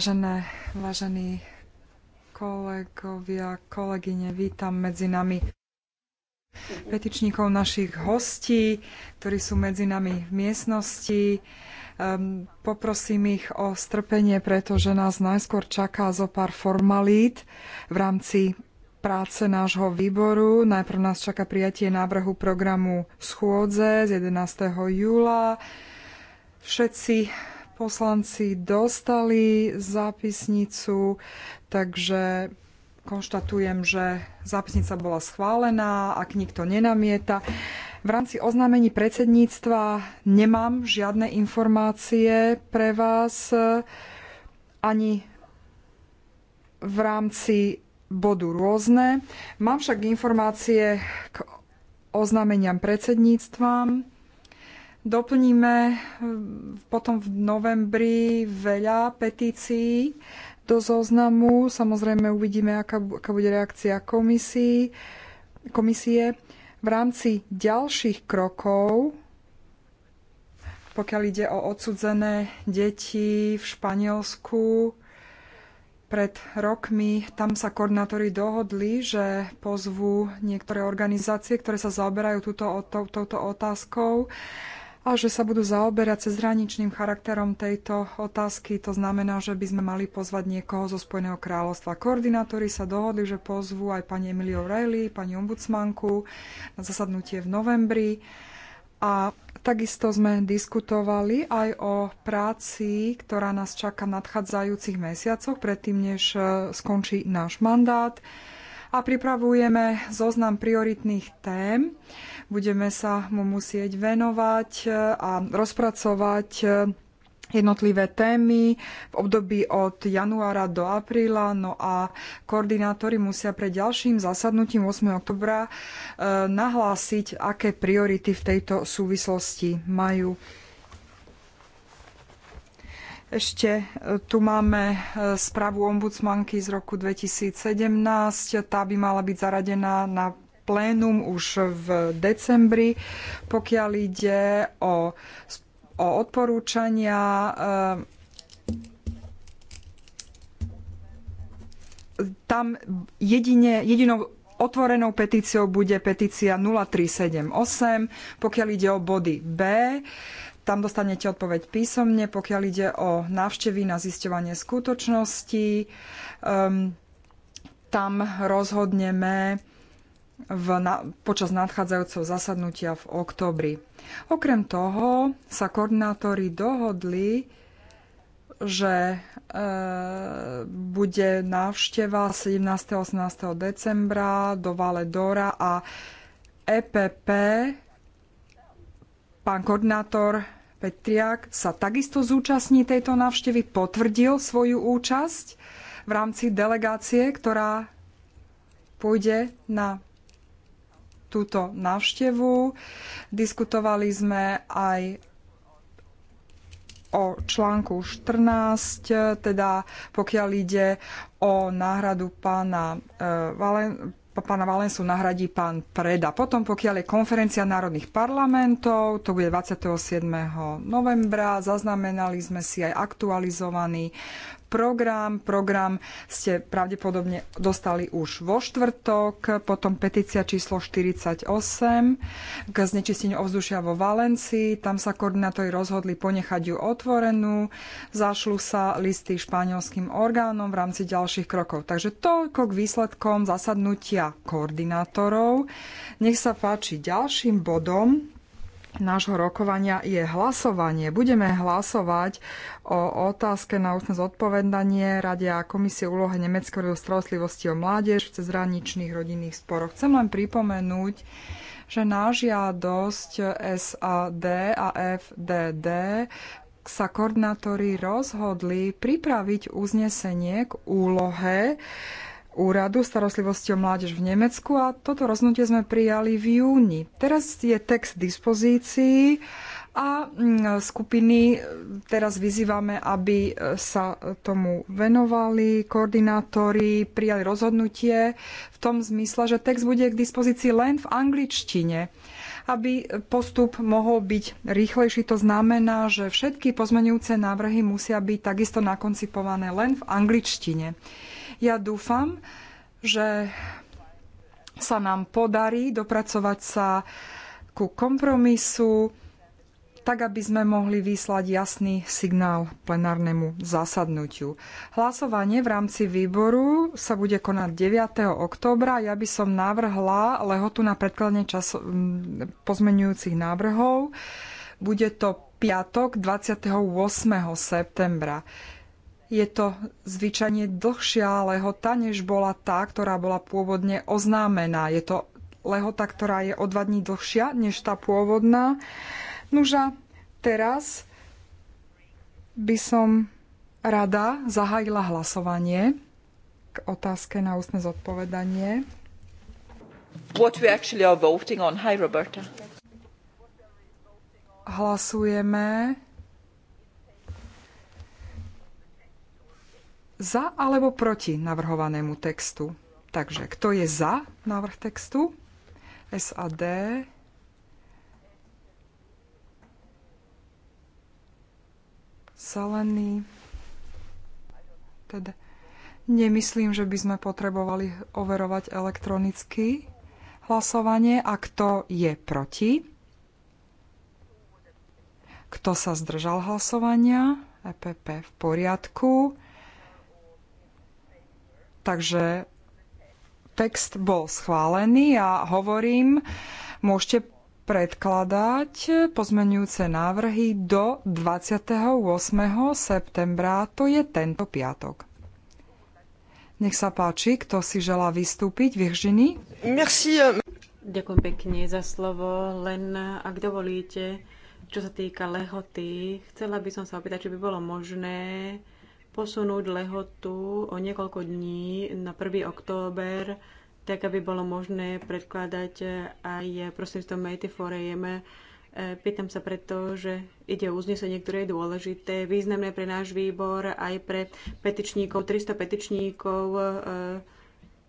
Vážené, vážení kolegovia, kolegyne, vítam medzi nami petičníkov našich hostí, ktorí sú medzi nami v miestnosti. Um, poprosím ich o strpenie, pretože nás najskôr čaká zo pár formalít v rámci práce nášho výboru. Najprv nás čaká prijatie návrhu programu schôdze z 11. júla. Všetci poslanci dostali zápisnicu, takže konštatujem, že zápisnica bola schválená, ak nikto nenamieta. V rámci oznámení predsedníctva nemám žiadne informácie pre vás ani v rámci bodu rôzne. Mám však informácie k oznámeniam predsedníctvam. Doplníme eh, potom v novembri veľa petícií do zoznamu. Samozrejme uvidíme, aká, aká bude reakcia komisí, komisie. V rámci ďalších krokov, pokiaľ ide o odsudzené deti v Španielsku, pred rokmi tam sa koordinátori dohodli, že pozvú niektoré organizácie, ktoré sa zaoberajú túto, touto otázkou a že sa budú zaoberať hraničným charakterom tejto otázky. To znamená, že by sme mali pozvať niekoho zo Spojeného kráľovstva. Koordinátori sa dohodli, že pozvú aj pani Emily O'Reilly, pani ombudsmanku na zasadnutie v novembri. A takisto sme diskutovali aj o práci, ktorá nás čaká v nadchádzajúcich mesiacoch, predtým než e, skončí náš mandát a pripravujeme zoznam prioritných tém. Budeme sa mu musieť venovať e, a rozpracovať e, jednotlivé témy v období od januára do apríla. No a koordinátori musia pred ďalším zasadnutím 8. oktobra e, nahlásiť, aké priority v tejto súvislosti majú ešte e, tu máme e, správu ombudsmanky z roku 2017. Tá by mala byť zaradená na plénum už v decembri. Pokiaľ ide o, o odporúčania e, tam jedine, jedinou otvorenou petíciou bude petícia 0378. Pokiaľ ide o body B, tam dostanete odpoveď písomne, pokiaľ ide o návštevy na zisťovanie skutočností. Um, ehm, tam rozhodneme v na, počas nadchádzajúceho zasadnutia v oktobri. Okrem toho sa koordinátori dohodli, že e, bude návšteva 17. 18. decembra do Valedora a EPP Pán koordinátor Petriak sa takisto zúčastní tejto návštevy, potvrdil svoju účasť v rámci delegácie, ktorá pôjde na túto návštevu. Diskutovali sme aj o článku 14, teda pokiaľ ide o náhradu pána, e, Valen, pána Valensu nahradí pán Preda. Potom, pokiaľ je konferencia národných parlamentov, to bude 27. novembra, zaznamenali sme si aj aktualizovaný program. Program ste pravdepodobne dostali už vo štvrtok, potom petícia číslo 48 k znečisteniu ovzdušia vo Valencii. Tam sa koordinátori rozhodli ponechať ju otvorenú. Zašlu sa listy španielským orgánom v rámci ďalších krokov. Takže toľko k výsledkom zasadnutia koordinátorov. Nech sa páči ďalším bodom nášho rokovania je hlasovanie. Budeme hlasovať o otázke na ústne zodpovedanie Radia komisie úlohe Nemeckého rodu starostlivosti o mládež v cezhraničných rodinných sporoch. Chcem len pripomenúť, že na žiadosť SAD a FDD sa koordinátori rozhodli pripraviť uznesenie k úlohe úradu starostlivosti o mládež v Nemecku a toto rozhodnutie sme prijali v júni. Teraz je text k dispozícii a mm, skupiny e, teraz vyzývame, aby e, sa tomu venovali koordinátori, prijali rozhodnutie v tom zmysle, že text bude k dispozícii len v angličtine aby postup mohol byť rýchlejší. To znamená, že všetky pozmenujúce návrhy musia byť takisto nakoncipované len v angličtine. Ja dúfam, že sa nám podarí dopracovať sa ku kompromisu, tak aby sme mohli vyslať jasný signál plenárnemu zasadnutiu. Hlasovanie v rámci výboru sa bude konať 9. októbra. Ja by som navrhla lehotu na predkladne čas- pozmenujúcich návrhov. Bude to piatok 28. septembra je to zvyčajne dlhšia lehota, než bola tá, ktorá bola pôvodne oznámená. Je to lehota, ktorá je o dva dní dlhšia, než tá pôvodná. Nuža, teraz by som rada zahájila hlasovanie k otázke na ústne zodpovedanie. What we actually are voting on. Hi, Roberta. Hlasujeme za alebo proti navrhovanému textu. Takže kto je za návrh textu? SAD. Zelený. Teda nemyslím, že by sme potrebovali overovať elektronicky hlasovanie. A kto je proti? Kto sa zdržal hlasovania? EPP v poriadku. Takže text bol schválený a hovorím, môžete predkladať pozmenujúce návrhy do 28. septembra, to je tento piatok. Nech sa páči, kto si želá vystúpiť, Virginie? Merci. Eh, Ďakujem pekne za slovo, len ak dovolíte, čo sa týka lehoty, chcela by som sa opýtať, či by bolo možné posunúť lehotu o niekoľko dní na 1. október, tak aby bolo možné predkladať aj prostredníctvom Mejty Forejem. E, pýtam sa preto, že ide o uznesenie, ktoré je dôležité, významné pre náš výbor, aj pre petičníkov. 300 petičníkov e,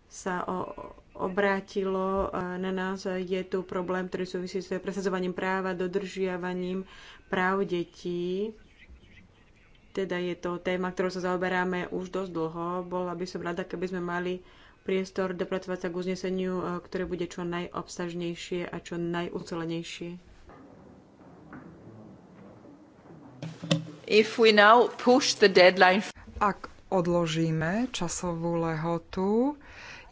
sa o, obrátilo e, na nás. Je tu problém, ktorý súvisí s presadzovaním práva, dodržiavaním práv detí teda je to téma, ktorou sa zaoberáme už dosť dlho. Bola by som rada, keby sme mali priestor dopracovať sa k uzneseniu, e, ktoré bude čo najobsažnejšie a čo najucelenejšie. If we now push the deadline... Ak odložíme časovú lehotu,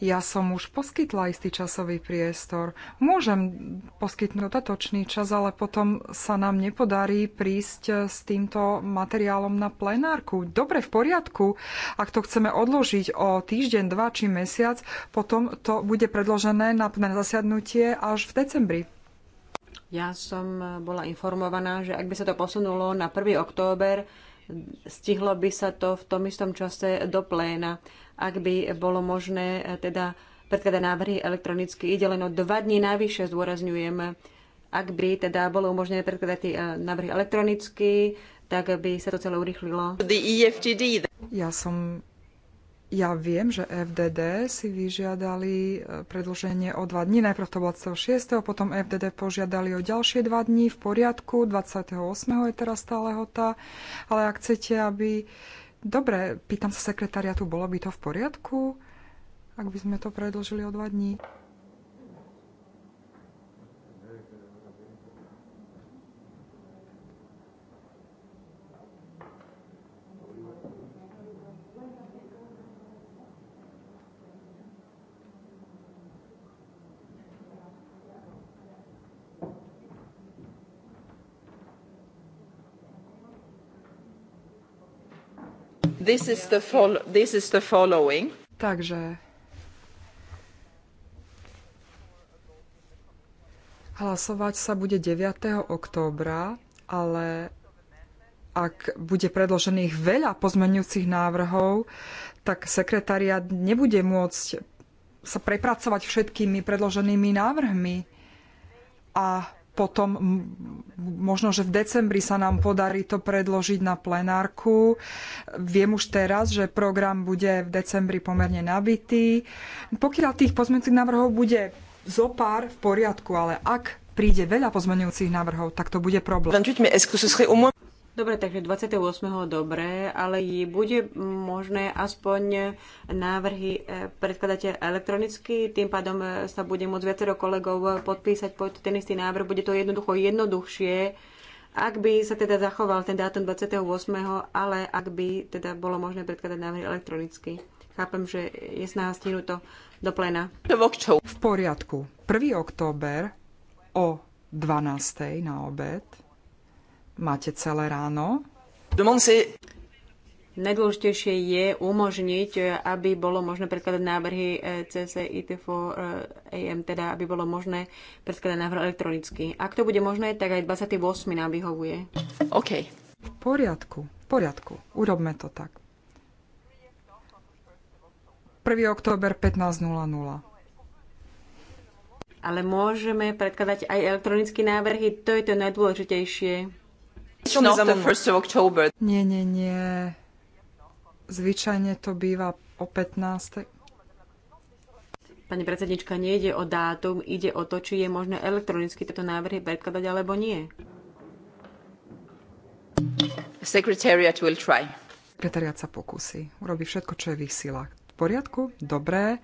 ja som už poskytla istý časový priestor. Môžem poskytnúť dodatočný čas, ale potom sa nám nepodarí prísť s týmto materiálom na plenárku. Dobre, v poriadku. Ak to chceme odložiť o týždeň, dva či mesiac, potom to bude predložené na zasiadnutie až v decembri. Ja som eh, bola informovaná, že ak by sa to posunulo na 1. október, stihlo by sa to v tom istom čase do pléna ak by bolo možné eh, teda predkladať návrhy elektronicky. Ide len o dva dní navyše, zdôrazňujem. Ak by teda bolo umožnené predkladať eh, návrhy elektronicky, tak by sa to celé urychlilo. E ja som ja viem, že FDD si vyžiadali eh, predlženie o dva dní. Najprv to 26. potom FDD požiadali o ďalšie dva dní v poriadku. 28. je teraz tá lehota. Ale ak chcete, aby Dobre, pýtam sa sekretariatu, bolo by to v poriadku, ak by sme to predlžili o dva dní? This is the, this is the following. Takže hlasovať sa bude 9. októbra, ale ak bude predložených veľa pozmenujúcich návrhov, tak sekretariat nebude môcť sa prepracovať všetkými predloženými návrhmi a potom možno, že v decembri sa nám podarí to predložiť na plenárku. Viem už teraz, že program bude v decembri pomerne nabitý. Pokiaľ tých pozmeňujúcich návrhov bude zo pár v poriadku, ale ak príde veľa pozmeňujúcich návrhov, tak to bude problém. Dobre, takže 28. dobre, ale bude možné aspoň návrhy e, predkladať elektronicky, tým pádom e, sa bude môcť viacero kolegov podpísať pod ten istý návrh, bude to jednoducho jednoduchšie, ak by sa teda zachoval ten dátum 28., ale ak by teda bolo možné predkladať návrhy elektronicky. Chápem, že je snaha stihnúť to do plena. V poriadku. 1. október o 12. na obed Máte celé ráno? Najdôležitejšie je umožniť, eh, aby bolo možné predkladať návrhy eh, CC for eh, AM, teda aby bolo možné predkladať návrh elektronicky. Ak to bude možné, tak aj 28 nám vyhovuje. OK. V poriadku, v poriadku. Urobme to tak. 1. október 15.00. Ale môžeme predkladať aj elektronické návrhy, to je to najdôležitejšie. Nie, nie, nie. Zvyčajne to býva o 15. Pani predsednička, nejde o dátum, ide o to, či je možné elektronicky tieto návrhy predkladať alebo nie. Secretariat will try. Sekretariat sa pokusí. Urobí všetko, čo je v ich silách. V poriadku? Dobré.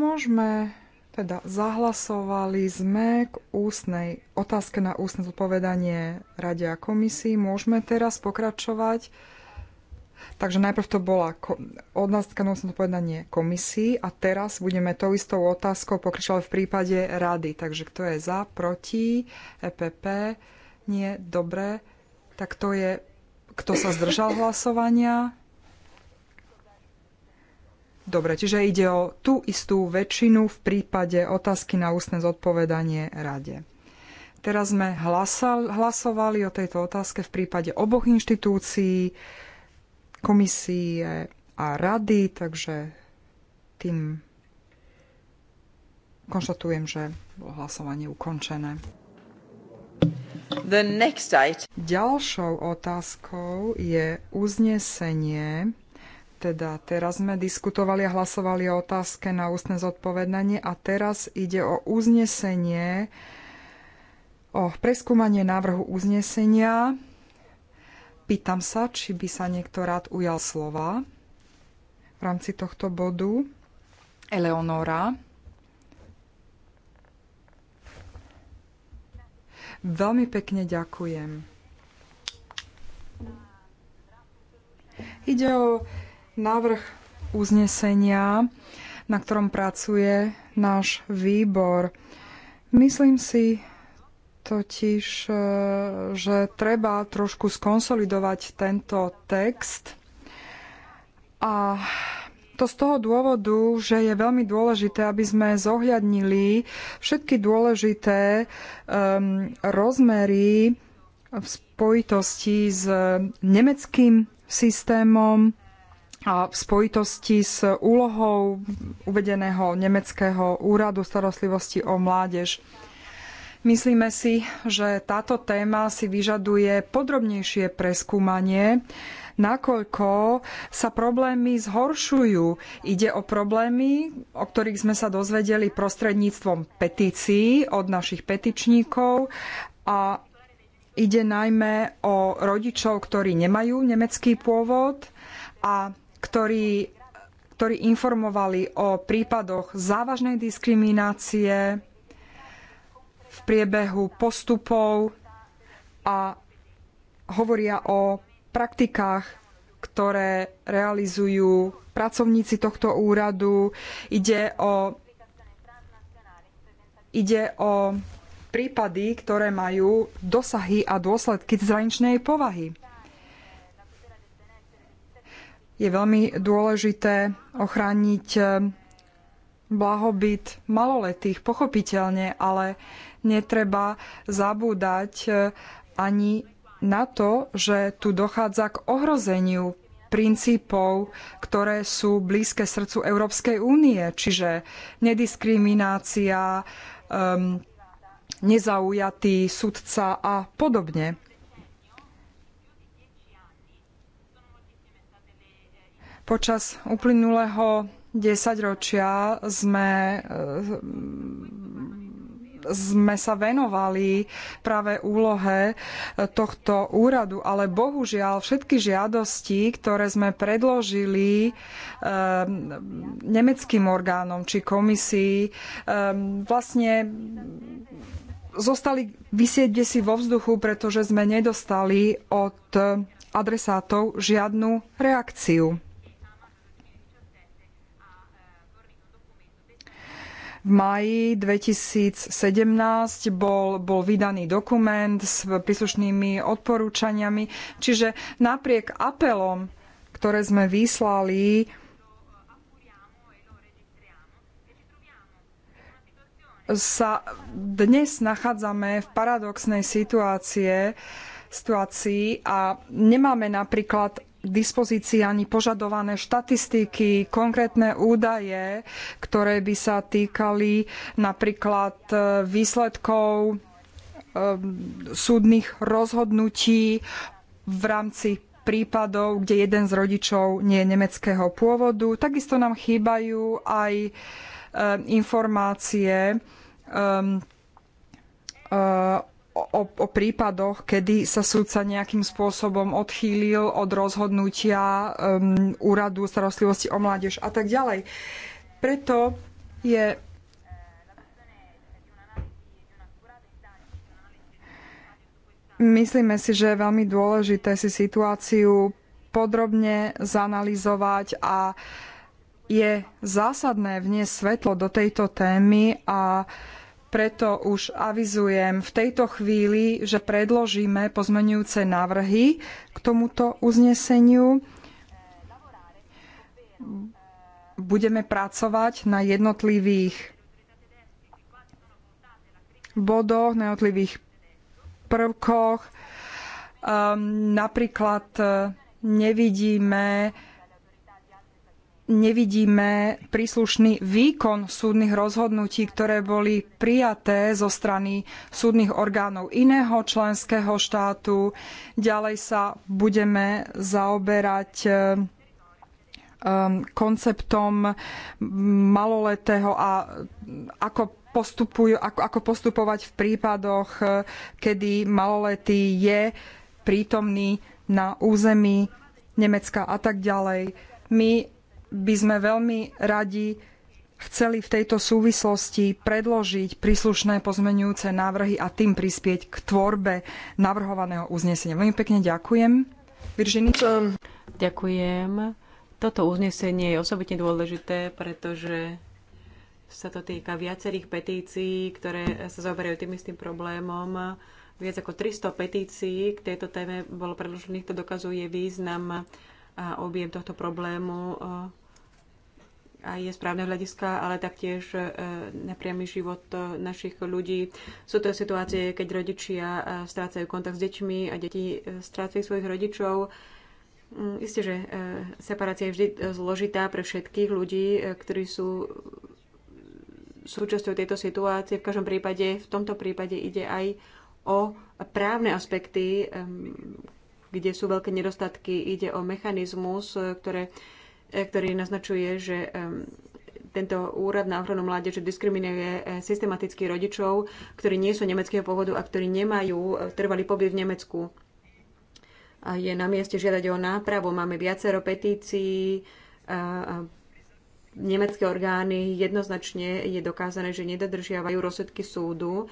Môžeme teda zahlasovali sme k ústnej otázke na ústne zodpovedanie Rade a komisii. Môžeme teraz pokračovať. Takže najprv to bola otázka na ústne zodpovedanie komisii a teraz budeme tou istou otázkou pokračovať v prípade rady. Takže kto je za, proti, EPP, nie, dobre. Tak to je, kto sa zdržal hlasovania, Dobre, čiže ide o tú istú väčšinu v prípade otázky na ústne zodpovedanie rade. Teraz sme hlasal, hlasovali o tejto otázke v prípade oboch inštitúcií, komisie a rady, takže tým konštatujem, že bolo hlasovanie ukončené. Ďalšou otázkou je uznesenie teda teraz sme diskutovali a hlasovali o otázke na ústne zodpovedanie a teraz ide o uznesenie, o preskúmanie návrhu uznesenia. Pýtam sa, či by sa niekto rád ujal slova v rámci tohto bodu. Eleonora. Veľmi pekne ďakujem. Ide o návrh uznesenia, na ktorom pracuje náš výbor. Myslím si totiž, e, že treba trošku skonsolidovať tento text a to z toho dôvodu, že je veľmi dôležité, aby sme zohľadnili všetky dôležité um, rozmery v spojitosti s nemeckým systémom a v spojitosti s úlohou uvedeného nemeckého úradu starostlivosti o mládež. Myslíme si, že táto téma si vyžaduje podrobnejšie preskúmanie, nakoľko sa problémy zhoršujú. Ide o problémy, o ktorých sme sa dozvedeli prostredníctvom petícií od našich petičníkov a ide najmä o rodičov, ktorí nemajú nemecký pôvod a ktorí, ktorí informovali o prípadoch závažnej diskriminácie v priebehu postupov a hovoria o praktikách, ktoré realizujú pracovníci tohto úradu. Ide o, ide o prípady, ktoré majú dosahy a dôsledky zraničnej povahy je veľmi dôležité ochrániť eh, blahobyt maloletých, pochopiteľne, ale netreba zabúdať eh, ani na to, že tu dochádza k ohrozeniu princípov, ktoré sú blízke srdcu Európskej únie, čiže nediskriminácia, um, nezaujatý sudca a podobne. Počas uplynulého desaťročia sme, e, sme sa venovali práve úlohe tohto úradu, ale bohužiaľ všetky žiadosti, ktoré sme predložili e, nemeckým orgánom či komisii, e, vlastne zostali vysieť desi vo vzduchu, pretože sme nedostali od adresátov žiadnu reakciu. maji 2017 bol, bol vydaný dokument s príslušnými odporúčaniami. Čiže napriek apelom, ktoré sme vyslali, sa dnes nachádzame v paradoxnej situácie, situácii a nemáme napríklad k dispozícii ani požadované štatistiky, konkrétne údaje, ktoré by sa týkali napríklad e, výsledkov e, súdnych rozhodnutí v rámci prípadov, kde jeden z rodičov nie je nemeckého pôvodu. Takisto nám chýbajú aj e, informácie o, o prípadoch, kedy sa súdca nejakým spôsobom odchýlil od rozhodnutia um, úradu starostlivosti o mládež a tak ďalej. Preto je Myslíme si, že je veľmi dôležité si situáciu podrobne zanalizovať a je zásadné vniesť svetlo do tejto témy a uh, preto už avizujem v tejto chvíli, že predložíme pozmenujúce návrhy k tomuto uzneseniu. Budeme pracovať na jednotlivých bodoch, na jednotlivých prvkoch. Um, napríklad e, nevidíme nevidíme príslušný výkon súdnych rozhodnutí, ktoré boli prijaté zo strany súdnych orgánov iného členského štátu. Ďalej sa budeme zaoberať e, um, konceptom maloletého a ako postupujú, ako, ako postupovať v prípadoch, e, kedy maloletý je prítomný na území Nemecka a tak ďalej. My by sme veľmi radi chceli v tejto súvislosti predložiť príslušné pozmenujúce návrhy a tým prispieť k tvorbe navrhovaného uznesenia. Veľmi pekne ďakujem. Virginie? Ďakujem. Toto uznesenie je osobitne dôležité, pretože sa to týka viacerých petícií, ktoré sa zaoberajú tým istým problémom. Viac ako 300 petícií k tejto téme bolo predložených, to dokazuje význam a objem tohto problému eh, aj je správne hľadiska, ale taktiež eh, nepriamy život eh, našich ľudí. Sú to situácie, keď rodičia strácajú kontakt s deťmi a deti strácajú svojich rodičov. Mm, isté, že separácia je vždy zložitá pre všetkých ľudí, ktorí sú súčasťou tejto situácie. V každom prípade, v tomto prípade ide aj o právne aspekty, kde sú veľké nedostatky. Ide o mechanizmus, e, ktoré, e, ktorý naznačuje, že tento úrad na ochranu mládeže diskriminuje e, systematicky rodičov, ktorí nie sú nemeckého pôvodu a ktorí nemajú trvalý pobyt v Nemecku. A je na mieste žiadať o nápravu. Máme viacero petícií, nemecké orgány jednoznačne je dokázané, že nedodržiavajú rozsudky súdu.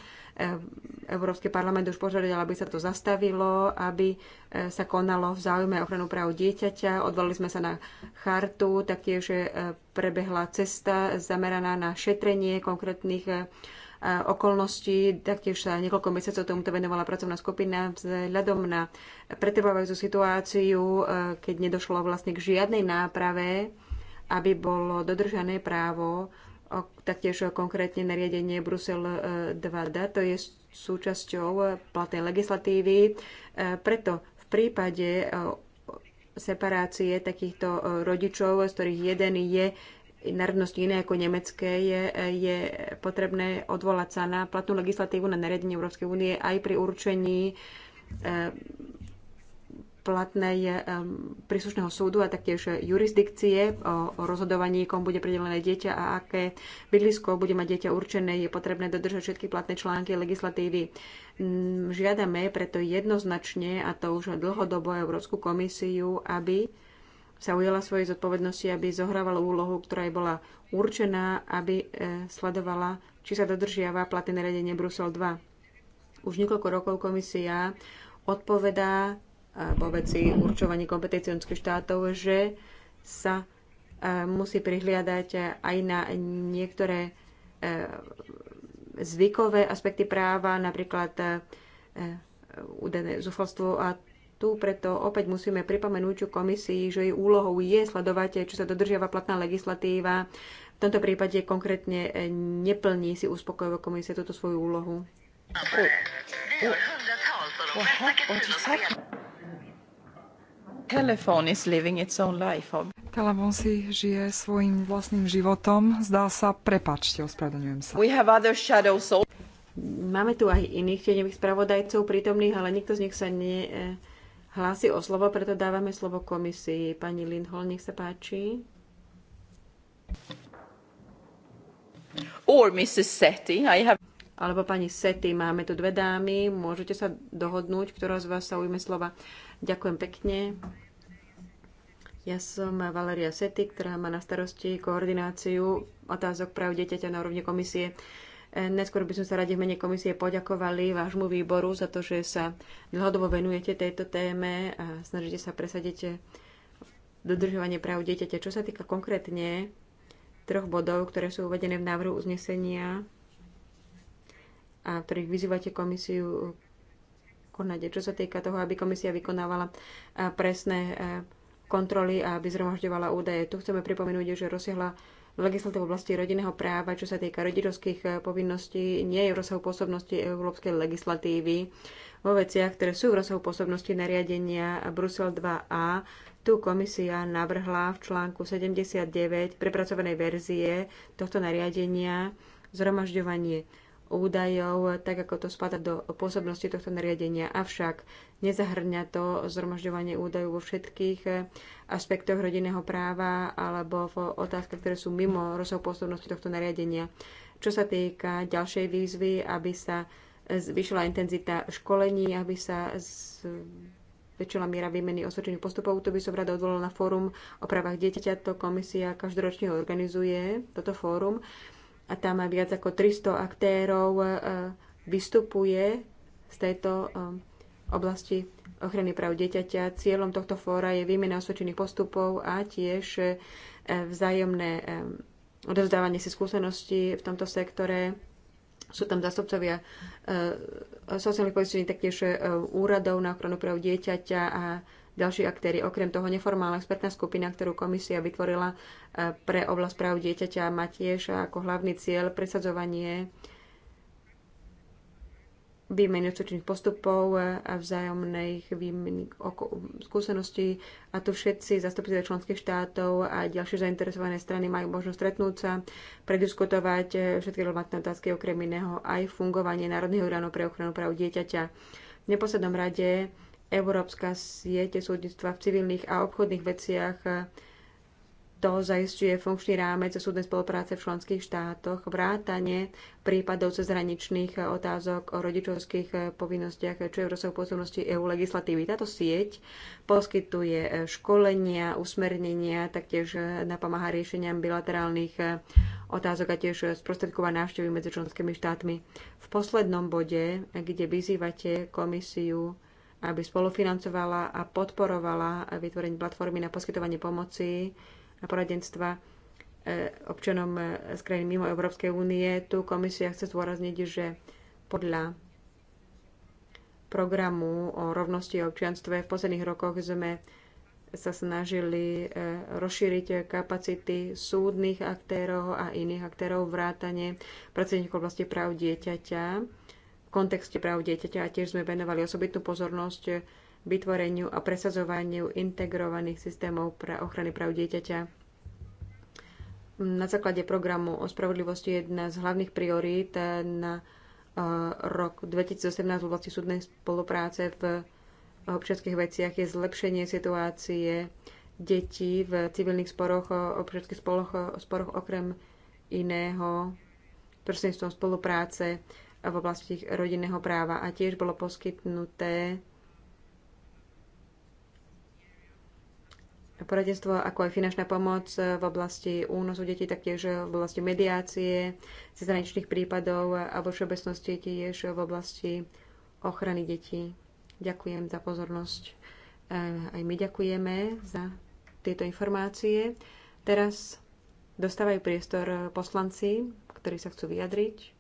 Európsky parlament už požiadal, aby sa to zastavilo, aby e, sa konalo v záujme ochranu práv dieťaťa. Odvolili sme sa na chartu, taktiež e, prebehla cesta zameraná na šetrenie konkrétnych e, okolností. Taktiež sa niekoľko mesiacov tomuto venovala pracovná skupina vzhľadom na pretrvávajúcu situáciu, keď nedošlo vlastne k žiadnej náprave aby bolo dodržané právo, taktiež konkrétne nariadenie Brusel 2D, e, to je súčasťou platnej legislatívy. E, preto v prípade e, separácie takýchto rodičov, z ktorých jeden je národnosti iné ako nemecké, je, je potrebné odvolať sa na platnú legislatívu na nariadenie Európskej únie aj pri určení platnej príslušného súdu a taktiež jurisdikcie o rozhodovaní, kom bude pridelené dieťa a aké bydlisko bude mať dieťa určené. Je potrebné dodržať všetky platné články legislatívy. Mm, žiadame preto jednoznačne, a to už dlhodobo Európsku komisiu, aby sa ujela svojej zodpovednosti, aby zohrávala úlohu, ktorá jej bola určená, aby e, sledovala, či sa dodržiava platné nariadenie Brusel 2. Už niekoľko rokov komisia odpovedá vo veci určovaní kompetencií členských štátov, že sa e, musí prihliadať aj na niektoré e, zvykové aspekty práva, napríklad e, údené zúfalstvo a tu preto opäť musíme pripomenúť komisii, že jej úlohou je sledovať, či sa dodržiava platná legislatíva. V tomto prípade konkrétne neplní si uspokojivo komisie túto svoju úlohu. Oh. Oh. Oh. Telefón is living its own life. Telefón si žije svojim vlastným životom. Zdá sa, prepačte, ospravedlňujem sa. We have other shadows also. Máme tu aj iných tieňových spravodajcov prítomných, ale nikto z nich sa nehlási eh, o slovo, preto dávame slovo komisii. Pani Lindholm, nech sa páči. Or Mrs. Setti, I have... Alebo pani Seti, máme tu dve dámy, môžete sa dohodnúť, ktorá z vás sa ujme slova. Ďakujem pekne. Ja som Valeria Sety, ktorá má na starosti koordináciu otázok práv dieťaťa na úrovni komisie. E, neskôr by som sa radi v mene komisie poďakovali vášmu výboru za to, že sa dlhodobo venujete tejto téme a snažíte sa presadiť dodržovanie práv dieťaťa. Čo sa týka konkrétne troch bodov, ktoré sú uvedené v návrhu uznesenia a ktorých vyzývate komisiu konať. Čo sa týka toho, aby komisia vykonávala e, presné e, kontroly a aby zhromažďovala údaje. Tu chceme pripomenúť, že rozsiahla legislatíva v oblasti rodinného práva, čo sa týka rodičovských e, povinností, nie je v rozsahu pôsobnosti európskej legislatívy. Vo veciach, ktoré sú v rozsahu pôsobnosti nariadenia Brusel 2a, tu komisia navrhla v článku 79 prepracovanej verzie tohto nariadenia zhromažďovanie údajov, tak ako to spada do pôsobnosti tohto nariadenia. Avšak nezahrňa to zhromažďovanie údajov vo všetkých eh, aspektoch rodinného práva alebo v otázkach, ktoré sú mimo rozsahu pôsobnosti tohto nariadenia. Čo sa týka ďalšej výzvy, aby sa zvyšila intenzita školení, aby sa zväčšila miera výmeny osvedčených postupov. To by som rada odvolala na fórum o právach dieťaťa. To komisia každoročne organizuje, toto fórum a tam viac ako 300 aktérov e, vystupuje z tejto e, oblasti ochrany práv dieťaťa. Cieľom tohto fóra je výmena osvedčených postupov a tiež e, vzájomné odovzdávanie si skúseností v tomto sektore. Sú tam zastupcovia sociálnych poistení, taktiež úradov na ochranu práv dieťaťa a ďalší aktéry. Okrem toho neformálna expertná skupina, ktorú komisia vytvorila e, pre oblasť práv dieťaťa, má tiež ako hlavný cieľ presadzovanie výmeny osvedčených postupov e, a vzájomných výmeny skúseností. A tu všetci zastupiteľe členských štátov a ďalšie zainteresované strany majú možnosť stretnúť sa, prediskutovať e, všetky relevantné otázky, okrem iného aj fungovanie Národného úradu pre ochranu práv dieťaťa. V neposlednom rade Európska siete súdnictva v civilných a obchodných veciach eh, to zaistuje funkčný rámec súdnej spolupráce v členských štátoch, vrátanie prípadov cezhraničných eh, otázok o rodičovských eh, povinnostiach, čo je v rozsahu pôsobnosti EU legislatívy. Táto sieť poskytuje školenia, usmernenia, taktiež napomáha riešeniam bilaterálnych otázok a tiež sprostredková návštevy medzi členskými štátmi. V poslednom bode, kde vyzývate komisiu aby spolufinancovala a podporovala vytvorenie platformy na poskytovanie pomoci a poradenstva eh, občanom eh, z krajín mimo Európskej únie. Tu komisia chce zdôrazniť, že podľa programu o rovnosti a občianstve v posledných rokoch sme sa snažili eh, rozšíriť kapacity súdnych aktérov a iných aktérov vrátane pracovníkov oblasti práv dieťaťa kontexte práv dieťaťa a tiež sme venovali osobitnú pozornosť vytvoreniu a presazovaniu integrovaných systémov pre ochrany práv dieťaťa. Na základe programu o spravodlivosti jedna z hlavných priorít na eh, rok 2018 v oblasti súdnej spolupráce v občianských veciach je zlepšenie situácie detí v civilných sporoch, občianských sporoch, sporoch okrem iného prostredníctvom spolupráce v oblasti rodinného práva a tiež bolo poskytnuté poradenstvo, ako aj finančná pomoc v oblasti únosu detí, taktiež v oblasti mediácie, cezhraničných prípadov a vo všeobecnosti tiež v oblasti ochrany detí. Ďakujem za pozornosť. Eh, aj my ďakujeme za tieto informácie. Teraz dostávajú priestor poslanci, ktorí sa chcú vyjadriť.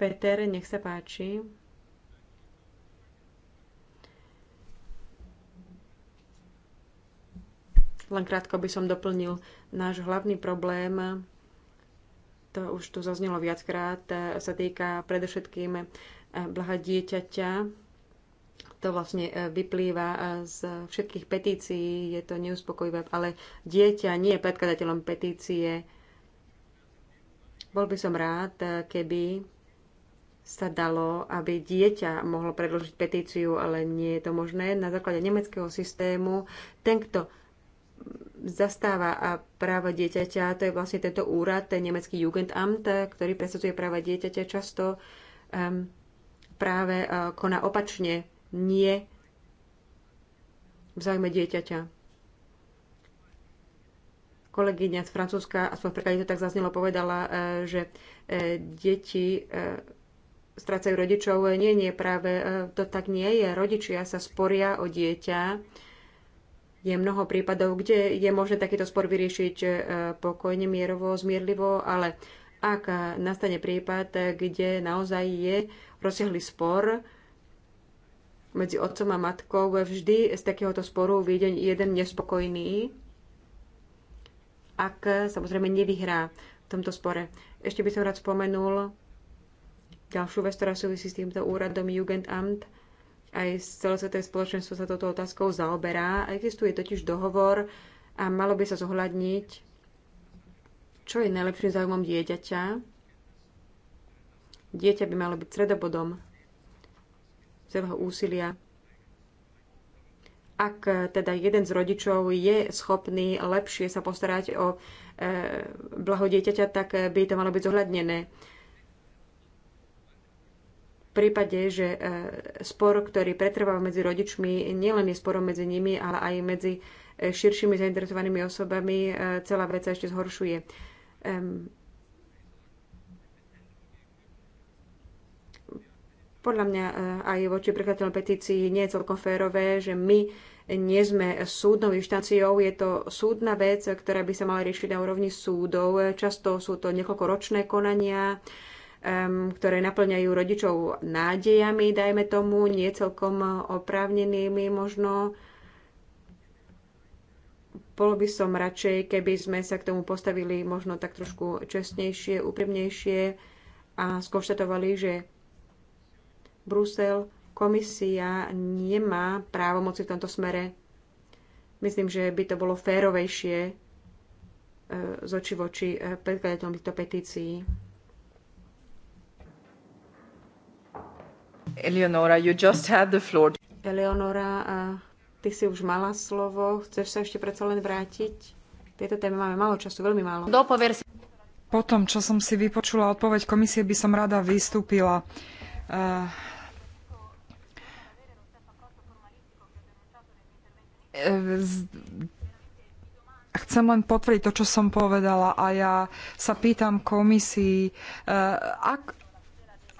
Peter, nech sa páči. Len krátko by som doplnil náš hlavný problém, to už tu zaznelo viackrát, e, sa týka predovšetkým e, blaha dieťaťa. To vlastne e, vyplýva z všetkých petícií, je to neuspokojivé, ale dieťa nie je predkladateľom petície. Bol by som rád, keby sa dalo, aby dieťa mohlo predložiť petíciu, ale nie je to možné. Na základe nemeckého systému ten, kto zastáva a práva dieťaťa, to je vlastne tento úrad, ten nemecký Jugendamt, ktorý presadzuje práva dieťaťa, často um, práve uh, koná opačne, nie v záujme dieťaťa kolegyňa z Francúzska, aspoň v to tak zaznelo, povedala, e, že e, deti strácajú rodičov. Nie, nie, práve e, to tak nie je. Rodičia sa sporia o dieťa. Je mnoho prípadov, kde je možné takýto spor vyriešiť e, pokojne, mierovo, zmierlivo, ale ak nastane prípad, kde naozaj je rozsiahly spor medzi otcom a matkou, vždy z takéhoto sporu vyjde jeden nespokojný, ak samozrejme nevyhrá v tomto spore. Ešte by som rád spomenul Ďalšiu vec, ktorá súvisí s týmto úradom Jugendamt, aj celosvetové spoločenstvo sa touto otázkou zaoberá. Existuje totiž dohovor a malo by sa zohľadniť, čo je najlepším záujmom dieťaťa. Dieťa by malo byť stredobodom celého úsilia. Ak teda jeden z rodičov je schopný lepšie sa postarať o e, blaho dieťaťa, tak by to malo byť zohľadnené prípade, že e, spor, ktorý pretrval medzi rodičmi, nielen je sporom medzi nimi, ale aj medzi e, širšími zainteresovanými osobami, e, celá vec sa ešte zhoršuje. Podľa mňa aj voči prekladateľom petícií nie je celkom férové, že my nie sme súdnou inštanciou, je to súdna vec, ktorá by sa mala riešiť na úrovni súdov. Často sú to niekoľkoročné konania, um, ktoré naplňajú rodičov nádejami, dajme tomu, nie celkom oprávnenými možno. Bolo by som radšej, keby sme sa k tomu postavili možno tak trošku čestnejšie, úprimnejšie a skonštatovali, že Brusel, komisia nemá právomoci v tomto smere. Myslím, že by to bolo férovejšie eh, z oči voči eh, predkladateľom týchto petícií. Eleonora, you just had the floor. Eleonora, ty si už mala slovo. Chceš sa ešte predsa len vrátiť? Tieto téme máme málo času, veľmi málo. Dopover si. Po tom, čo som si vypočula odpoveď komisie, by som rada vystúpila. Uh, chcem len potvrdiť to, čo som povedala a ja sa pýtam komisii, uh, ak,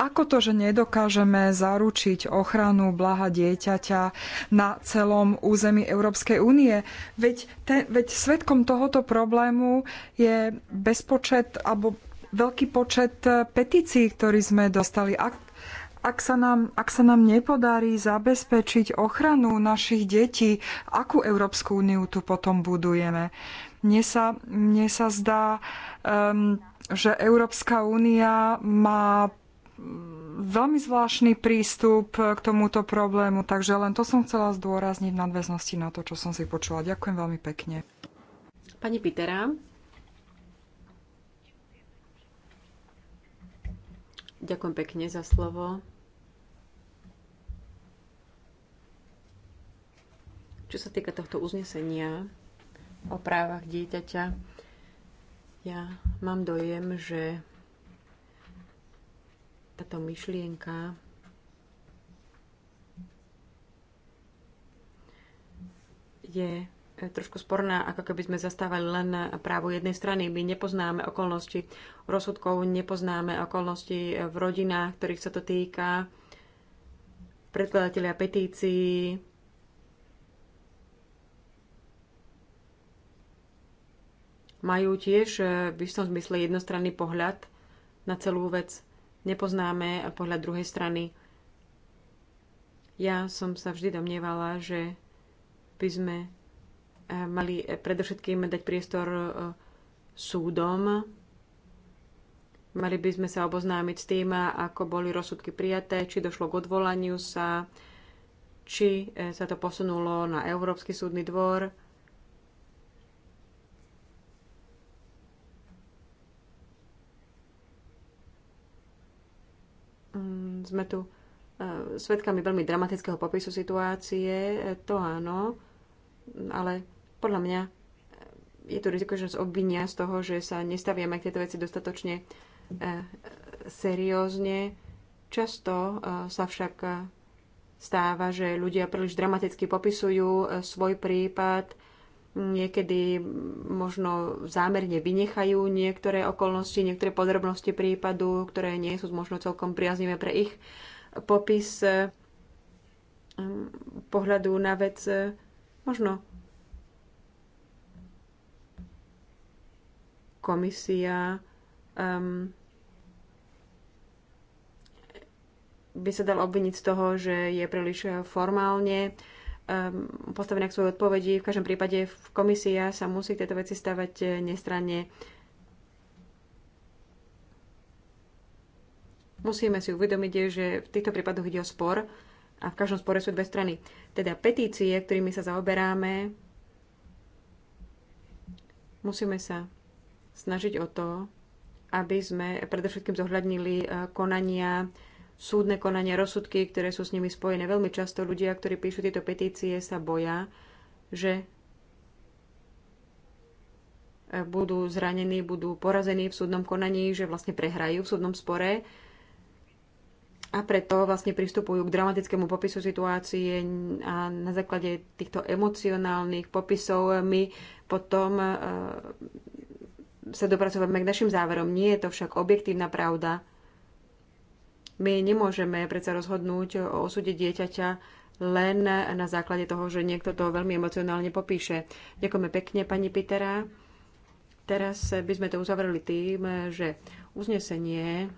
ako to, že nedokážeme zaručiť ochranu blaha dieťaťa na celom území Európskej únie? Veď, veď svetkom tohoto problému je bezpočet alebo veľký počet e, petícií, ktorý sme dostali. Ak, ak, sa nám, ak sa nám nepodarí zabezpečiť ochranu našich detí, akú Európsku úniu tu potom budujeme? Mne sa, mne sa zdá, um, že Európska únia má veľmi zvláštny prístup k tomuto problému, takže len to som chcela zdôrazniť v nadväznosti na to, čo som si počula. Ďakujem veľmi pekne. Pani Pitera. Ďakujem pekne za slovo. Čo sa týka tohto uznesenia o právach dieťaťa, ja mám dojem, že táto myšlienka je e, trošku sporná, ako keby sme zastávali len právo jednej strany. My nepoznáme okolnosti rozsudkov, nepoznáme okolnosti e, v rodinách, ktorých sa to týka, predkladatelia petícií, majú tiež e, v istom zmysle jednostranný pohľad na celú vec nepoznáme a pohľad druhej strany. Ja som sa vždy domnievala, že by sme eh, mali eh, predovšetkým dať priestor eh, súdom. Mali by sme sa oboznámiť s tým, ako boli rozsudky prijaté, či došlo k odvolaniu sa, či sa to posunulo na Európsky súdny dvor Mm, sme tu e, svetkami veľmi dramatického popisu situácie, e, to áno, ale podľa mňa e, je tu riziko, že nás obvinia z toho, že sa nestaviame k tieto veci dostatočne seriózne. Často sa však stáva, že ľudia príliš dramaticky popisujú svoj prípad, Niekedy možno zámerne vynechajú niektoré okolnosti, niektoré podrobnosti prípadu, ktoré nie sú možno celkom priaznivé pre ich popis eh, mm, pohľadu na vec. Eh, možno komisia um, by sa dal obviniť z toho, že je príliš formálne Ehm, postavená k svojej odpovedi. V každom prípade v komisia sa musí tieto veci stavať eh, nestranne. Musíme si uvedomiť, eh, že v týchto prípadoch ide o spor a v každom spore sú dve strany. Teda petície, ktorými sa zaoberáme, musíme sa snažiť o to, aby sme predovšetkým zohľadnili eh, konania súdne konania, rozsudky, ktoré sú s nimi spojené. Veľmi často ľudia, ktorí píšu tieto petície, sa boja, že budú zranení, budú porazení v súdnom konaní, že vlastne prehrajú v súdnom spore a preto vlastne pristupujú k dramatickému popisu situácie a na základe týchto emocionálnych popisov my potom e, sa dopracovať k našim záverom. Nie je to však objektívna pravda. My nemôžeme predsa rozhodnúť o osude dieťaťa len na základe toho, že niekto to veľmi emocionálne popíše. Ďakujeme pekne, pani Pitera. Teraz by sme to uzavreli tým, že uznesenie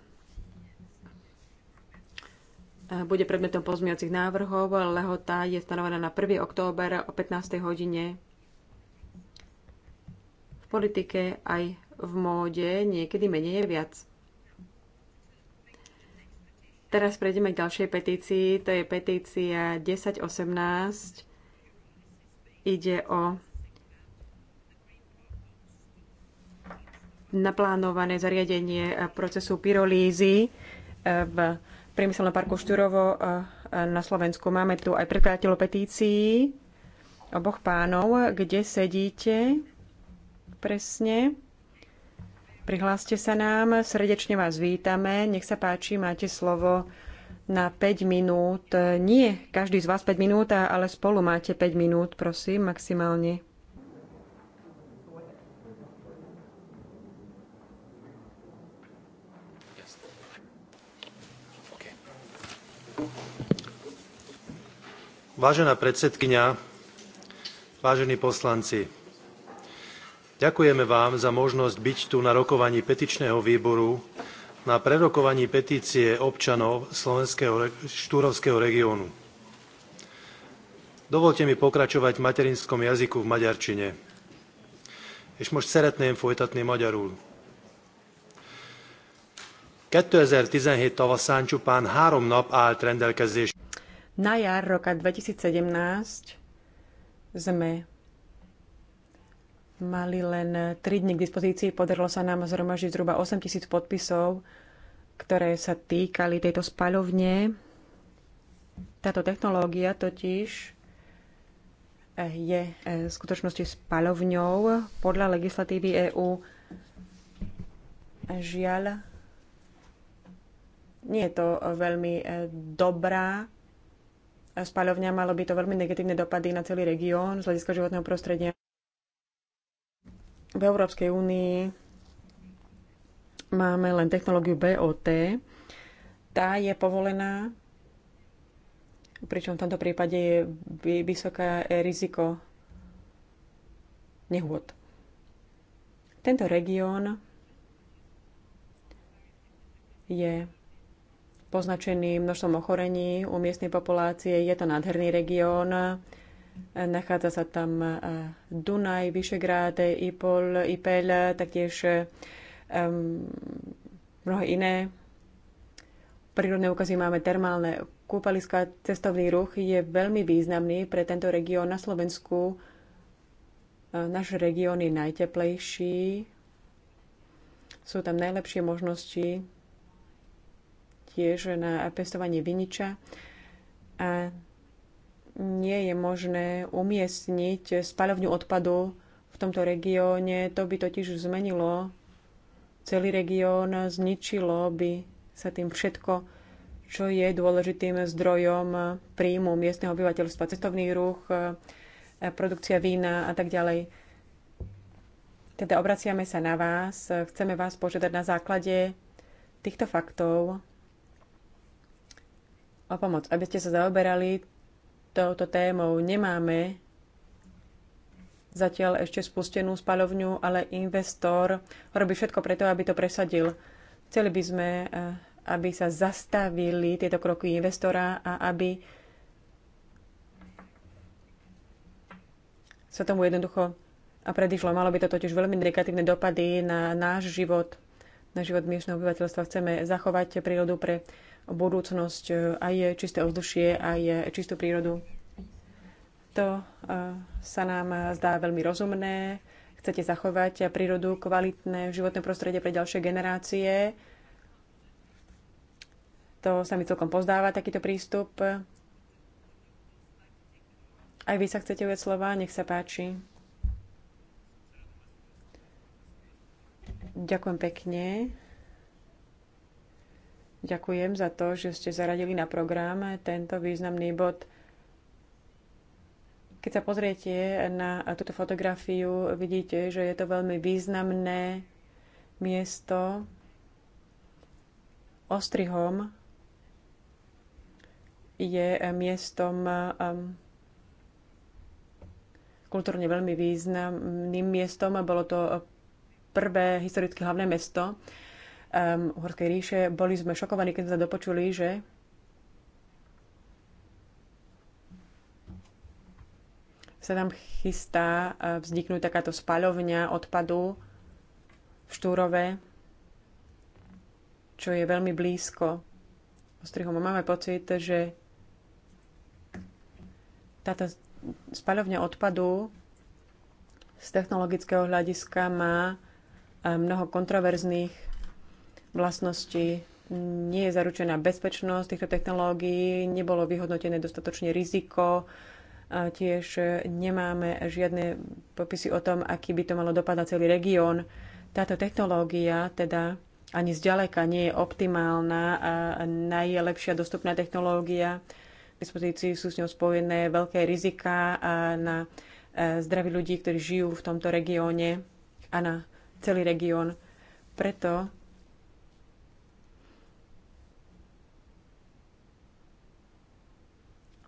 bude predmetom pozmiacich návrhov. Lehota je stanovená na 1. október o 15. hodine. V politike aj v móde niekedy menej je viac. Teraz prejdeme k ďalšej petícii. To je petícia 1018. Ide o naplánované zariadenie eh, procesu pyrolízy eh, v priemyselnom parku Šturovo eh, na Slovensku. Máme tu aj predkladateľov petícií oboch pánov. Kde sedíte presne? Prihláste sa nám, srdečne vás vítame. Nech sa páči, máte slovo na 5 minút. Nie každý z vás 5 minút, ale spolu máte 5 minút, prosím, maximálne. Vážená predsedkynia, vážení poslanci, Ďakujeme vám za možnosť byť tu na rokovaní petičného výboru na prerokovaní petície občanov slovenského štúrovského regiónu. Dovolte mi pokračovať v materinskom jazyku v maďarčine. És most szeretném folytatni magyarul. 2017 tavaszán csupán három nap állt rendelkezés. Na jár roka 2017 sme mali len 3 dní k dispozícii. Podarilo sa nám zhromažiť zhruba 8 tisíc podpisov, ktoré sa týkali tejto spaľovne. Táto technológia totiž eh, je eh, v skutočnosti spaľovňou podľa legislatívy EÚ. Eh, žiaľ, nie je to veľmi dobrá spaľovňa, malo by to veľmi negatívne dopady na celý región z hľadiska životného prostredia. V Európskej únii máme len technológiu BOT. Tá je povolená, pričom v tomto prípade je vysoké riziko nehôd. Tento región je poznačený množstvom ochorení u miestnej populácie. Je to nádherný región Nachádza sa tam e, Dunaj, Vyšegrád, Ipol, Ipel, taktiež um, mnohé iné prírodné ukazy máme termálne kúpaliska. Cestovný ruch je veľmi významný pre tento región na Slovensku. E, náš región je najteplejší. Sú tam najlepšie možnosti tiež na pestovanie viniča. A nie je možné umiestniť spalovňu odpadu v tomto regióne. To by totiž zmenilo celý región, zničilo by sa tým všetko, čo je dôležitým zdrojom príjmu miestneho obyvateľstva, cestovný ruch, produkcia vína a tak ďalej. Teda obraciame sa na vás, chceme vás požiadať na základe týchto faktov o pomoc, aby ste sa zaoberali touto témou. Nemáme zatiaľ ešte spustenú spalovňu, ale investor robí všetko preto, aby to presadil. Chceli by sme, eh, aby sa zastavili tieto kroky investora a aby sa tomu jednoducho a predišlo. Malo by to totiž veľmi negatívne dopady na náš život, na život miestneho obyvateľstva. Chceme zachovať prírodu pre budúcnosť, e, aj čisté ovzdušie, aj čistú prírodu. To e, sa nám zdá veľmi rozumné. Chcete zachovať prírodu, kvalitné životné prostredie pre ďalšie generácie. To sa mi celkom pozdáva, takýto prístup. Aj vy sa chcete ujať slova, nech sa páči. Ďakujem pekne. Ďakujem za to, že ste zaradili na program tento významný bod. Keď sa pozriete na túto fotografiu, vidíte, že je to veľmi významné miesto ostrihom je miestom um, kultúrne veľmi významným miestom a bolo to prvé historicky hlavné mesto um, Uhorskej ríše. Boli sme šokovaní, keď sme sa dopočuli, že sa tam chystá e, vzniknúť takáto spaľovňa odpadu v Štúrove, čo je veľmi blízko Ostrihom. Máme pocit, že táto spaľovňa odpadu z technologického hľadiska má e, mnoho kontroverzných vlastnosti, nie je zaručená bezpečnosť týchto technológií, nebolo vyhodnotené dostatočne riziko, a tiež nemáme žiadne popisy o tom, aký by to malo dopadať celý región. Táto technológia teda ani zďaleka nie je optimálna a najlepšia dostupná technológia. V dispozícii sú s ňou spojené veľké rizika a na e, zdraví ľudí, ktorí žijú v tomto regióne a na celý región. Preto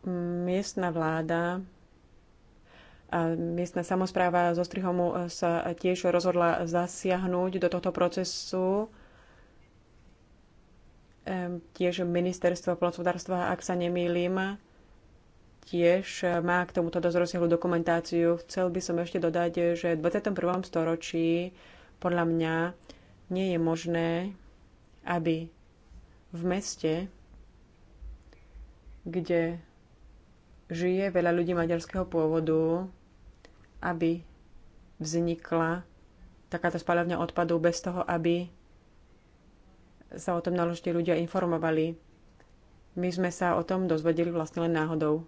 Miestna vláda a miestna samozpráva zo Strihomu sa tiež rozhodla zasiahnuť do tohto procesu. Tiež ministerstvo plnospodárstva, ak sa nemýlim, tiež má k tomuto dosť rozsiahlu dokumentáciu. Chcel by som ešte dodať, že v 21. storočí podľa mňa nie je možné, aby v meste, kde žije veľa ľudí maďarského pôvodu, aby vznikla takáto spáľovňa odpadu bez toho, aby sa o tom naložití ľudia informovali. My sme sa o tom dozvedeli vlastne len náhodou.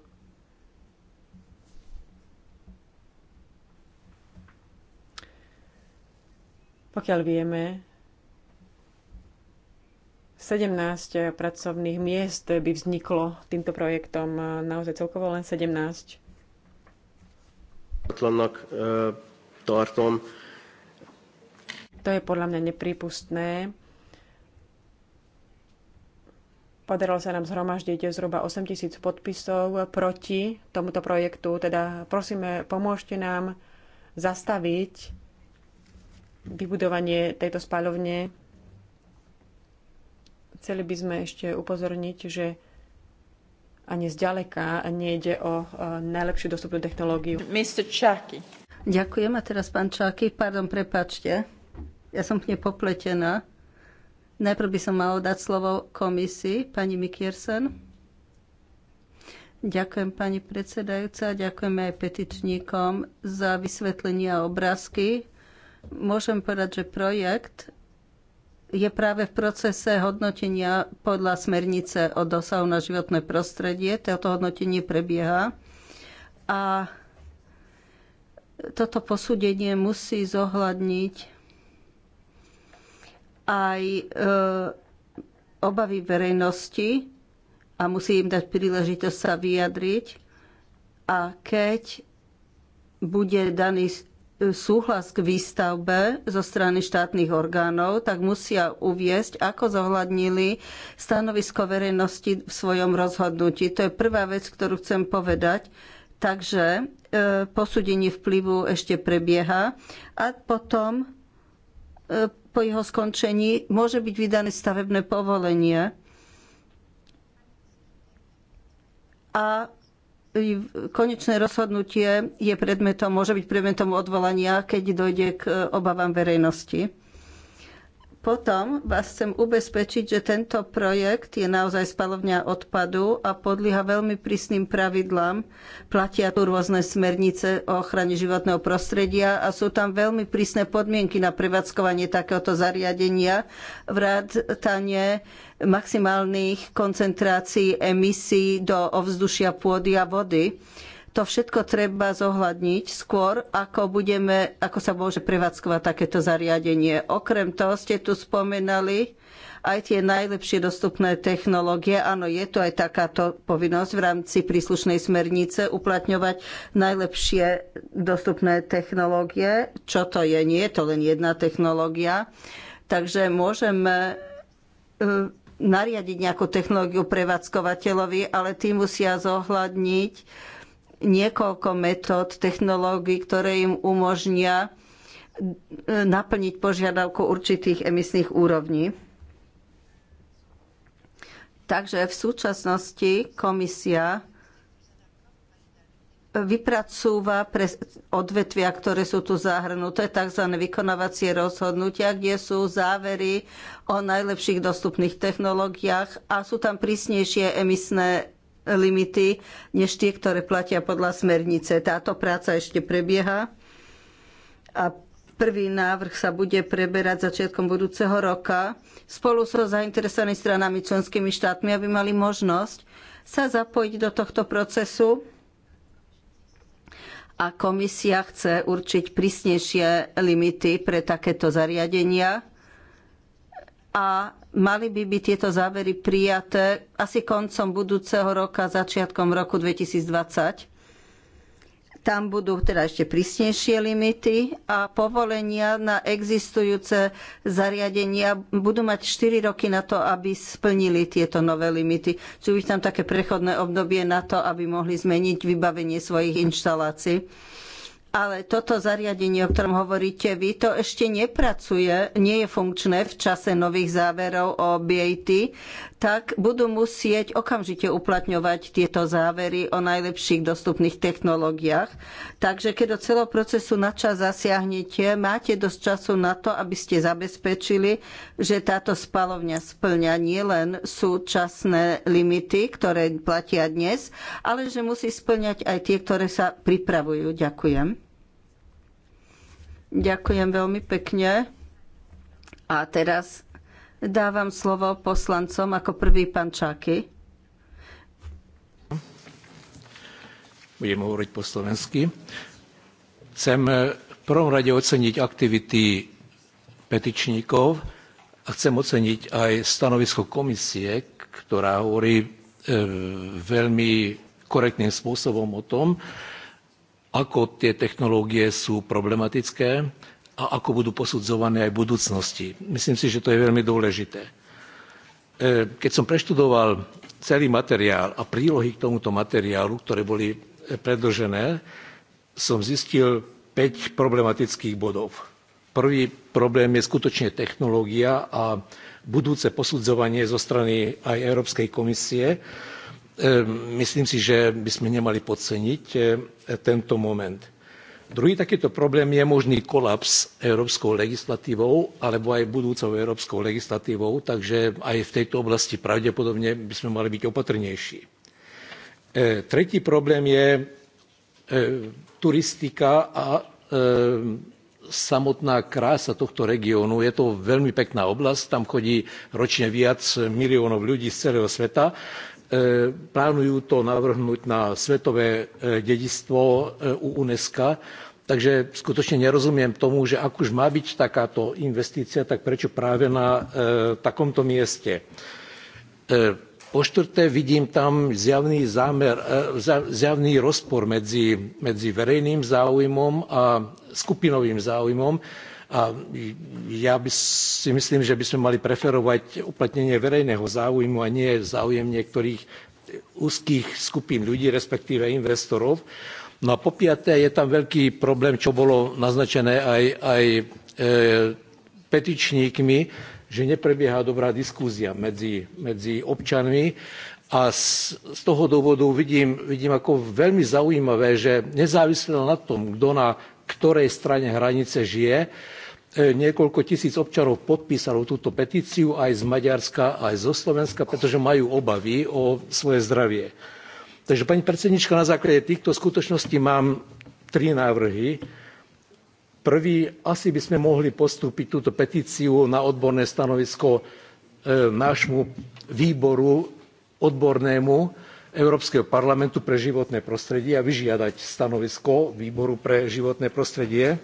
Pokiaľ vieme, 17 eh, pracovných miest by vzniklo týmto projektom, eh, naozaj celkovo len 17. Eh, to je podľa mňa nepripustné. Podarilo sa nám zhromaždiť zhruba 8 tisíc podpisov proti tomuto projektu. Teda prosíme, pomôžte nám zastaviť vybudovanie tejto spáľovne Chceli by sme ešte upozorniť, že ani zďaleka nejde o e, najlepšiu dostupnú technológiu. Mr. Čaky. Ďakujem a teraz pán Čaky. Pardon, prepačte. Ja som k nej popletená. Najprv by som mala dať slovo komisii, pani Mikiersen. Ďakujem pani predsedajúca, ďakujeme aj petičníkom za vysvetlenia a obrázky. Môžem povedať, že projekt je práve v procese hodnotenia podľa smernice o dosahu na životné prostredie. Toto hodnotenie prebieha a toto posúdenie musí zohľadniť aj e, obavy verejnosti a musí im dať príležitosť sa vyjadriť. A keď bude daný súhlas k výstavbe zo strany štátnych orgánov, tak musia uviesť, ako zohľadnili stanovisko verejnosti v svojom rozhodnutí. To je prvá vec, ktorú chcem povedať. Takže e, posúdenie vplyvu ešte prebieha a potom e, po jeho skončení môže byť vydané stavebné povolenie. A konečné rozhodnutie je predmetom, môže byť predmetom odvolania, keď dojde k obavám verejnosti. Potom vás chcem ubezpečiť, že tento projekt je naozaj spalovňa odpadu a podlieha veľmi prísnym pravidlám. Platia tu rôzne smernice o ochrane životného prostredia a sú tam veľmi prísne podmienky na prevádzkovanie takéhoto zariadenia, vrátanie maximálnych koncentrácií emisí do ovzdušia pôdy a vody. To všetko treba zohľadniť skôr, ako, budeme, ako sa môže prevádzkovať takéto zariadenie. Okrem toho ste tu spomenali aj tie najlepšie dostupné technológie. Áno, je tu aj takáto povinnosť v rámci príslušnej smernice uplatňovať najlepšie dostupné technológie. Čo to je? Nie je to len jedna technológia. Takže môžeme e, nariadiť nejakú technológiu prevádzkovateľovi, ale tí musia zohľadniť niekoľko metód, technológií, ktoré im umožnia e, naplniť požiadavku určitých emisných úrovní. Takže v súčasnosti komisia vypracúva pre odvetvia, ktoré sú tu zahrnuté, tzv. vykonávacie rozhodnutia, kde sú závery o najlepších dostupných technológiách a sú tam prísnejšie emisné limity než tie, ktoré platia podľa smernice. Táto práca ešte prebieha a prvý návrh sa bude preberať začiatkom budúceho roka spolu so zainteresovanými stranami členskými štátmi, aby mali možnosť sa zapojiť do tohto procesu a komisia chce určiť prísnejšie limity pre takéto zariadenia a mali by byť tieto závery prijaté asi koncom budúceho roka, začiatkom roku 2020. Tam budú teda ešte prísnejšie limity a povolenia na existujúce zariadenia budú mať 4 roky na to, aby splnili tieto nové limity. Sú by tam také prechodné obdobie na to, aby mohli zmeniť vybavenie svojich inštalácií ale toto zariadenie, o ktorom hovoríte vy, to ešte nepracuje, nie je funkčné v čase nových záverov o BAT, tak budú musieť okamžite uplatňovať tieto závery o najlepších dostupných technológiách. Takže keď do celého procesu načas zasiahnete, máte dosť času na to, aby ste zabezpečili, že táto spalovňa splňa nielen súčasné limity, ktoré platia dnes, ale že musí splňať aj tie, ktoré sa pripravujú. Ďakujem. Ďakujem veľmi pekne. A teraz dávam slovo poslancom ako prvý pán Čáky. Budem hovoriť po slovensky. Chcem v prvom rade oceniť aktivity petičníkov a chcem oceniť aj stanovisko komisie, ktorá hovorí e, veľmi korektným spôsobom o tom, ako tie technológie sú problematické a ako budú posudzované aj v budúcnosti. Myslím si, že to je veľmi dôležité. E, keď som preštudoval celý materiál a prílohy k tomuto materiálu, ktoré boli e, predložené, som zistil 5 problematických bodov. Prvý problém je skutočne technológia a budúce posudzovanie zo strany aj Európskej komisie, E, myslím si, že by sme nemali podceniť e, tento moment. Druhý takýto problém je možný kolaps európskou legislatívou alebo aj budúcou európskou legislatívou, takže aj v tejto oblasti pravdepodobne by sme mali byť opatrnejší. E, tretí problém je turistika a samotná krása tohto regiónu. Je to veľmi pekná oblasť, tam chodí ročne viac miliónov ľudí z celého sveta. E, plánujú to navrhnúť na svetové e, dedičstvo e, u UNESCO. Takže skutočne nerozumiem tomu, že ak už má byť takáto investícia, tak prečo práve na takomto mieste. Po štvrté, vidím tam zjavný, zámer, e, zjavný rozpor medzi, medzi verejným záujmom a skupinovým záujmom. A ja by si myslím, že by sme mali preferovať uplatnenie verejného záujmu a nie záujem niektorých úzkých skupín ľudí, respektíve investorov. No a po piaté je tam veľký problém, čo bolo naznačené aj, aj e, petičníkmi, že neprebieha dobrá diskúzia medzi, medzi občanmi a z, z toho dôvodu vidím, vidím ako veľmi zaujímavé, že nezávisle na tom, kto na ktorej strane hranice žije, e, niekoľko tisíc občanov podpísalo túto petíciu aj z Maďarska, aj zo Slovenska, pretože majú obavy o svoje zdravie. Takže pani predsednička, na základe týchto skutočností mám tri návrhy. Prvý, asi by sme mohli postúpiť túto petíciu na odborné stanovisko e, nášmu výboru odbornému Európskeho parlamentu pre životné prostredie a vyžiadať stanovisko výboru pre životné prostredie.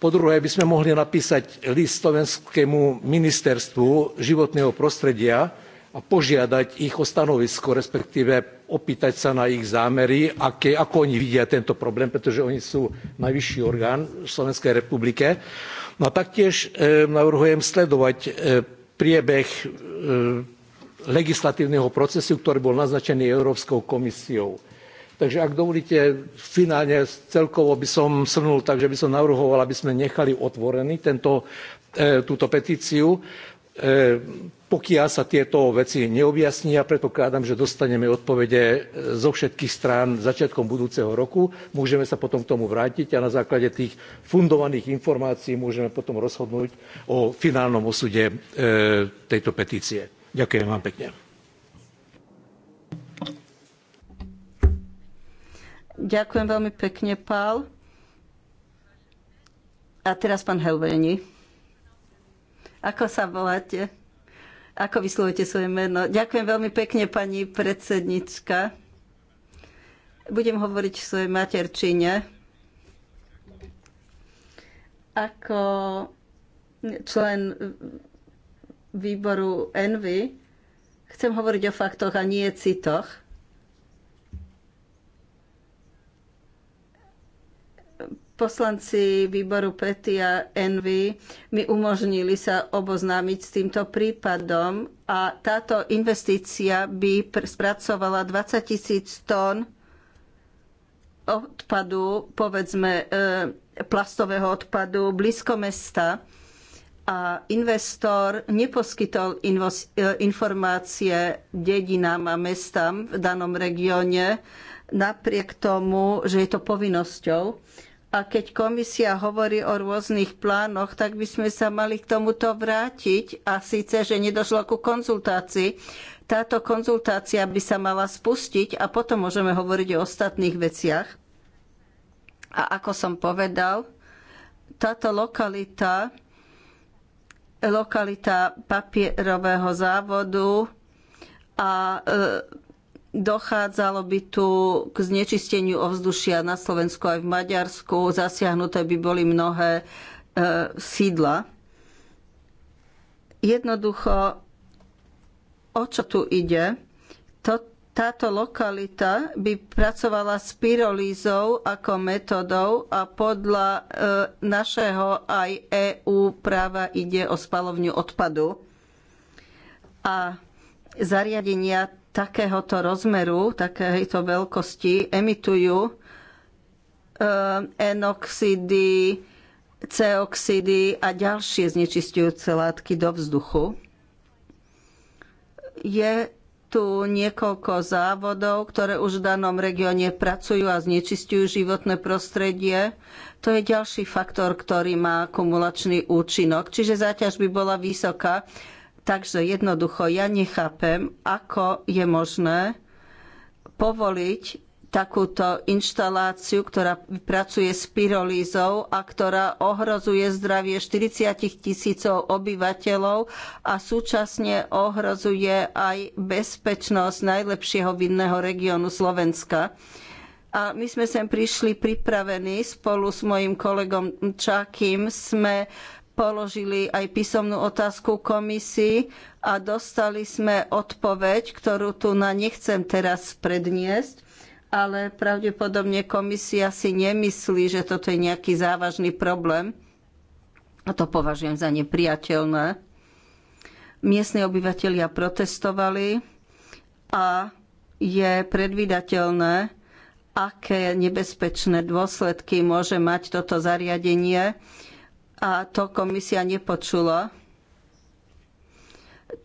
Po druhé, by sme mohli napísať list slovenskému ministerstvu životného prostredia, a požiadať ich o stanovisko, respektíve opýtať sa na ich zámery, aké, ako oni vidia tento problém, pretože oni sú najvyšší orgán v Slovenskej republike. No a taktiež e, navrhujem sledovať e, priebeh e, legislatívneho procesu, ktorý bol naznačený Európskou komisiou. Takže ak dovolíte, finálne celkovo by som srnul tak, že by som navrhoval, aby sme nechali otvorený tento, túto petíciu E, pokiaľ sa tieto veci neobjasnia, predpokladám, že dostaneme odpovede e, zo všetkých strán začiatkom budúceho roku. Môžeme sa potom k tomu vrátiť a na základe tých fundovaných informácií môžeme potom rozhodnúť o finálnom osude e, tejto petície. Ďakujem vám pekne. Ďakujem veľmi pekne, Pál. A teraz pán Helveni. Ako sa voláte? Ako vyslovujete svoje meno? Ďakujem veľmi pekne, pani predsednička. Budem hovoriť v svojej materčine. Ako člen výboru Envy chcem hovoriť o faktoch a nie citoch. Poslanci výboru PETI a ENVY mi umožnili sa oboznámiť s týmto prípadom a táto investícia by spracovala 20 tisíc tón odpadu, povedzme e, plastového odpadu blízko mesta a investor neposkytol e, informácie dedinám a mestám v danom regióne, napriek tomu, že je to povinnosťou. A keď komisia hovorí o rôznych plánoch, tak by sme sa mali k tomuto vrátiť a síce, že nedošlo ku konzultácii. Táto konzultácia by sa mala spustiť a potom môžeme hovoriť o ostatných veciach. A ako som povedal, táto lokalita, lokalita papierového závodu a e, Dochádzalo by tu k znečisteniu ovzdušia na Slovensku aj v Maďarsku. Zasiahnuté by boli mnohé e, sídla. Jednoducho, o čo tu ide? To, táto lokalita by pracovala s pyrolízou ako metodou a podľa e, našeho aj EU práva ide o spalovňu odpadu. A zariadenia takéhoto rozmeru, takéhoto veľkosti emitujú e, enoxidy, C-oxidy a ďalšie znečistujúce látky do vzduchu. Je tu niekoľko závodov, ktoré už v danom regióne pracujú a znečistujú životné prostredie. To je ďalší faktor, ktorý má kumulačný účinok, čiže záťaž by bola vysoká Takže jednoducho ja nechápem, ako je možné povoliť takúto inštaláciu, ktorá pracuje s pyrolízou a ktorá ohrozuje zdravie 40 tisícov obyvateľov a súčasne ohrozuje aj bezpečnosť najlepšieho vinného regiónu Slovenska. A my sme sem prišli pripravení spolu s mojím kolegom Čakým, sme položili aj písomnú otázku komisii a dostali sme odpoveď, ktorú tu na nechcem teraz predniesť, ale pravdepodobne komisia si nemyslí, že toto je nejaký závažný problém. A to považujem za nepriateľné. Miestni obyvatelia protestovali a je predvídateľné, aké nebezpečné dôsledky môže mať toto zariadenie a to komisia nepočula.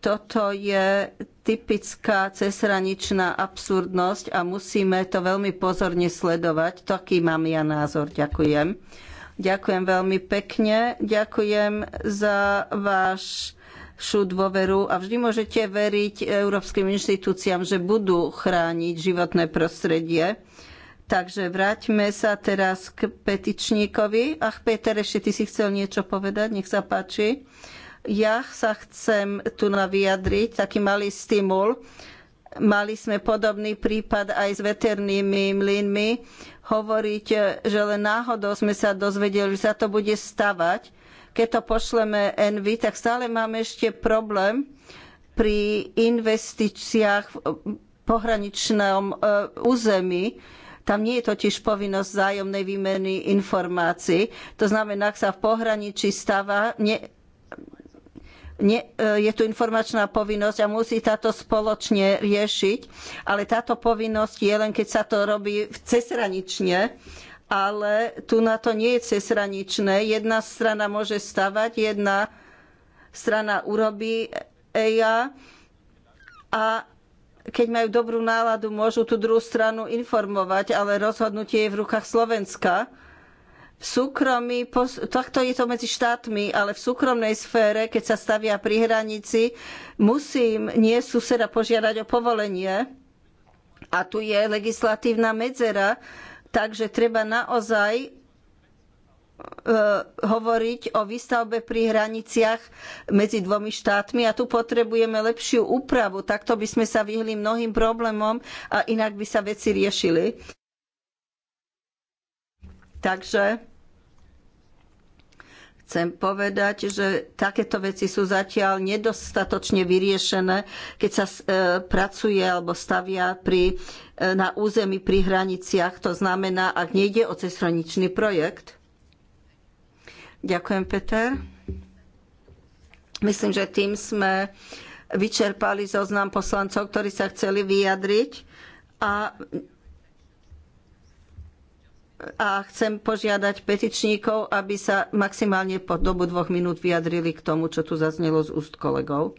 Toto je typická cezhraničná absurdnosť a musíme to veľmi pozorne sledovať. Taký mám ja názor. Ďakujem. Ďakujem veľmi pekne. Ďakujem za vašu dôveru a vždy môžete veriť európskym inštitúciám, že budú chrániť životné prostredie. Takže vráťme sa teraz k petičníkovi. Ach, Peter, ešte ty si chcel niečo povedať, nech sa páči. Ja sa chcem tu vyjadriť, taký malý stimul. Mali sme podobný prípad aj s veternými mlynmi. Hovoriť, že len náhodou sme sa dozvedeli, že sa to bude stavať. Keď to pošleme Envy, tak stále máme ešte problém pri investíciách v pohraničnom e, území, tam nie je totiž povinnosť vzájomnej výmeny informácií. To znamená, ak sa v pohraničí stáva, e, je tu informačná povinnosť a musí táto spoločne riešiť, ale táto povinnosť je len, keď sa to robí cezhranične ale tu na to nie je cezhraničné. Jedna strana môže stavať, jedna strana urobí EIA a keď majú dobrú náladu, môžu tú druhú stranu informovať, ale rozhodnutie je v rukách Slovenska. V súkromí, takto je to medzi štátmi, ale v súkromnej sfére, keď sa stavia pri hranici, musím nie suseda požiadať o povolenie. A tu je legislatívna medzera, takže treba naozaj E, hovoriť o výstavbe pri hraniciach medzi dvomi štátmi a tu potrebujeme lepšiu úpravu. Takto by sme sa vyhli mnohým problémom a inak by sa veci riešili. Takže chcem povedať, že takéto veci sú zatiaľ nedostatočne vyriešené, keď sa e, pracuje alebo stavia pri, e, na území pri hraniciach. To znamená, ak nejde o cezhraničný projekt, Ďakujem, Peter. Myslím, že tým sme vyčerpali zoznam poslancov, ktorí sa chceli vyjadriť. A, a chcem požiadať petičníkov, aby sa maximálne po dobu dvoch minút vyjadrili k tomu, čo tu zaznelo z úst kolegov.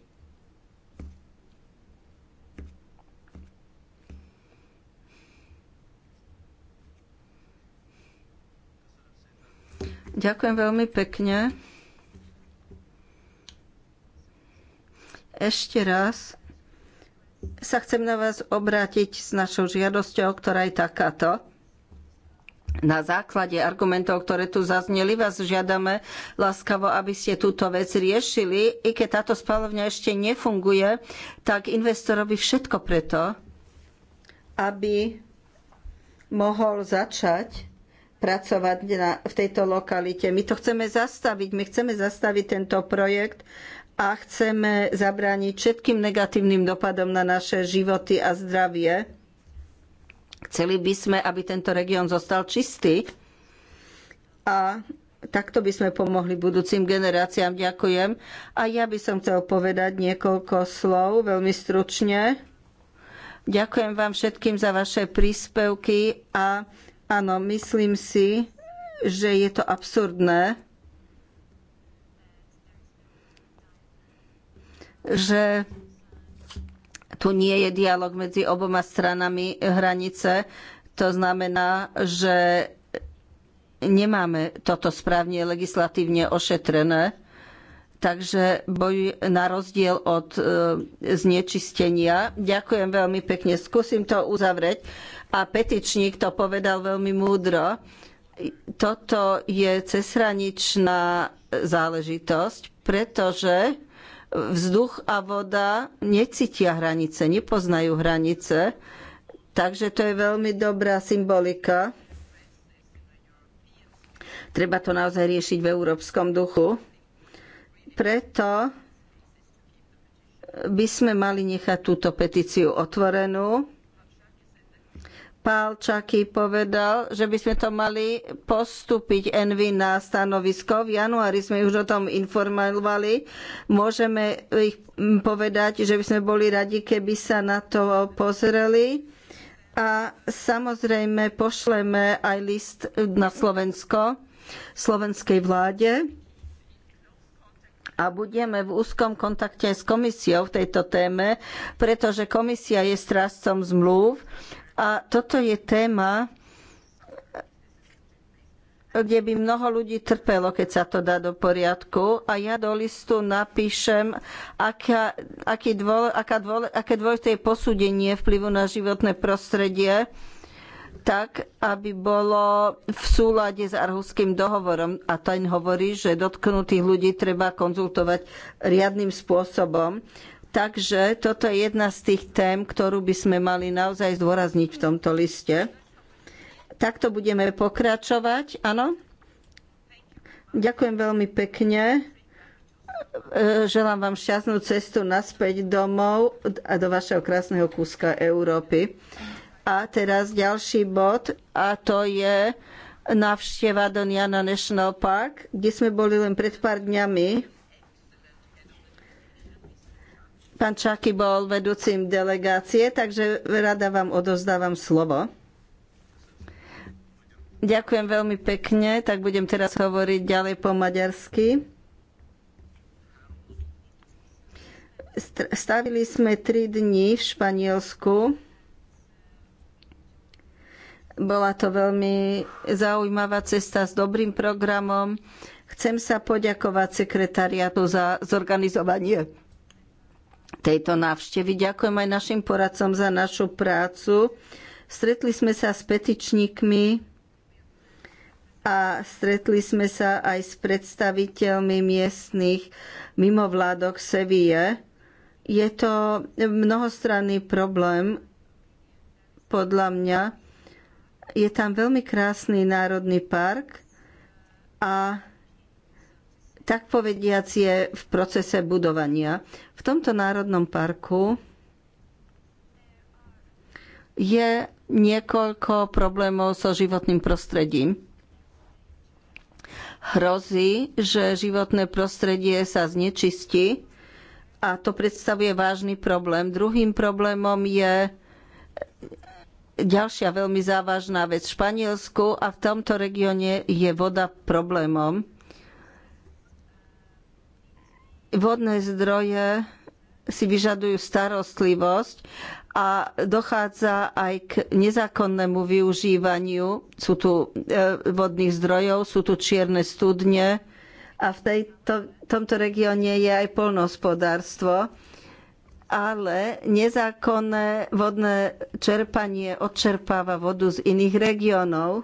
Ďakujem veľmi pekne. Ešte raz sa chcem na vás obrátiť s našou žiadosťou, ktorá je takáto. Na základe argumentov, ktoré tu zazneli, vás žiadame láskavo, aby ste túto vec riešili. I keď táto spalovňa ešte nefunguje, tak investor robí všetko preto, aby mohol začať pracovať na, v tejto lokalite. My to chceme zastaviť, my chceme zastaviť tento projekt a chceme zabrániť všetkým negatívnym dopadom na naše životy a zdravie. Chceli by sme, aby tento región zostal čistý a takto by sme pomohli budúcim generáciám. Ďakujem. A ja by som chcel povedať niekoľko slov, veľmi stručne. Ďakujem vám všetkým za vaše príspevky a Áno, myslím si, že je to absurdné, že tu nie je dialog medzi oboma stranami hranice. To znamená, že nemáme toto správne legislatívne ošetrené. Takže boj na rozdiel od e, znečistenia. Ďakujem veľmi pekne. Skúsim to uzavrieť a petičník to povedal veľmi múdro. Toto je cezhraničná záležitosť, pretože vzduch a voda necítia hranice, nepoznajú hranice, takže to je veľmi dobrá symbolika. Treba to naozaj riešiť v európskom duchu. Preto by sme mali nechať túto petíciu otvorenú Pál povedal, že by sme to mali postúpiť Envy na stanovisko. V januári sme už o tom informovali. Môžeme ich povedať, že by sme boli radi, keby sa na to pozreli. A samozrejme pošleme aj list na Slovensko, slovenskej vláde a budeme v úzkom kontakte aj s komisiou v tejto téme, pretože komisia je strážcom zmluv a toto je téma, kde by mnoho ľudí trpelo, keď sa to dá do poriadku. A ja do listu napíšem, aká, aký dôle, aká dôle, aké dôležité je posúdenie vplyvu na životné prostredie, tak, aby bolo v súlade s Arhuským dohovorom. A ten hovorí, že dotknutých ľudí treba konzultovať riadnym spôsobom. Takže toto je jedna z tých tém, ktorú by sme mali naozaj zdôrazniť v tomto liste. Takto budeme pokračovať, áno? Ďakujem veľmi pekne. E, želám vám šťastnú cestu naspäť domov a do vašeho krásneho kúska Európy. A teraz ďalší bod, a to je návšteva Doniana National Park, kde sme boli len pred pár dňami Pán Čaky bol vedúcim delegácie, takže rada vám odozdávam slovo. Ďakujem veľmi pekne, tak budem teraz hovoriť ďalej po maďarsky. Stavili sme tri dni v Španielsku. Bola to veľmi zaujímavá cesta s dobrým programom. Chcem sa poďakovať sekretariatu za zorganizovanie tejto návštevy. Ďakujem aj našim poradcom za našu prácu. Stretli sme sa s petičníkmi a stretli sme sa aj s predstaviteľmi miestnych mimovládok Sevie. Je to mnohostranný problém, podľa mňa. Je tam veľmi krásny národný park a tak povediac je v procese budovania. V tomto národnom parku je niekoľko problémov so životným prostredím. Hrozí, že životné prostredie sa znečistí a to predstavuje vážny problém. Druhým problémom je ďalšia veľmi závažná vec v Španielsku a v tomto regióne je voda problémom vodné zdroje si vyžadujú starostlivosť a dochádza aj k nezákonnému využívaniu. Sú tu e, vodných zdrojov, sú tu čierne studne a v tejto, tomto regióne je aj polnohospodárstvo. Ale nezákonné vodné čerpanie odčerpáva vodu z iných regiónov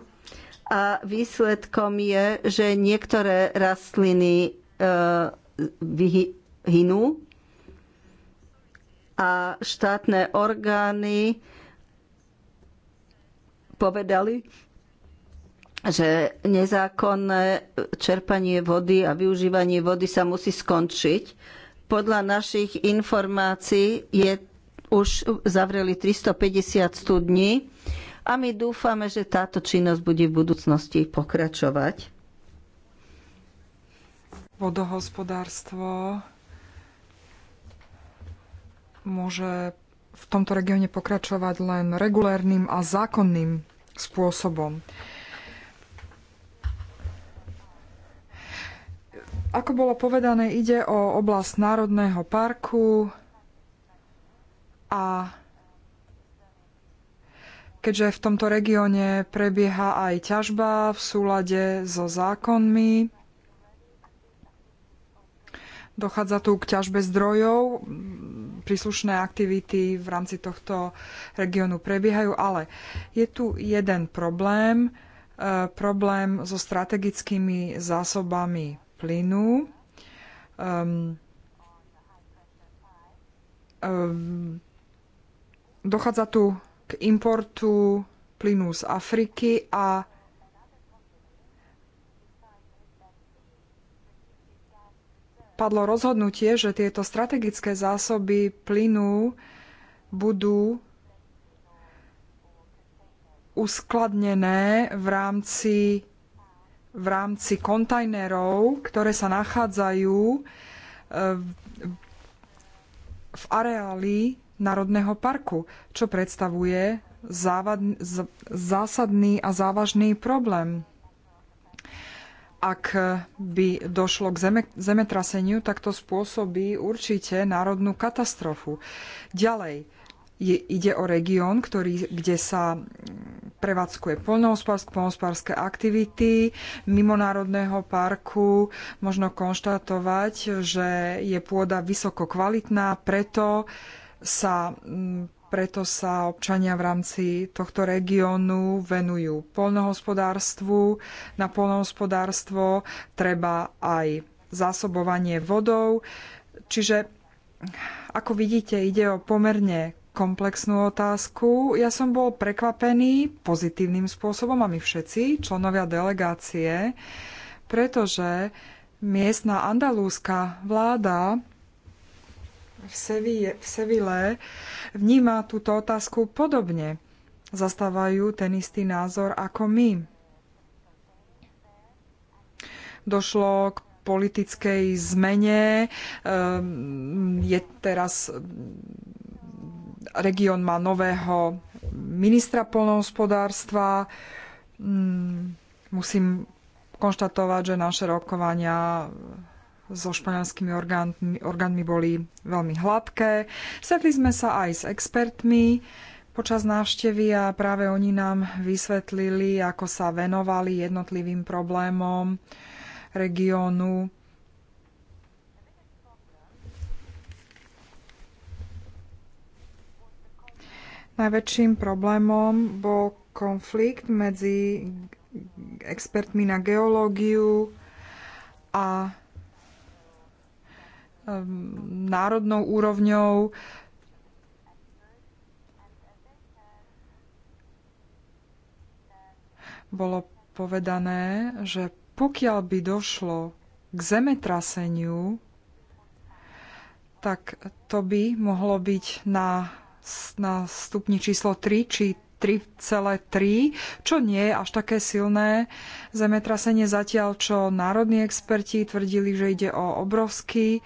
a výsledkom je, že niektoré rastliny e, vyhynú a štátne orgány povedali, že nezákonné čerpanie vody a využívanie vody sa musí skončiť. Podľa našich informácií je, už zavreli 350 studní a my dúfame, že táto činnosť bude v budúcnosti pokračovať vodohospodárstvo môže v tomto regióne pokračovať len regulérnym a zákonným spôsobom. Ako bolo povedané, ide o oblasť Národného parku a keďže v tomto regióne prebieha aj ťažba v súlade so zákonmi, Dochádza tu k ťažbe zdrojov, príslušné aktivity v rámci tohto regiónu prebiehajú, ale je tu jeden problém, e, problém so strategickými zásobami plynu. Um, um, dochádza tu k importu plynu z Afriky a padlo rozhodnutie, že tieto strategické zásoby plynu budú uskladnené v rámci, v rámci kontajnerov, ktoré sa nachádzajú e, v areáli Národného parku, čo predstavuje zásadný a závažný problém ak by došlo k zeme, zemetraseniu, tak to spôsobí určite národnú katastrofu. Ďalej, je, ide o región, ktorý, kde sa prevádzkuje poľnohospodárske, poľnohospodárske aktivity. Mimo Národného parku možno konštatovať, že je pôda vysoko kvalitná, preto sa preto sa občania v rámci tohto regiónu venujú polnohospodárstvu. Na polnohospodárstvo treba aj zásobovanie vodou. Čiže, ako vidíte, ide o pomerne komplexnú otázku. Ja som bol prekvapený pozitívnym spôsobom a my všetci, členovia delegácie, pretože miestna andalúska vláda v, sevile v Seville vníma túto otázku podobne. Zastávajú ten istý názor ako my. Došlo k politickej zmene. Ehm, je teraz region má nového ministra polnohospodárstva. Hmm, musím konštatovať, že naše rokovania so španielskými orgánmi, orgánmi boli veľmi hladké. Sedli sme sa aj s expertmi počas návštevy a práve oni nám vysvetlili, ako sa venovali jednotlivým problémom regiónu. Najväčším problémom bol konflikt medzi expertmi na geológiu a Um, národnou úrovňou. Bolo povedané, že pokiaľ by došlo k zemetraseniu, tak to by mohlo byť na, na stupni číslo 3 či 3,3, čo nie je až také silné zemetrasenie zatiaľ, čo národní experti tvrdili, že ide o obrovský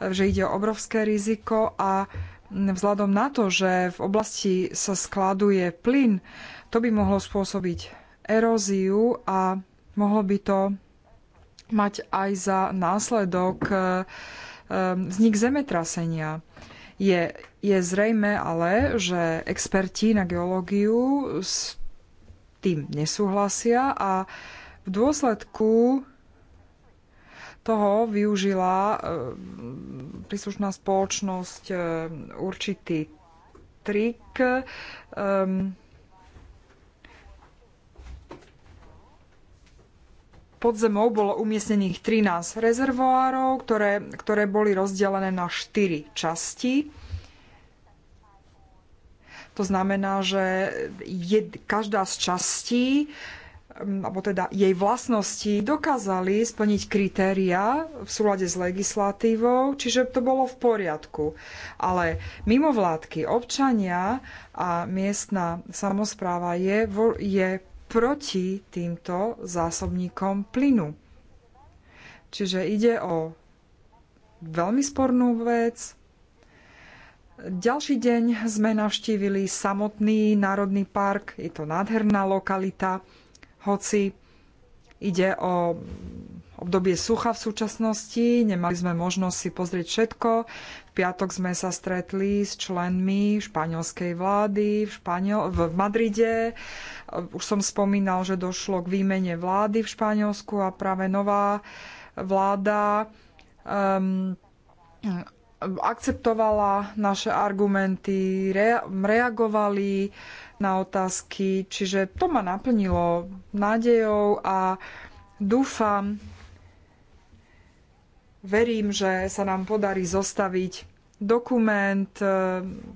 že ide o obrovské riziko a vzhľadom na to, že v oblasti sa skladuje plyn, to by mohlo spôsobiť eróziu a mohlo by to mať aj za následok um, vznik zemetrasenia. Je, je zrejme ale, že experti na geológiu s tým nesúhlasia a v dôsledku toho využila e, príslušná spoločnosť e, určitý trik. Um, pod zemou bolo umiestnených 13 rezervoárov, ktoré, ktoré boli rozdelené na 4 časti. To znamená, že každá z častí alebo teda jej vlastnosti dokázali splniť kritéria v súlade s legislatívou, čiže to bolo v poriadku. Ale mimovládky, občania a miestna samozpráva je, je proti týmto zásobníkom plynu. Čiže ide o veľmi spornú vec. Ďalší deň sme navštívili samotný národný park. Je to nádherná lokalita, hoci ide o obdobie sucha v súčasnosti. Nemali sme možnosť si pozrieť všetko. V piatok sme sa stretli s členmi španielskej vlády v, Španiel- v Madride. Už som spomínal, že došlo k výmene vlády v Španielsku a práve nová vláda um, akceptovala naše argumenty, rea- reagovali na otázky, čiže to ma naplnilo nádejou a dúfam, Verím, že sa nám podarí zostaviť dokument, e,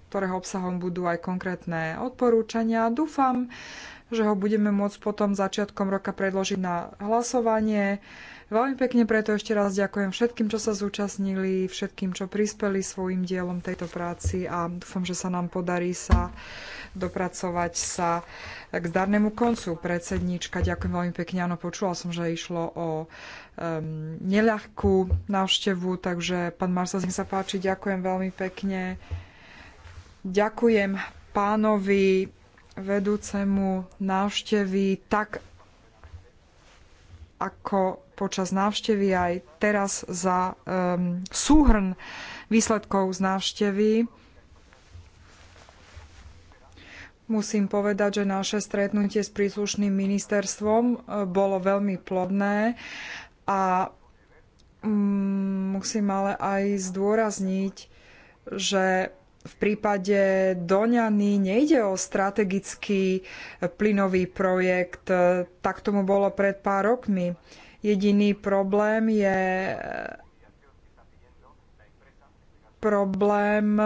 ktorého obsahom budú aj konkrétne odporúčania. Dúfam, že ho budeme môcť potom začiatkom roka predložiť na hlasovanie. Veľmi pekne preto ešte raz ďakujem všetkým, čo sa zúčastnili, všetkým, čo prispeli svojim dielom tejto práci a dúfam, že sa nám podarí sa dopracovať sa k zdarnému koncu. Predsednička, ďakujem veľmi pekne. Áno, počula som, že išlo o um, neľahkú návštevu, takže pán Marsa, nech sa páči, ďakujem veľmi pekne. Ďakujem pánovi vedúcemu návštevy tak ako počas návštevy aj teraz za um, súhrn výsledkov z návštevy. Musím povedať, že naše stretnutie s príslušným ministerstvom uh, bolo veľmi plodné a mm, musím ale aj zdôrazniť, že v prípade Doňany nejde o strategický plynový projekt, tak tomu bolo pred pár rokmi. Jediný problém je e, problém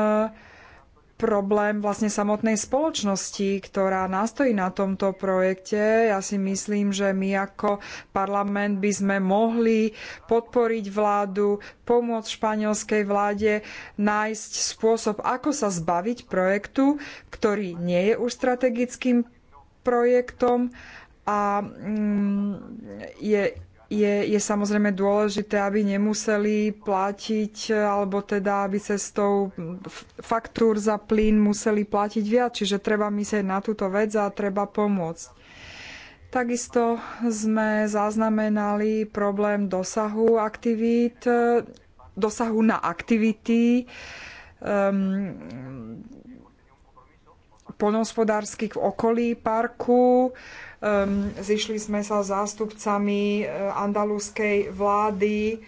problém vlastne samotnej spoločnosti, ktorá nastojí na tomto projekte. Ja si myslím, že my ako parlament by sme mohli podporiť vládu, pomôcť španielskej vláde nájsť spôsob, ako sa zbaviť projektu, ktorý nie je už strategickým projektom a mm, je je, je samozrejme dôležité, aby nemuseli platiť, alebo teda, aby cestou faktúr za plyn museli platiť viac. Čiže treba myslieť na túto vec a treba pomôcť. Takisto sme zaznamenali problém dosahu aktivít, dosahu na aktivity um, poľnohospodárskych v okolí parku. Um, Um, zišli sme sa zástupcami eh, andalúskej vlády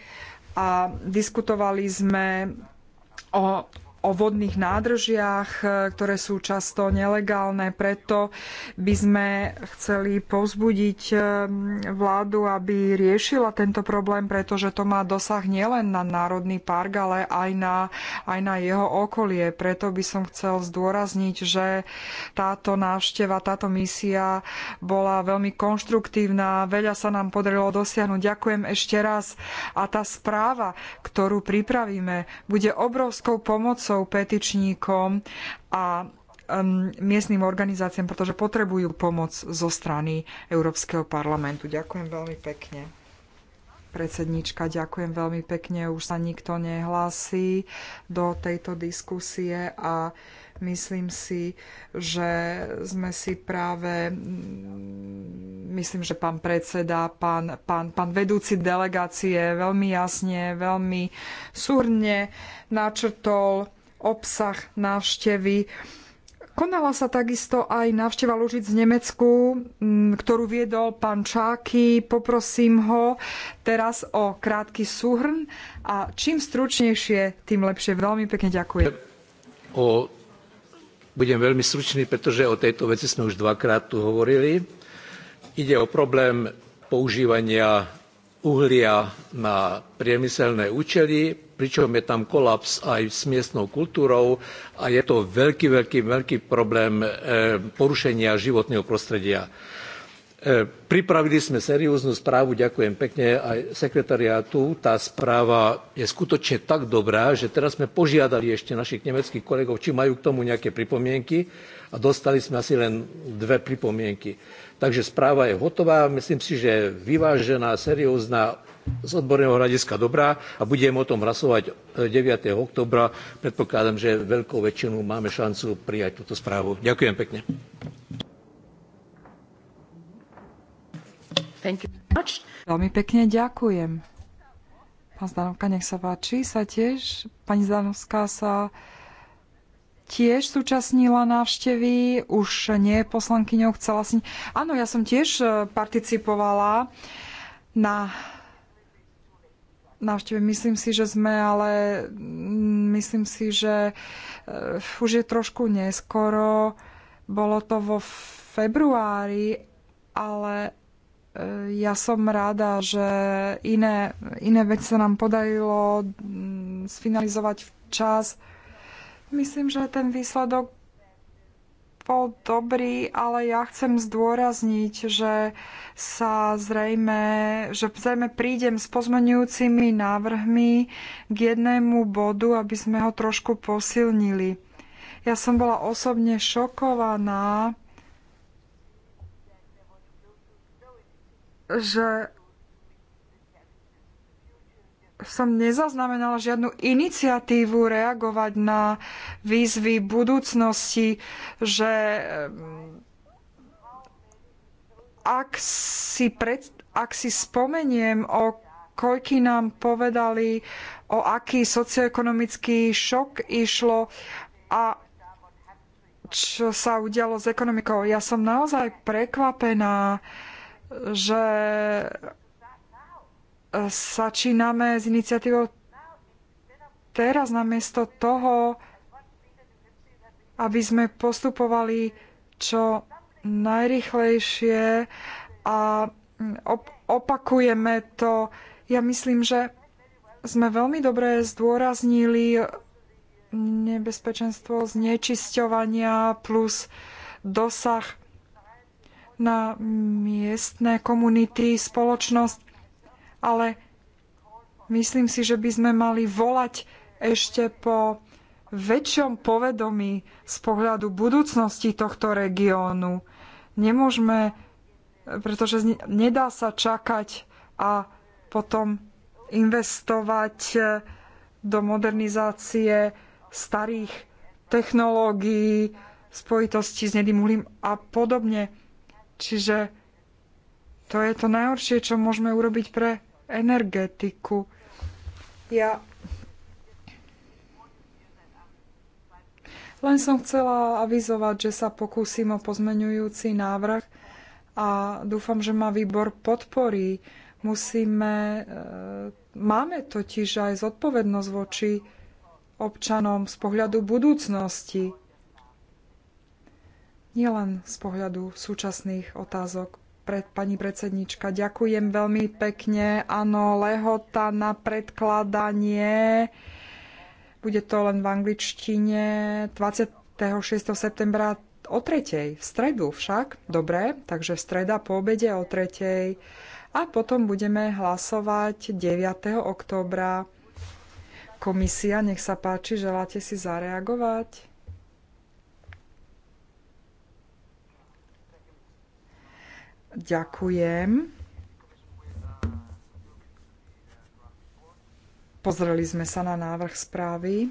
a diskutovali sme o o vodných nádržiach, e, ktoré sú často nelegálne. Preto by sme chceli povzbudiť e, vládu, aby riešila tento problém, pretože to má dosah nielen na Národný park, ale aj na, aj na jeho okolie. Preto by som chcel zdôrazniť, že táto návšteva, táto misia bola veľmi konštruktívna. Veľa sa nám podarilo dosiahnuť. Ďakujem ešte raz. A tá správa, ktorú pripravíme, bude obrovskou pomocou poslancov, petičníkom a um, miestnym organizáciám, pretože potrebujú pomoc zo strany Európskeho parlamentu. Ďakujem veľmi pekne. Predsednička, ďakujem veľmi pekne. Už sa nikto nehlási do tejto diskusie a myslím si, že sme si práve, myslím, že pán predseda, pán, pán, pán vedúci delegácie veľmi jasne, veľmi súrne načrtol obsah návštevy. Konala sa takisto aj návšteva Lužic v Nemecku, ktorú viedol pán Čáky. Poprosím ho teraz o krátky súhrn a čím stručnejšie, tým lepšie. Veľmi pekne ďakujem. O, budem veľmi stručný, pretože o tejto veci sme už dvakrát tu hovorili. Ide o problém používania uhlia na priemyselné účely, pričom je tam kolaps aj s miestnou kultúrou a je to veľký, veľký, veľký problém e, porušenia životného prostredia. E, pripravili sme serióznu správu, ďakujem pekne aj sekretariátu. Tá správa je skutočne tak dobrá, že teraz sme požiadali ešte našich nemeckých kolegov, či majú k tomu nejaké pripomienky a dostali sme asi len dve pripomienky. Takže správa je hotová, myslím si, že je vyvážená, seriózna, z odborného hľadiska dobrá a budeme o tom hlasovať 9. E, oktobra. Predpokladám, že veľkou väčšinou máme šancu prijať túto správu. Ďakujem pekne. Veľmi pekne ďakujem. Pán Zdanovka, nech sa páči, sa tiež, pani Zdanovská sa tiež súčasnila návštevy, už nie poslankyňou, chcela si... Áno, ja som tiež e, participovala na návšteve. Myslím si, že sme, ale mm, myslím si, že eh, už je trošku neskoro. Bolo to vo februári, ale eh, ja som rada, že iné, iné veci sa nám podarilo mm, sfinalizovať včas. Myslím, že ten výsledok bol dobrý, ale ja chcem zdôrazniť, že sa zrejme, že zrejme prídem s pozmenujúcimi návrhmi k jednému bodu, aby sme ho trošku posilnili. Ja som bola osobne šokovaná, že som nezaznamenala žiadnu iniciatívu reagovať na výzvy budúcnosti, že ak si, pred, ak si spomeniem, o koľky nám povedali, o aký socioekonomický šok išlo a čo sa udialo s ekonomikou. Ja som naozaj prekvapená, že začíname s iniciatívou teraz namiesto toho, aby sme postupovali čo najrychlejšie a mm, opakujeme to. Ja myslím, že sme veľmi dobre zdôraznili nebezpečenstvo znečisťovania plus dosah na miestne komunity, spoločnosť ale myslím si, že by sme mali volať ešte po väčšom povedomí z pohľadu budúcnosti tohto regiónu. Nemôžeme, pretože nedá sa čakať a potom investovať eh, do modernizácie starých technológií, spojitosti s nedým uhlím a podobne. Čiže to je to najhoršie, čo môžeme urobiť pre energetiku. Ja len som chcela avizovať, že sa pokúsim o pozmeňujúci návrh a dúfam, že ma výbor podporí. Musíme, e, máme totiž aj zodpovednosť voči občanom z pohľadu budúcnosti, nielen z pohľadu súčasných otázok pred, pani predsednička. Ďakujem veľmi pekne. Áno, lehota na predkladanie. Bude to len v angličtine 26. septembra o tretej. V stredu však. Dobre, takže v streda po obede o tretej. A potom budeme hlasovať 9. oktobra. Komisia, nech sa páči, želáte si zareagovať? Ďakujem. Pozreli sme sa na návrh správy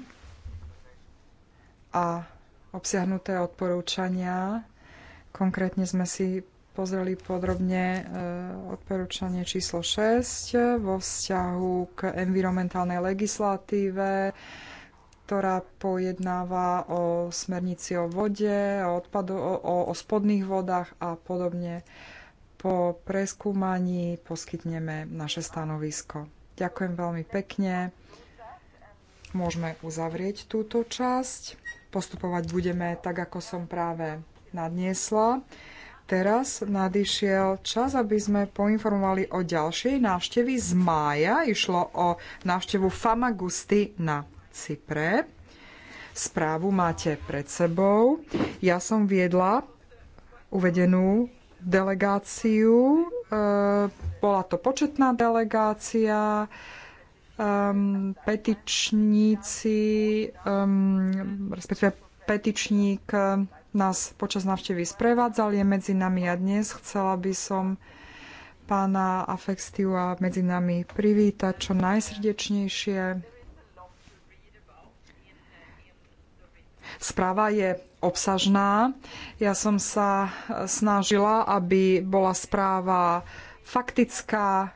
a obsiahnuté odporúčania. Konkrétne sme si pozreli podrobne e, odporúčanie číslo 6 vo vzťahu k environmentálnej legislatíve, ktorá pojednáva o smernici o vode, o, odpadu, o, o spodných vodách a podobne po preskúmaní poskytneme naše stanovisko. Ďakujem veľmi pekne. Môžeme uzavrieť túto časť. Postupovať budeme tak, ako som práve nadniesla. Teraz nadišiel čas, aby sme poinformovali o ďalšej návštevy z mája. Išlo o návštevu Famagusty na Cypre. Správu máte pred sebou. Ja som viedla uvedenú delegáciu. E, bola to početná delegácia. Petičníci, respektíve petičník nás počas návštevy sprevádzal, je medzi nami a dnes. Chcela by som pána a medzi nami privítať čo najsrdečnejšie. Správa je obsažná. Ja som sa e, snažila, aby bola správa faktická.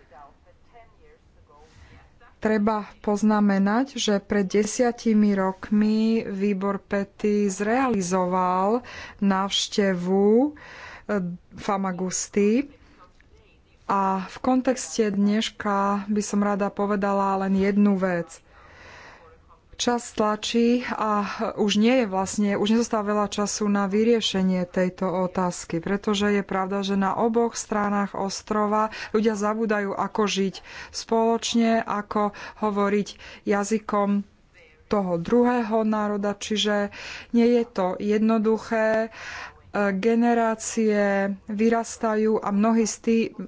Treba poznamenať, že pred desiatimi rokmi výbor Pety zrealizoval návštevu e, Famagusty a v kontexte dneška by som rada povedala len jednu vec. Čas tlačí a už nie je vlastne, už nezostáva veľa času na vyriešenie tejto otázky, pretože je pravda, že na oboch stranách ostrova ľudia zabúdajú, ako žiť spoločne, ako hovoriť jazykom toho druhého národa, čiže nie je to jednoduché generácie vyrastajú a mnohí,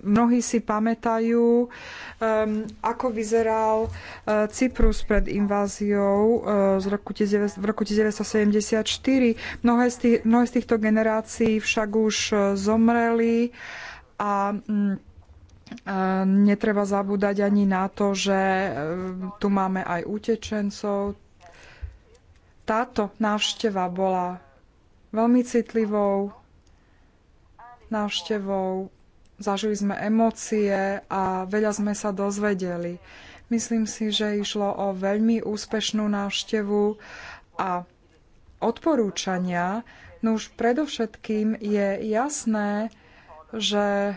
mnohí si pamätajú, um, ako vyzeral uh, Cyprus pred inváziou uh, z roku v roku 1974. Mnohé z, tých, mnohé z týchto generácií však už uh, zomreli a um, Netreba zabúdať ani na to, že uh, tu máme aj utečencov. Táto návšteva bola veľmi citlivou návštevou. Zažili sme emócie a veľa sme sa dozvedeli. Myslím si, že išlo o veľmi úspešnú návštevu a odporúčania. No už predovšetkým je jasné, že e,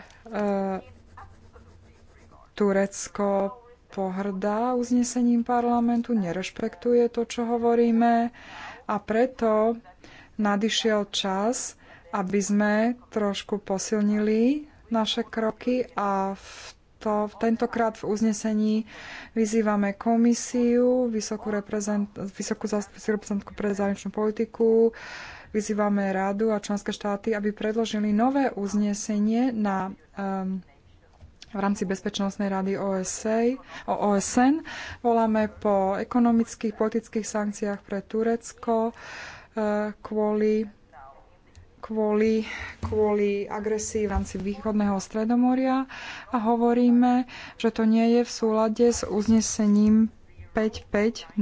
Turecko pohrdá uznesením parlamentu, nerešpektuje to, čo hovoríme a preto nadišiel čas, aby sme trošku posilnili naše kroky a v to, tentokrát v uznesení vyzývame komisiu, vysokú, reprezent, vysokú reprezentantku pre zahraničnú politiku, vyzývame rádu a členské štáty, aby predložili nové uznesenie na um, v rámci Bezpečnostnej rady OSA, o OSN. Voláme po ekonomických, politických sankciách pre Turecko. Uh, kvôli kvôli, kvôli agresii v rámci východného stredomoria a hovoríme, že to nie je v súlade s uznesením 550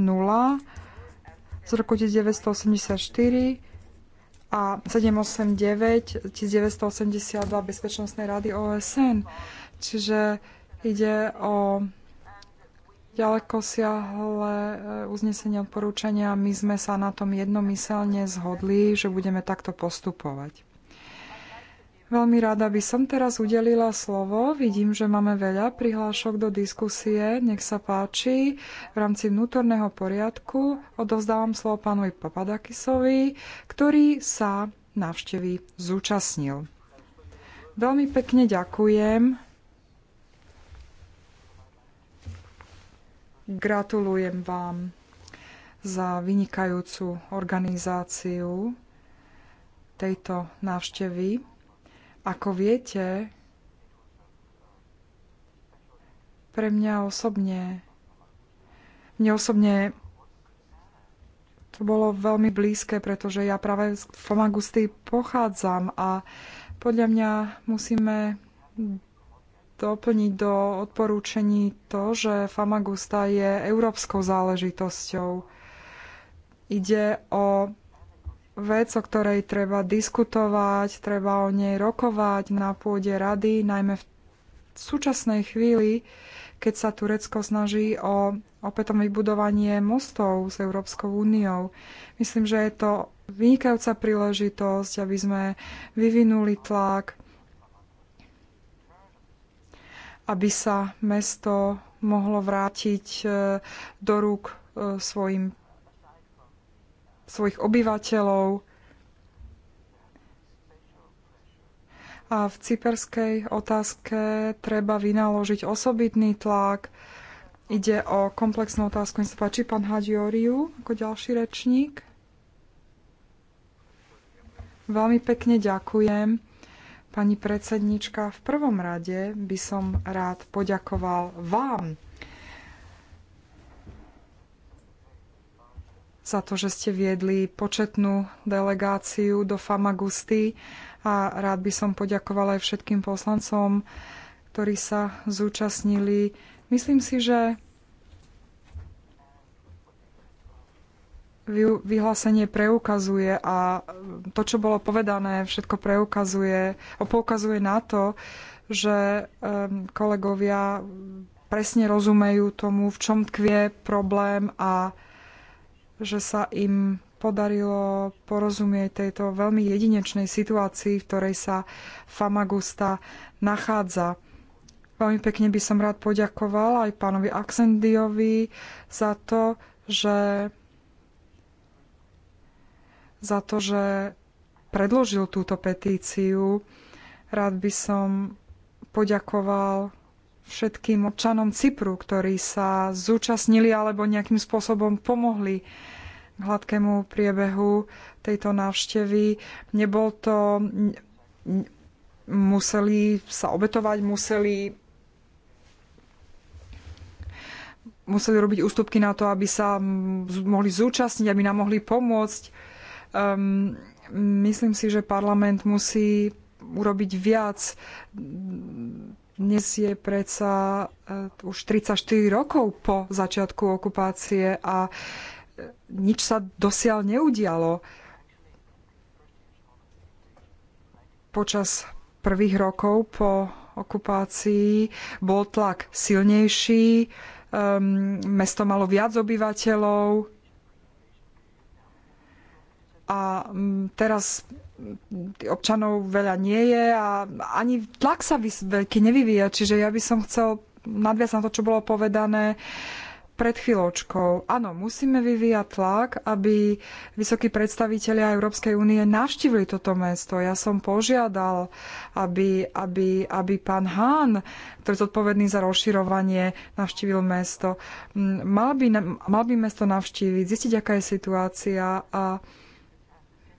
z roku 1984 a 789 1982 Bezpečnostnej rady OSN. Čiže ide o ďaleko siahle eh, uznesenie odporúčania. My sme sa na tom jednomyselne zhodli, že budeme takto postupovať. Veľmi rada by som teraz udelila slovo. Vidím, že máme veľa prihlášok do diskusie. Nech sa páči. V rámci vnútorného poriadku odovzdávam slovo pánovi Papadakisovi, ktorý sa návštevy zúčastnil. Veľmi pekne ďakujem. Gratulujem vám za vynikajúcu organizáciu tejto návštevy. Ako viete, pre mňa osobne, mne osobne to bolo veľmi blízke, pretože ja práve z Famagusty pochádzam a podľa mňa musíme doplniť do odporúčení to, že Famagusta je európskou záležitosťou. Ide o vec, o ktorej treba diskutovať, treba o nej rokovať na pôde rady, najmä v súčasnej chvíli, keď sa Turecko snaží o opätom vybudovanie mostov s Európskou úniou. Myslím, že je to vynikajúca príležitosť, aby sme vyvinuli tlak aby sa mesto mohlo vrátiť e, do rúk e, svojim, svojich obyvateľov. A v cyperskej otázke treba vynaložiť osobitný tlak. Ide o komplexnú otázku. Nech sa páči pán Hadioriu ako ďalší rečník. Veľmi pekne ďakujem. Pani predsednička, v prvom rade by som rád poďakoval vám za to, že ste viedli početnú delegáciu do Famagusty a rád by som poďakovala aj všetkým poslancom, ktorí sa zúčastnili. Myslím si, že vyhlásenie preukazuje a e, to, čo bolo povedané, všetko preukazuje, poukazuje na to, že e, kolegovia presne rozumejú tomu, v čom tkvie problém a že sa im podarilo porozumieť tejto veľmi jedinečnej situácii, v ktorej sa Famagusta nachádza. Veľmi pekne by som rád poďakoval aj pánovi Axendiovi za to, že za to, že predložil túto petíciu. Rád by som poďakoval všetkým občanom Cypru, ktorí sa zúčastnili alebo nejakým spôsobom pomohli k hladkému priebehu tejto návštevy. Nebol to... Museli sa obetovať, museli museli robiť ústupky na to, aby sa mohli zúčastniť, aby nám mohli pomôcť Um, myslím si, že parlament musí urobiť viac. Dnes je predsa eh, už 34 rokov po začiatku okupácie a eh, nič sa dosiaľ neudialo. Počas prvých rokov po okupácii bol tlak silnejší, um, mesto malo viac obyvateľov, a mm, teraz občanov veľa nie je a ani tlak sa veľký nevyvíja, čiže ja by som chcel nadviazať na to, čo bolo povedané pred chvíľočkou. Áno, musíme vyvíjať tlak, aby vysokí predstavitelia Európskej únie navštívili toto mesto. Ja som požiadal, aby, aby, aby pán Hán, ktorý je zodpovedný za rozširovanie, navštívil mesto. Mm, mal by, mal by mesto navštíviť, zistiť, aká je situácia a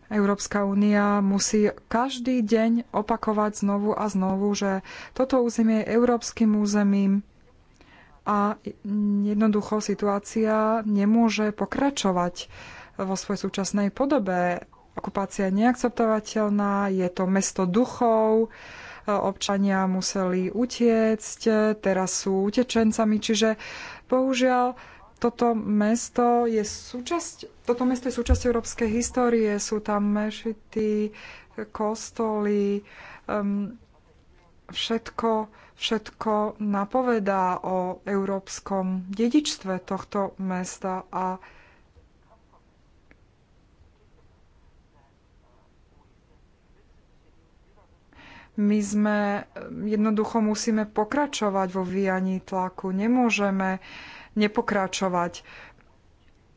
Európska únia musí každý deň opakovať znovu a znovu, že toto územie je európskym územím a jednoducho situácia nemôže pokračovať vo svojej súčasnej podobe. Okupácia je neakceptovateľná, je to mesto duchov, občania museli utiecť, teraz sú utečencami, čiže bohužiaľ toto mesto je súčasť, toto mesto je súčasť európskej histórie, sú tam mešity, kostoly, um, všetko, všetko napovedá o európskom dedičstve tohto mesta a my sme jednoducho musíme pokračovať vo vyjaní tlaku. Nemôžeme uh, nepokračovať.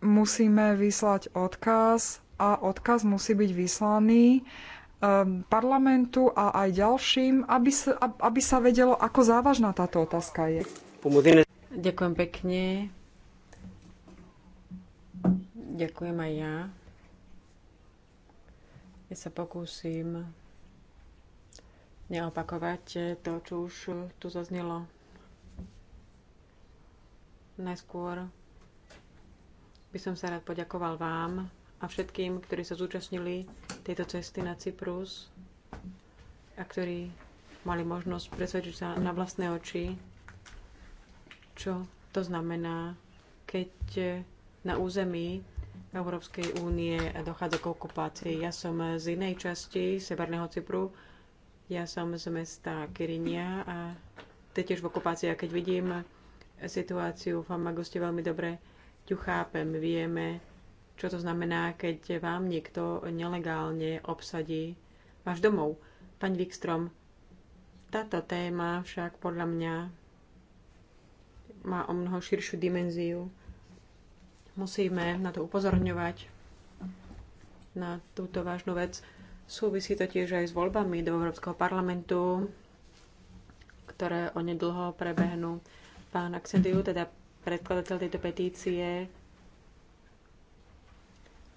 Musíme vyslať odkaz a odkaz musí byť vyslaný ehm, parlamentu a aj ďalším, aby sa, aby sa vedelo, ako závažná táto otázka je. Ďakujem pekne. Ďakujem aj ja. Ja sa pokúsim neopakovať to, čo už tu zaznelo. Najskôr by som sa rád poďakoval vám a všetkým, ktorí sa zúčastnili tejto cesty na Cyprus a ktorí mali možnosť presvedčiť sa na vlastné oči, čo to znamená, keď na území Európskej únie dochádza k okupácii. Ja som z inej časti Severného Cypru, ja som z mesta Kyrinia a to tiež v okupácii. A keď vidím situáciu v Hamaguste veľmi dobre ťu chápem. Vieme, čo to znamená, keď vám niekto nelegálne obsadí váš domov. Pani Wikstrom, táto téma však podľa mňa má o mnoho širšiu dimenziu. Musíme na to upozorňovať, na túto vážnu vec. Súvisí to tiež aj s voľbami do Európskeho parlamentu, ktoré onedlho prebehnú. Pán Aksendiu, teda predkladateľ tejto petície,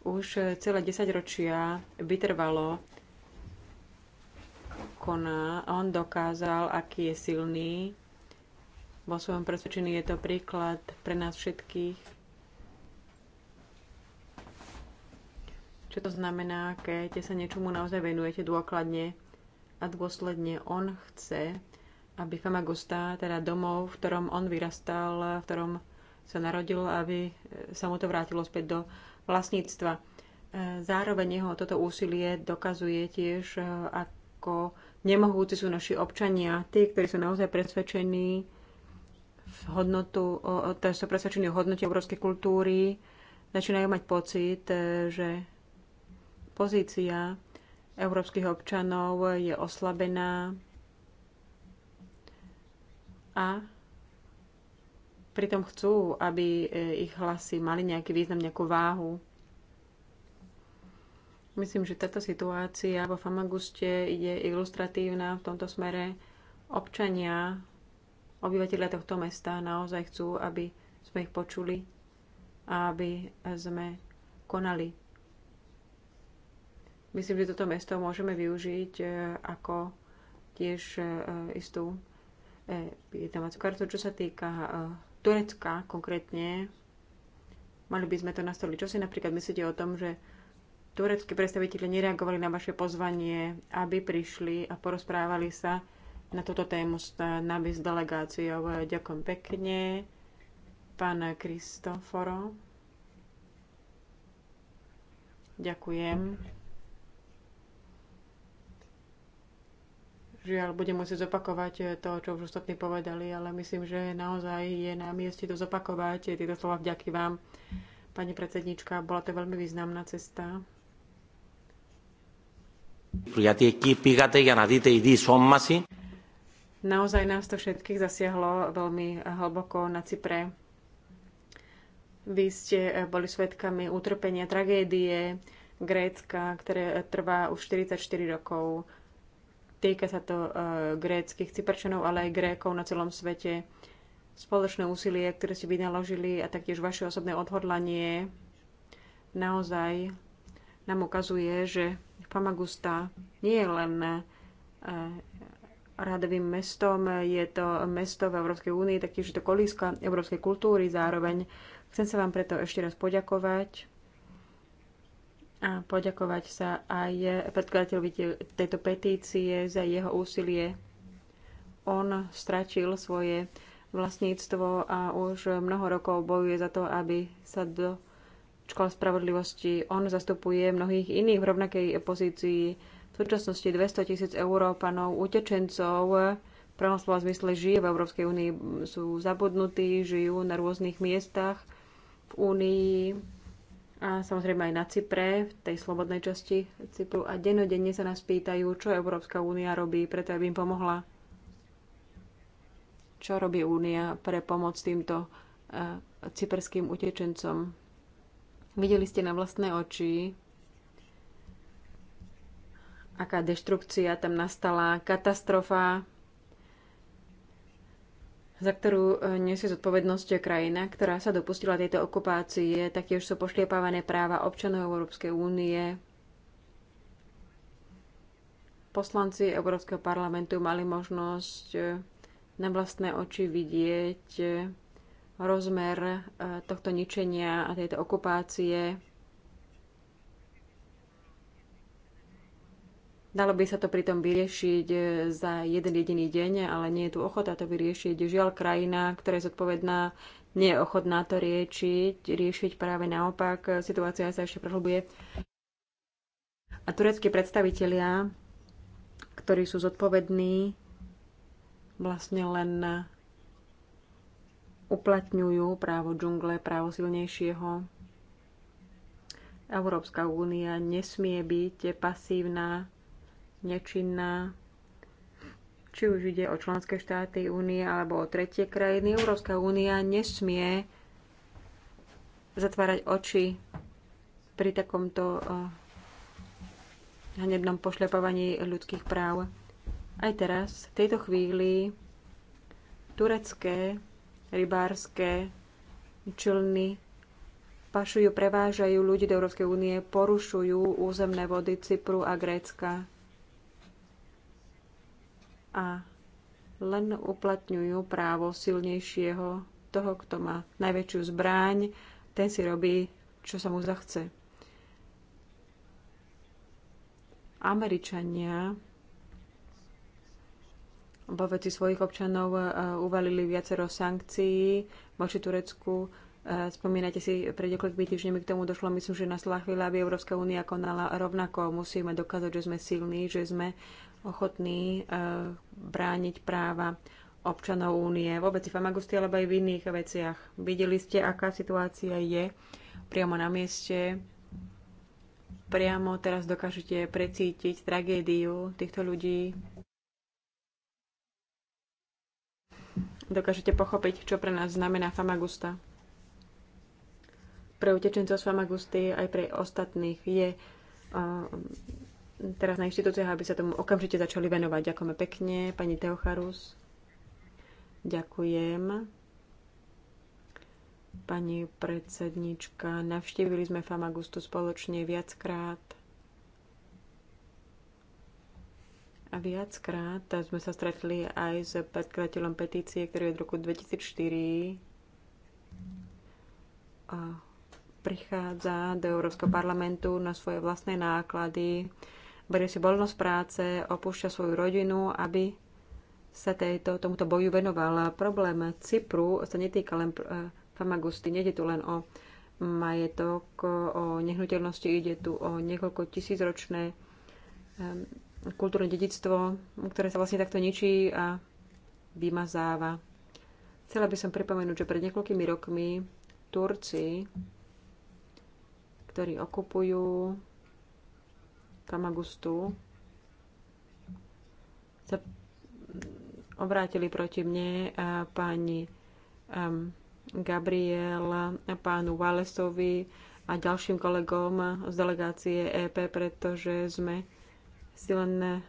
už celé 10 ročia vytrvalo koná. a On dokázal, aký je silný. Vo svojom presvedčení je to príklad pre nás všetkých. Čo to znamená, keď sa niečomu naozaj venujete dôkladne a dôsledne on chce aby Famagusta, teda domov, v ktorom on vyrastal, v ktorom sa narodil, aby e, sa mu to vrátilo späť do vlastníctva. E, zároveň jeho toto úsilie dokazuje tiež, e, ako nemohúci sú naši občania, tí, ktorí sú naozaj presvedčení v hodnotu, teda sú presvedčení o hodnote európskej kultúry, začínajú mať pocit, že pozícia európskych občanov je oslabená, a pritom chcú, aby e, ich hlasy mali nejaký význam, nejakú váhu. Myslím, že táto situácia vo Famaguste je ilustratívna v tomto smere. Občania, obyvateľia tohto mesta naozaj chcú, aby sme ich počuli a aby sme konali. Myslím, že toto mesto môžeme využiť e, ako tiež e, istú domácu e, kartu. Čo sa týka e, Turecka konkrétne, mali by sme to nastoliť. Čo si napríklad myslíte o tom, že tureckí predstaviteľe nereagovali na vaše pozvanie, aby prišli a porozprávali sa na túto tému s nami s delegáciou. E, ďakujem pekne, pán Kristoforo. Ďakujem. žiaľ, budem musieť zopakovať eh, to, čo už ostatní povedali, ale myslím, že naozaj je na mieste to zopakovať. Eh, tieto slova vďaky vám, pani predsednička. Bola to veľmi významná cesta. Naozaj nás to všetkých zasiahlo veľmi eh, hlboko na Cypre. Vy ste boli svetkami utrpenia, tragédie Grécka, ktoré trvá už 44 rokov Týka sa to eh, gréckých cyperčanov, ale aj grékov na celom svete. Spoločné úsilie, ktoré si vynaložili a taktiež vaše osobné odhodlanie naozaj nám ukazuje, že Famagusta nie je len eh, radovým mestom, je to mesto v Európskej únii, taktiež je to kolíska európskej kultúry zároveň. Chcem sa vám preto ešte raz poďakovať a poďakovať sa aj predkladateľovi tejto petície za jeho úsilie. On stračil svoje vlastníctvo a už mnoho rokov bojuje za to, aby sa do škol spravodlivosti on zastupuje mnohých iných v rovnakej pozícii. V súčasnosti 200 tisíc Európanov, utečencov, v prvom slova zmysle žije v Európskej únii, sú zabudnutí, žijú na rôznych miestach v únii a samozrejme aj na Cypre, v tej slobodnej časti Cypru. A denodenne sa nás pýtajú, čo Európska únia robí, preto aby im pomohla. Čo robí únia pre pomoc týmto e, cyperským utečencom? Videli ste na vlastné oči, aká deštrukcia tam nastala, katastrofa, za ktorú e, nesie zodpovednosť krajina, ktorá sa dopustila tejto okupácie. Taktiež sú pošliepávané práva občanov Európskej únie. Poslanci Európskeho parlamentu mali možnosť e, na vlastné oči vidieť e, rozmer tohto ničenia a tejto okupácie Dalo by sa to pritom vyriešiť e, za jeden jediný deň, ale nie je tu ochota to vyriešiť. Žiaľ, krajina, ktorá je zodpovedná, nie je ochotná to riešiť. Riešiť práve naopak, e, situácia sa ešte prehlbuje. A tureckí predstavitelia, ktorí sú zodpovední, vlastne len uplatňujú právo džungle, právo silnejšieho. Európska únia nesmie byť pasívna nečinná, či už ide o členské štáty únie alebo o tretie krajiny. Európska únia nesmie zatvárať oči pri takomto hnebnom eh, pošľapovaní ľudských práv. Aj teraz, v tejto chvíli, turecké rybárske čelny pašujú, prevážajú ľudí do Európskej únie, porušujú územné vody Cypru a Grécka a len uplatňujú právo silnejšieho, toho, kto má najväčšiu zbraň. ten si robí, čo sa mu zachce. Američania vo veci svojich občanov e, uvalili viacero sankcií voči Turecku. E, spomínate si, pred niekoľkými týždňami k tomu došlo, myslím, že nastala chvíľa, aby Európska únia konala rovnako. Musíme dokázať, že sme silní, že sme ochotní e, brániť práva občanov únie v obeci Famagusty alebo aj v iných veciach. Videli ste, aká situácia je priamo na mieste. Priamo teraz dokážete precítiť tragédiu týchto ľudí. Dokážete pochopiť, čo pre nás znamená Famagusta. Pre utečencov z Famagusty aj pre ostatných je e, teraz na inštitúciách, aby sa tomu okamžite začali venovať. Ďakujeme pekne, pani Teocharus. Ďakujem. Pani predsednička, navštívili sme Famagustu spoločne viackrát. A viackrát sme sa stretli aj s predkladateľom petície, ktorý je od roku 2004 a prichádza do Európskeho parlamentu na svoje vlastné náklady berie si voľnosť práce, opúšťa svoju rodinu, aby sa tejto, tomuto boju venoval. Problém Cypru sa netýka len eh, Famagusty, nejde tu len o majetok, o nehnuteľnosti, ide tu o niekoľko tisícročné eh, kultúrne dedictvo, ktoré sa vlastne takto ničí a vymazáva. Chcela by som pripomenúť, že pred niekoľkými rokmi Turci, ktorí okupujú Famagustu sa obrátili proti mne a pani um, Gabriel, a pánu Walesovi a ďalším kolegom z delegácie EP, pretože sme si len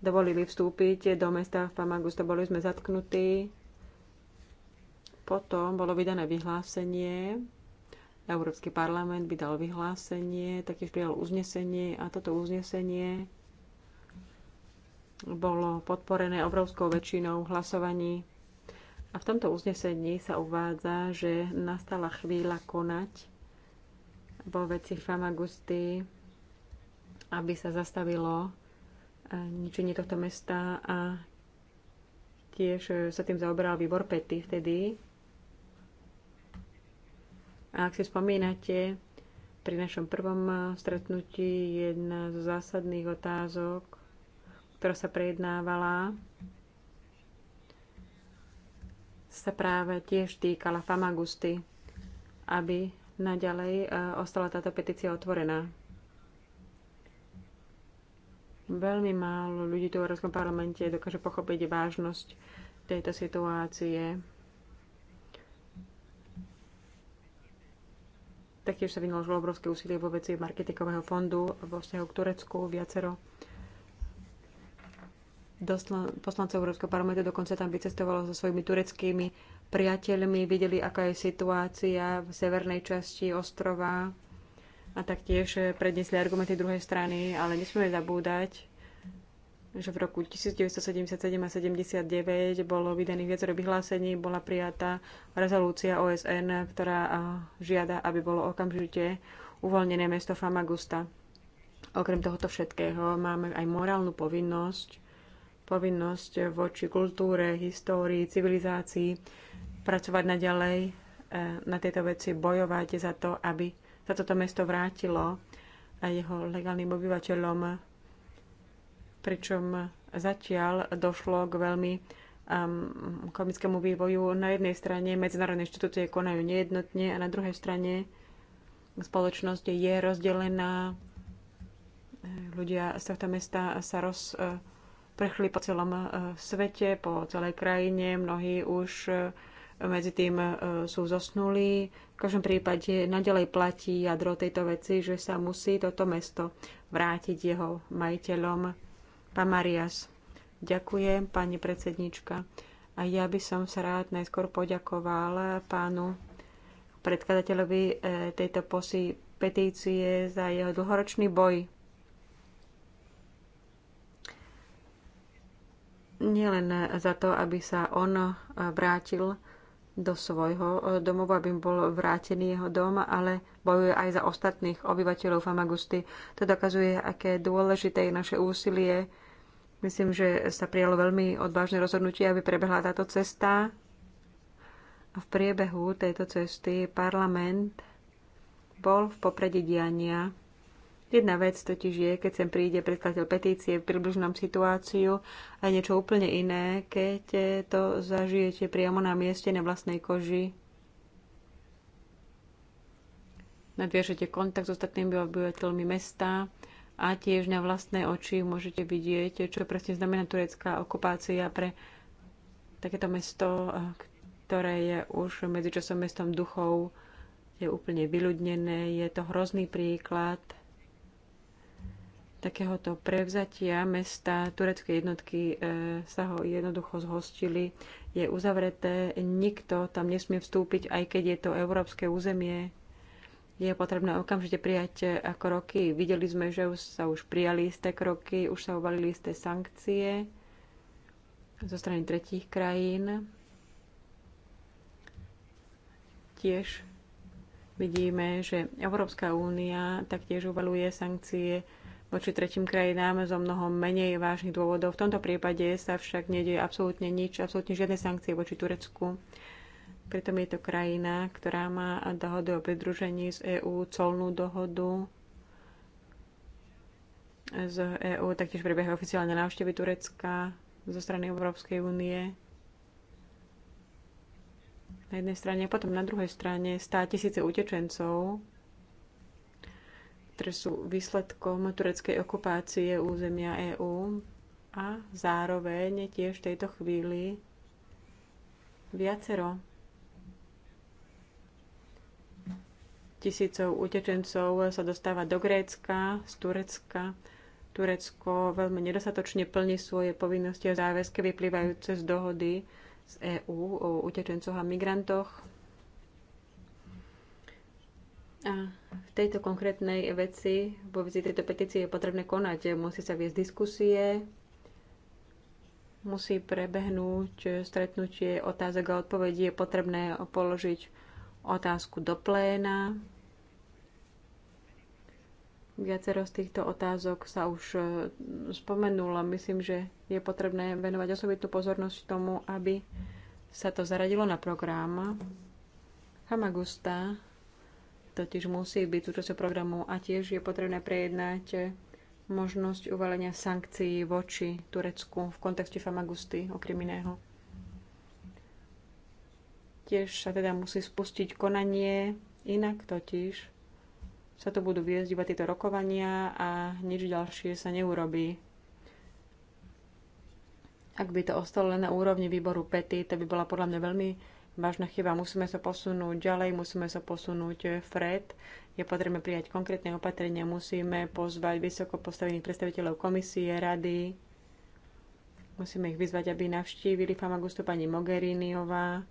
dovolili vstúpiť do mesta v Pamagusta. Boli sme zatknutí. Potom bolo vydané vyhlásenie Európsky parlament by dal vyhlásenie, taktiež prijal uznesenie a toto uznesenie bolo podporené obrovskou väčšinou hlasovaní. A v tomto uznesení sa uvádza, že nastala chvíľa konať vo veci Famagusty, aby sa zastavilo eh, ničenie tohto mesta a tiež sa tým zaoberal výbor Pety vtedy a ak si spomínate, pri našom prvom eh, stretnutí jedna z zásadných otázok, ktorá sa prejednávala, sa práve tiež týkala Famagusty, aby naďalej eh, ostala táto petícia otvorená. Veľmi málo ľudí tu v Európskom parlamente dokáže pochopiť vážnosť tejto situácie. Taktiež sa vynaložilo obrovské úsilie vo veci marketingového fondu vo vzťahu k Turecku. Viacero poslancov Európskeho parlamentu dokonca tam vycestovalo so svojimi tureckými priateľmi, videli, aká je situácia v severnej časti ostrova a taktiež predniesli argumenty druhej strany, ale nesmieme zabúdať, že v roku 1977 a 79 bolo vydaných viacero vyhlásení, bola prijatá rezolúcia OSN, ktorá žiada, aby bolo okamžite uvoľnené mesto Famagusta. Okrem tohoto všetkého máme aj morálnu povinnosť, povinnosť voči kultúre, histórii, civilizácii pracovať naďalej e, na tieto veci, bojovať za to, aby sa toto mesto vrátilo a jeho legálnym obyvateľom pričom zatiaľ došlo k veľmi um, komickému vývoju. Na jednej strane medzinárodné inštitúcie konajú nejednotne a na druhej strane spoločnosť je rozdelená. Ľudia z tohto mesta sa roz, eh, prechli po celom eh, svete, po celej krajine. Mnohí už eh, medzi tým sú zosnulí. V každom prípade nadalej platí jadro tejto veci, že sa musí toto mesto vrátiť jeho majiteľom Pán Marias. Ďakujem, pani predsednička. A ja by som sa rád najskôr poďakoval pánu predkladateľovi eh, tejto posy petície za jeho dlhoročný boj. Nielen za to, aby sa on eh, vrátil do svojho eh, domova, aby im bol vrátený jeho dom, ale bojuje aj za ostatných obyvateľov Famagusty. To dokazuje, aké dôležité je naše úsilie Myslím, že sa prijalo veľmi odvážne rozhodnutie, aby prebehla táto cesta. A v priebehu tejto cesty parlament bol v popredí diania. Jedna vec totiž je, keď sem príde predkladateľ petície, v približnom situáciu a je niečo úplne iné, keď to zažijete priamo na mieste, na vlastnej koži. Nadviažete kontakt s ostatnými obyvateľmi mesta, a tiež na vlastné oči môžete vidieť, čo presne znamená turecká okupácia pre takéto mesto, ktoré je už medzičasom mestom duchov, je úplne vyľudnené. Je to hrozný príklad takéhoto prevzatia mesta. Turecké jednotky e, sa ho jednoducho zhostili. Je uzavreté, nikto tam nesmie vstúpiť, aj keď je to európske územie je potrebné okamžite prijať e, kroky. Videli sme, že už sa už prijali isté kroky, už sa uvalili isté sankcie zo strany tretích krajín. Tiež vidíme, že Európska únia taktiež uvaluje sankcie voči tretím krajinám zo mnoho menej vážnych dôvodov. V tomto prípade sa však nedie absolútne nič, absolútne žiadne sankcie voči Turecku Pritom je to krajina, ktorá má dohodu o pridružení z EÚ, colnú dohodu z EÚ, taktiež prebiehajú oficiálne návštevy Turecka zo strany Európskej únie na jednej strane a potom na druhej strane stá tisíce utečencov, ktoré sú výsledkom tureckej okupácie územia EÚ a zároveň tiež v tejto chvíli viacero tisícov utečencov sa dostáva do Grécka, z Turecka. Turecko veľmi nedostatočne plní svoje povinnosti a záväzky vyplývajúce z dohody z EÚ o utečencoch a migrantoch. A v tejto konkrétnej veci, vo veci tejto petície je potrebné konať. Musí sa viesť diskusie, musí prebehnúť stretnutie otázok a odpovedí. Je potrebné položiť otázku do pléna. Viacero z týchto otázok sa už e, spomenulo. Myslím, že je potrebné venovať osobitú pozornosť tomu, aby sa to zaradilo na program. Hamagusta totiž musí byť súčasťou programu a tiež je potrebné prejednať možnosť uvalenia sankcií voči Turecku v kontexte Famagusty, okrem iného. Tiež sa teda musí spustiť konanie, inak totiž sa to budú viesť iba tieto rokovania a nič ďalšie sa neurobí. Ak by to ostalo len na úrovni výboru PETY, to by bola podľa mňa veľmi vážna chyba. Musíme sa posunúť ďalej, musíme sa posunúť FRED. Je potrebné prijať konkrétne opatrenia, musíme pozvať vysoko postavených predstaviteľov komisie, rady. Musíme ich vyzvať, aby navštívili Famagustu pani Mogheriniová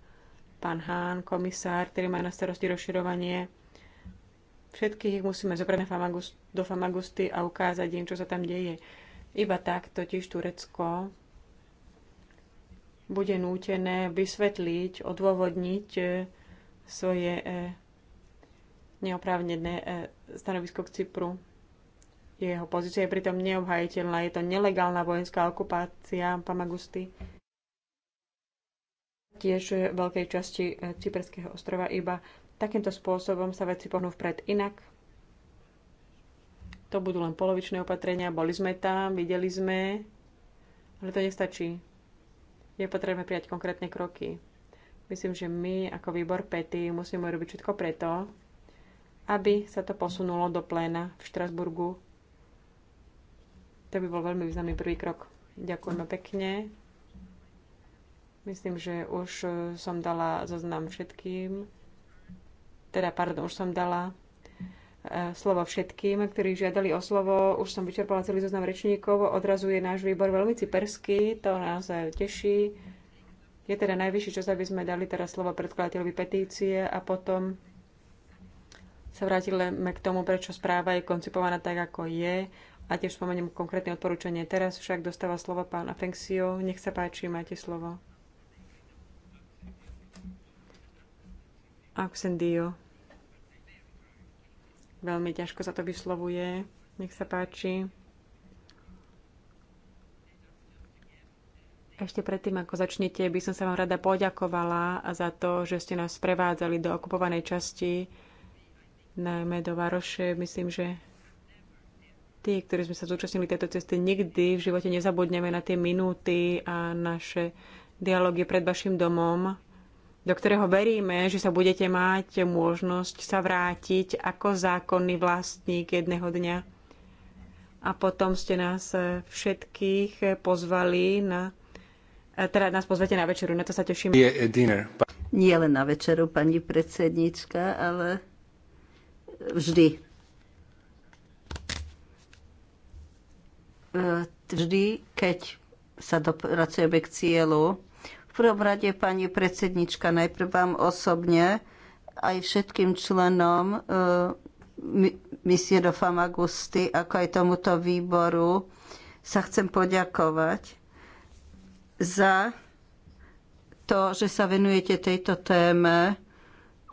pán Hán, komisár, ktorý má na starosti rozširovanie. Všetkých ich musíme zobrať famagust, do Famagusty a ukázať im, čo sa tam deje. Iba tak totiž Turecko bude nútené vysvetliť, odôvodniť e, svoje e, neoprávnené e, stanovisko k Cypru. Jeho pozícia je pritom neobhajiteľná. Je to nelegálna vojenská okupácia Pamagusty tiež veľkej časti e, Cyperského ostrova. Iba takýmto spôsobom sa veci pohnú vpred inak. To budú len polovičné opatrenia. Boli sme tam, videli sme, ale to nestačí. Je potrebné prijať konkrétne kroky. Myslím, že my ako výbor PETI musíme robiť všetko preto, aby sa to posunulo do pléna v Štrasburgu. To by bol veľmi významný prvý krok. Ďakujeme pekne. Myslím, že už e, som dala zoznam všetkým, teda, pardon, už som dala e, slovo všetkým, ktorí žiadali o slovo. Už som vyčerpala celý zoznam rečníkov. Odrazu je náš výbor veľmi ciperský, to nás e, teší. Je teda najvyšší čas, aby sme dali teraz slovo predkladateľovi petície a potom sa vrátime k tomu, prečo správa je koncipovaná tak, ako je. A tiež spomeniem konkrétne odporúčanie. Teraz však dostáva slovo pán Afenxio. Nech sa páči, máte slovo. Auxendio. Veľmi ťažko sa to vyslovuje. Nech sa páči. Ešte predtým, ako začnete, by som sa vám rada poďakovala za to, že ste nás prevádzali do okupovanej časti, najmä do Varoše. Myslím, že tí, ktorí sme sa zúčastnili tejto cesty, nikdy v živote nezabudneme na tie minúty a naše dialógy pred vašim domom do ktorého veríme, že sa budete mať možnosť sa vrátiť ako zákonný vlastník jedného dňa. A potom ste nás všetkých pozvali na teda nás pozvete na večeru, na to sa eh, dinner. Nie len na večeru, pani predsednička, ale vždy. Eh, vždy, keď sa dopracujeme k cieľu, prvom rade, pani predsednička, najprv vám osobne, aj všetkým členom e, misie do Famagusty, ako aj tomuto výboru, sa chcem poďakovať za to, že sa venujete tejto téme,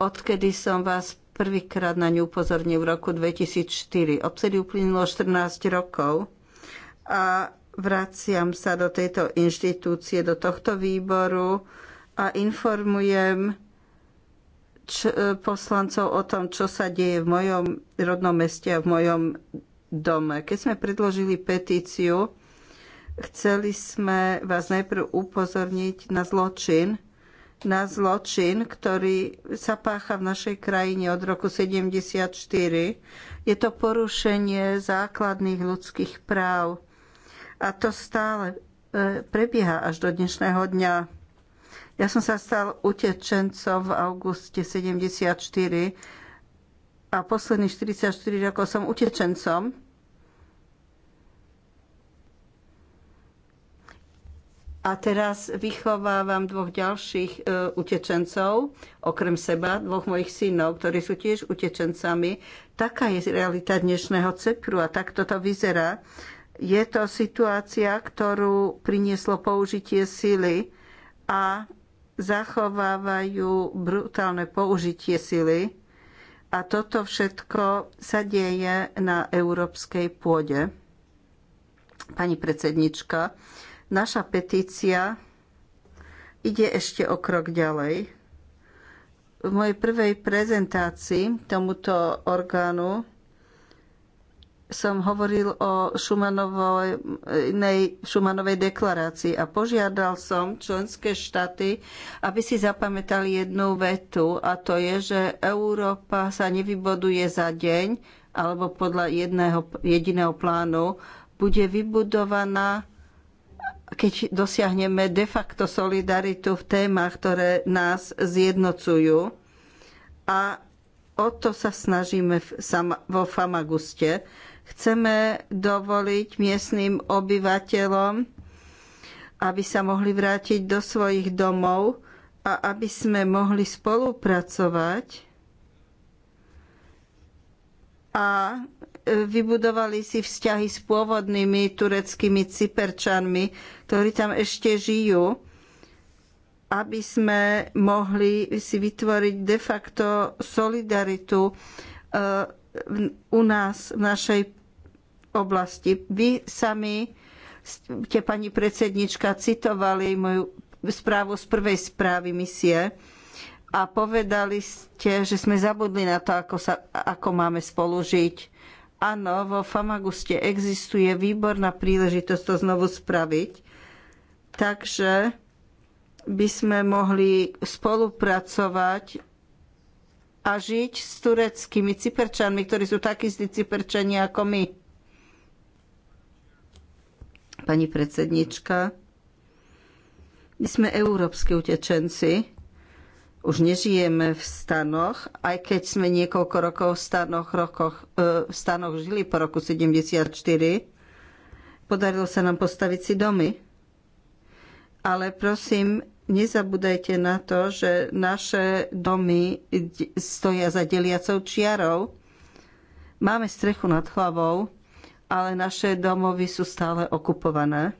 odkedy som vás prvýkrát na ňu upozornil v roku 2004. Odtedy uplynulo 14 rokov a vraciam sa do tejto inštitúcie, do tohto výboru a informujem e, poslancov o tom, čo sa deje v mojom rodnom meste a v mojom dome. Keď sme predložili petíciu, chceli sme vás najprv upozorniť na zločin, na zločin, ktorý sa pácha v našej krajine od roku 74. Je to porušenie základných ľudských práv. A to stále e, prebieha až do dnešného dňa. Ja som sa stal utečencom v auguste 74 a posledných 44 rokov som utečencom. A teraz vychovávam dvoch ďalších e, utečencov, okrem seba, dvoch mojich synov, ktorí sú tiež utečencami. Taká je realita dnešného Cepru a takto to vyzerá. Je to situácia, ktorú prinieslo použitie sily a zachovávajú brutálne použitie sily. A toto všetko sa deje na európskej pôde. Pani predsednička, naša petícia ide ešte o krok ďalej. V mojej prvej prezentácii tomuto orgánu som hovoril o Šumanovej, Šumanovej deklarácii a požiadal som členské štáty, aby si zapamätali jednu vetu a to je, že Európa sa nevyboduje za deň alebo podľa jedného, jediného plánu, bude vybudovaná, keď dosiahneme de facto solidaritu v témach, ktoré nás zjednocujú. A o to sa snažíme vo Famaguste Chceme dovoliť miestnym obyvateľom, aby sa mohli vrátiť do svojich domov a aby sme mohli spolupracovať a vybudovali si vzťahy s pôvodnými tureckými cyperčanmi, ktorí tam ešte žijú aby sme mohli si vytvoriť de facto solidaritu e, u nás, v našej oblasti. Vy sami ste, pani predsednička, citovali moju správu z prvej správy misie a povedali ste, že sme zabudli na to, ako, sa, ako máme spolužiť. Áno, vo Famaguste existuje výborná príležitosť to znovu spraviť. Takže by sme mohli spolupracovať a žiť s tureckými cyperčanmi, ktorí sú takí istí cyperčania ako my. Pani predsednička, my sme európsky utečenci, už nežijeme v stanoch, aj keď sme niekoľko rokov v stanoch, rokoch, e, v stanoch žili po roku 74, podarilo sa nám postaviť si domy. Ale prosím, nezabúdajte na to, že naše domy stoja za deliacou čiarou. Máme strechu nad hlavou, ale naše domovy sú stále okupované.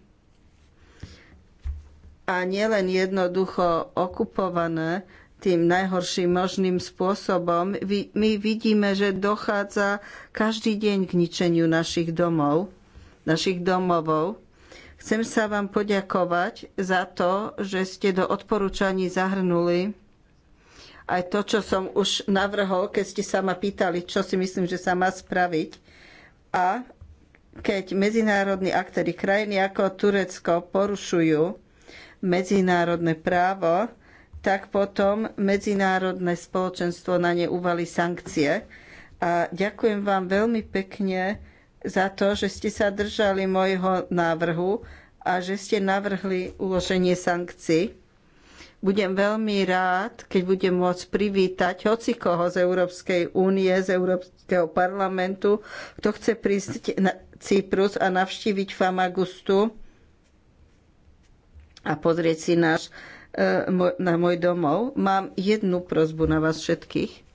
A nielen jednoducho okupované tým najhorším možným spôsobom, my vidíme, že dochádza každý deň k ničeniu našich domov, našich domovov Chcem sa vám poďakovať za to, že ste do odporúčaní zahrnuli aj to, čo som už navrhol, keď ste sa ma pýtali, čo si myslím, že sa má spraviť. A keď medzinárodní aktéry krajiny ako Turecko porušujú medzinárodné právo, tak potom medzinárodné spoločenstvo na ne uvalí sankcie. A ďakujem vám veľmi pekne za to, že ste sa držali môjho návrhu a že ste navrhli uloženie sankcií. Budem veľmi rád, keď budem môcť privítať hoci koho z Európskej únie, z Európskeho parlamentu, kto chce prísť na Cyprus a navštíviť Famagustu a pozrieť si náš, eh, na môj domov. Mám jednu prozbu na vás všetkých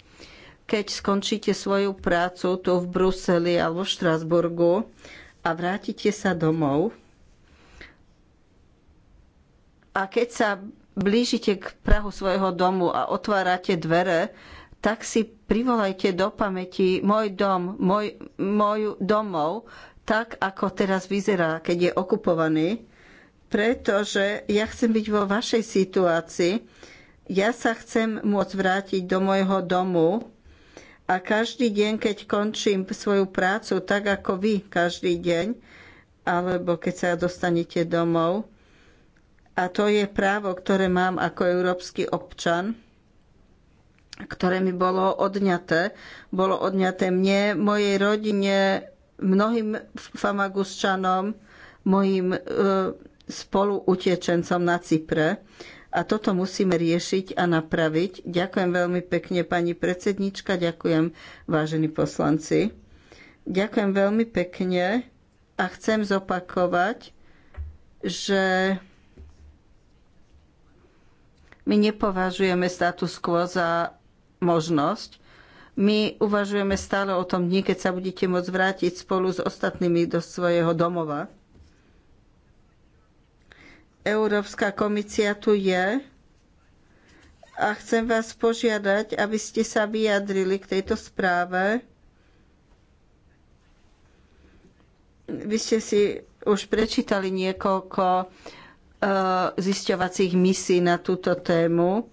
keď skončíte svoju prácu tu v Bruseli alebo v Štrasburgu a vrátite sa domov. A keď sa blížite k prahu svojho domu a otvárate dvere, tak si privolajte do pamäti môj dom, môj, môj domov, tak ako teraz vyzerá, keď je okupovaný, pretože ja chcem byť vo vašej situácii. Ja sa chcem môcť vrátiť do môjho domu, a každý deň, keď končím svoju prácu, tak ako vy každý deň, alebo keď sa dostanete domov, a to je právo, ktoré mám ako európsky občan, ktoré mi bolo odňaté. Bolo odňaté mne, mojej rodine, mnohým famagusčanom, mojim e, spoluutečencom na Cypre a toto musíme riešiť a napraviť. Ďakujem veľmi pekne pani predsednička, ďakujem vážení poslanci. Ďakujem veľmi pekne a chcem zopakovať, že my nepovažujeme status quo za možnosť. My uvažujeme stále o tom dni, keď sa budete môcť vrátiť spolu s ostatnými do svojho domova. Európska komisia tu je a chcem vás požiadať, aby ste sa vyjadrili k tejto správe. Vy ste si už prečítali niekoľko e, zisťovacích misií na túto tému,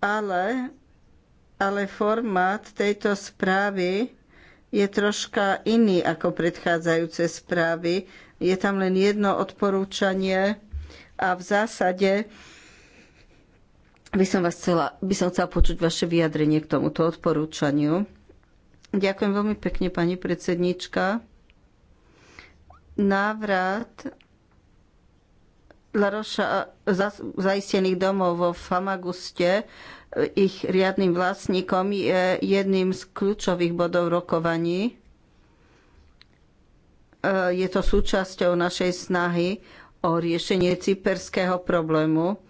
ale, ale formát tejto správy je troška iný ako predchádzajúce správy. Je tam len jedno odporúčanie a v zásade by som, vás chcela, by som chcela počuť vaše vyjadrenie k tomuto odporúčaniu. Ďakujem veľmi pekne, pani predsednička. Návrat Laroša eh, zaistených domov vo Famaguste eh, ich riadnym vlastníkom je jedným z kľúčových bodov rokovaní. Eh, je to súčasťou našej snahy o riešenie cyperského problému.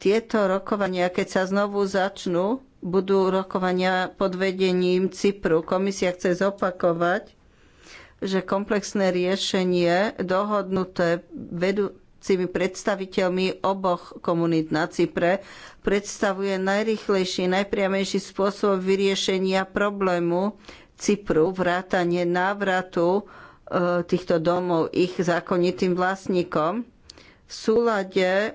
Tieto rokovania, keď sa znovu začnú, budú rokovania pod vedením Cypru. Komisia chce zopakovať, že komplexné riešenie dohodnuté vedúcimi predstaviteľmi oboch komunít na Cypre predstavuje najrychlejší, najpriamejší spôsob vyriešenia problému Cypru, vrátanie návratu E, týchto domov ich zákonitým vlastníkom v súlade e,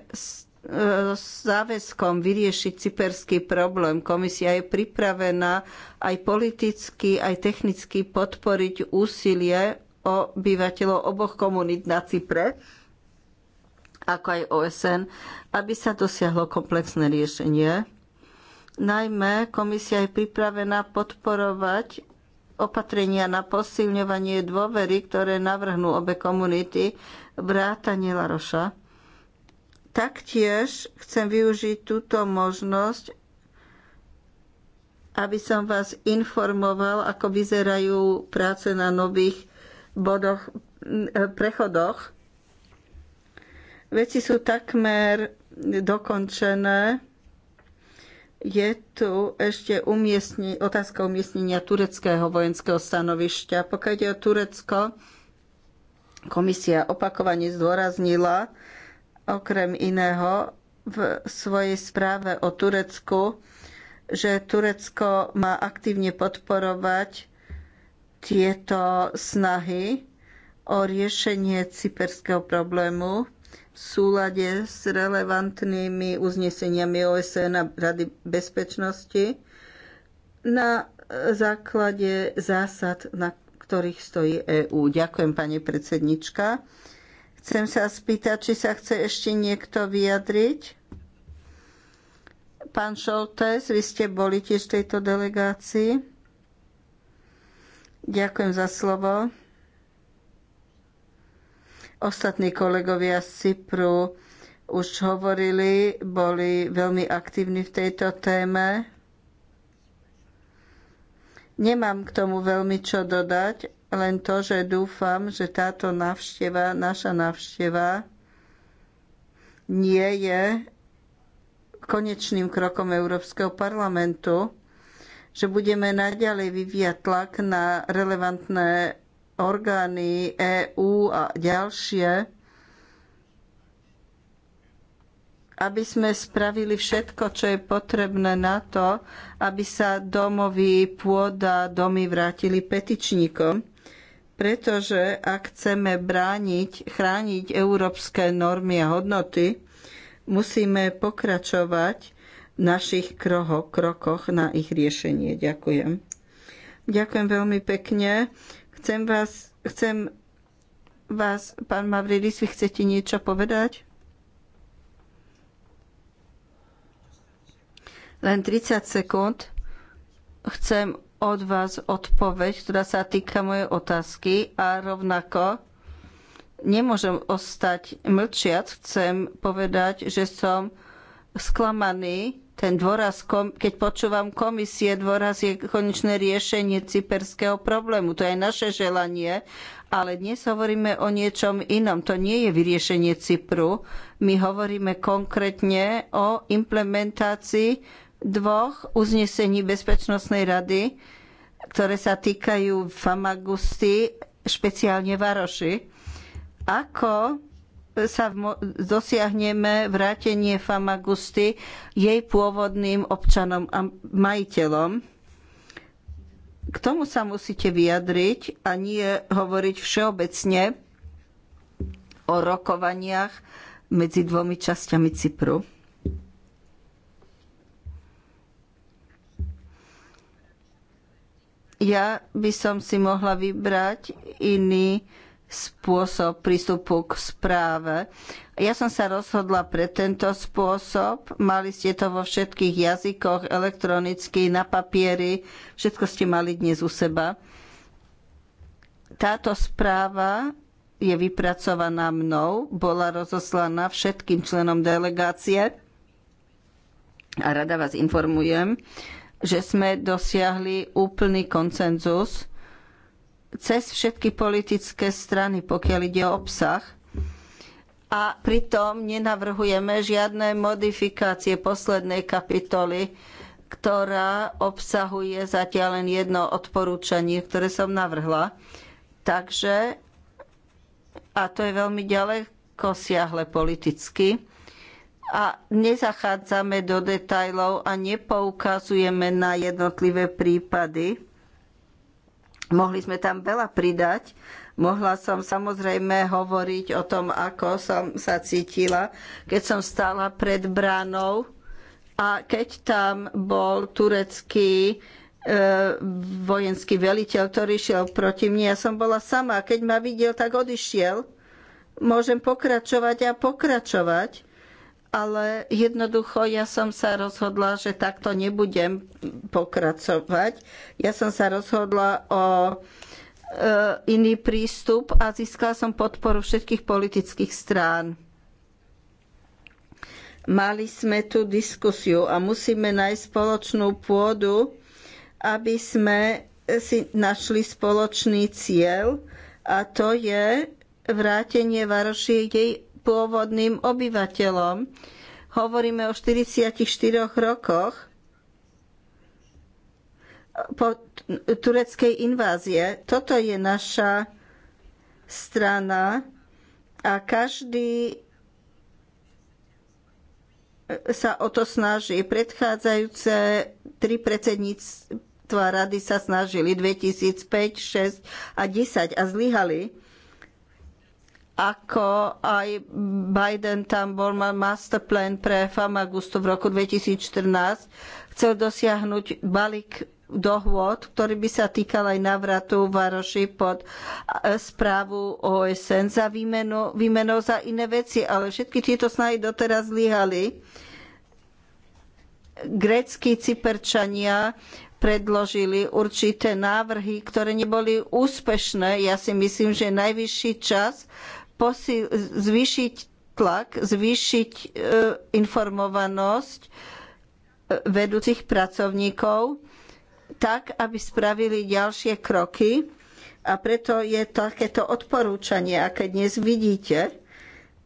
s záväzkom vyriešiť cyperský problém. Komisia je pripravená aj politicky, aj technicky podporiť úsilie obyvateľov oboch komunít na Cypre, ako aj OSN, aby sa dosiahlo komplexné riešenie. Najmä komisia je pripravená podporovať opatrenia na posilňovanie dôvery, ktoré navrhnú obe komunity, vrátanie Laroša. Taktiež chcem využiť túto možnosť, aby som vás informoval, ako vyzerajú práce na nových bodoch, eh, prechodoch. Veci sú takmer dokončené je tu ešte umiestni, otázka umiestnenia tureckého vojenského stanovišťa. Pokiaľ ide o Turecko, komisia opakovane zdôraznila, okrem iného, v svojej správe o Turecku, že Turecko má aktívne podporovať tieto snahy o riešenie cyperského problému v súlade s relevantnými uzneseniami OSN a Rady bezpečnosti na základe zásad, na ktorých stojí EÚ. Ďakujem, pani predsednička. Chcem sa spýtať, či sa chce ešte niekto vyjadriť. Pán Šoltes, vy ste boli tiež v tejto delegácii. Ďakujem za slovo. Ostatní kolegovia z Cypru už hovorili, boli veľmi aktívni v tejto téme. Nemám k tomu veľmi čo dodať, len to, že dúfam, že táto návšteva, naša návšteva, nie je konečným krokom Európskeho parlamentu, že budeme naďalej vyvíjať tlak na relevantné orgány EÚ a ďalšie, aby sme spravili všetko, čo je potrebné na to, aby sa domoví pôda, domy vrátili petičníkom. Pretože ak chceme brániť, chrániť európske normy a hodnoty, musíme pokračovať v našich kroho, krokoch na ich riešenie. Ďakujem. Ďakujem veľmi pekne. Chcem vás, chcem vás, pán Mavridis, vy chcete niečo povedať? Len 30 sekúnd. Chcem od vás odpoveď, ktorá sa týka mojej otázky a rovnako nemôžem ostať mlčiac. Chcem povedať, že som sklamaný ten dôraz, keď počúvam komisie, dôraz je konečné riešenie cyperského problému. To je naše želanie, ale dnes hovoríme o niečom inom. To nie je vyriešenie Cypru. My hovoríme konkrétne o implementácii dvoch uznesení Bezpečnostnej rady, ktoré sa týkajú Famagusty, špeciálne Varoši. Ako sa dosiahneme vrátenie Famagusty jej pôvodným občanom a majiteľom. K tomu sa musíte vyjadriť a nie hovoriť všeobecne o rokovaniach medzi dvomi časťami Cypru. Ja by som si mohla vybrať iný spôsob prístupu k správe. Ja som sa rozhodla pre tento spôsob. Mali ste to vo všetkých jazykoch, elektronicky, na papieri. Všetko ste mali dnes u seba. Táto správa je vypracovaná mnou, bola rozoslaná všetkým členom delegácie a rada vás informujem, že sme dosiahli úplný koncenzus cez všetky politické strany, pokiaľ ide o obsah. A pritom nenavrhujeme žiadne modifikácie poslednej kapitoly, ktorá obsahuje zatiaľ len jedno odporúčanie, ktoré som navrhla. Takže, a to je veľmi ďaleko siahle politicky, a nezachádzame do detajlov a nepoukazujeme na jednotlivé prípady, Mohli sme tam veľa pridať. Mohla som samozrejme hovoriť o tom, ako som sa cítila, keď som stála pred bránou a keď tam bol turecký e, vojenský veliteľ, ktorý šiel proti mne. Ja som bola sama. Keď ma videl, tak odišiel. Môžem pokračovať a pokračovať ale jednoducho ja som sa rozhodla, že takto nebudem pokracovať. Ja som sa rozhodla o e, iný prístup a získala som podporu všetkých politických strán. Mali sme tu diskusiu a musíme nájsť spoločnú pôdu, aby sme si našli spoločný cieľ a to je vrátenie Varoši jej pôvodným obyvateľom. Hovoríme o 44 rokoch po tureckej invázie. Toto je naša strana a každý sa o to snaží. Predchádzajúce tri predsedníctva rady sa snažili 2005, 6 a 10 a zlyhali ako aj Biden tam bol, mal masterplan pre Famagustu v roku 2014, chcel dosiahnuť balík dohôd, ktorý by sa týkal aj návratu Varoši pod e, správu OSN za výmenu, výmenou za iné veci, ale všetky tieto snahy doteraz zlyhali. Grécky Cyperčania predložili určité návrhy, ktoré neboli úspešné. Ja si myslím, že najvyšší čas posil, zvýšiť tlak, zvýšiť e, informovanosť e, vedúcich pracovníkov tak, aby spravili ďalšie kroky. A preto je takéto odporúčanie, aké dnes vidíte,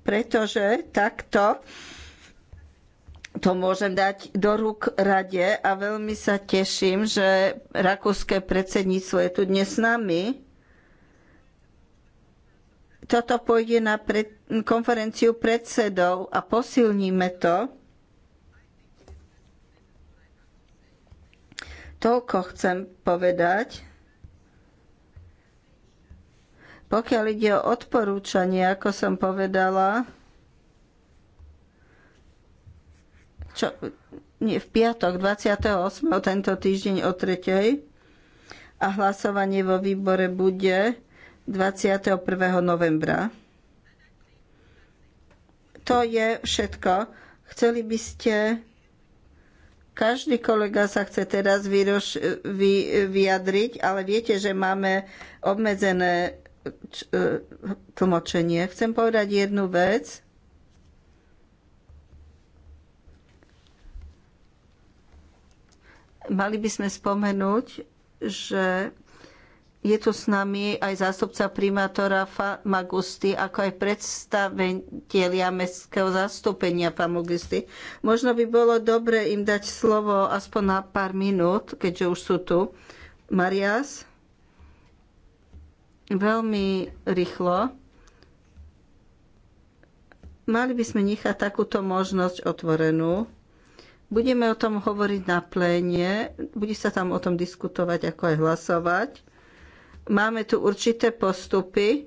pretože takto to môžem dať do rúk rade a veľmi sa teším, že rakúske predsedníctvo je tu dnes s nami toto pôjde na pred, konferenciu predsedov a posilníme to. Toľko chcem povedať. Pokiaľ ide o odporúčanie, ako som povedala, čo, nie, v piatok 28. tento týždeň o 3. a hlasovanie vo výbore bude 21. novembra. To je všetko. Chceli by ste každý kolega sa chce teraz vyroš, vy, vyjadriť, ale viete, že máme obmedzené č, e, tlmočenie. Chcem povedať jednu vec. Mali by sme spomenúť, že je tu s nami aj zástupca primátora magusty, ako aj predstaviteľia mestského zastúpenia Magusty. Možno by bolo dobre im dať slovo aspoň na pár minút, keďže už sú tu. Marias, veľmi rýchlo. Mali by sme nechať takúto možnosť otvorenú. Budeme o tom hovoriť na pléne, bude sa tam o tom diskutovať, ako aj hlasovať. Máme tu určité postupy, e,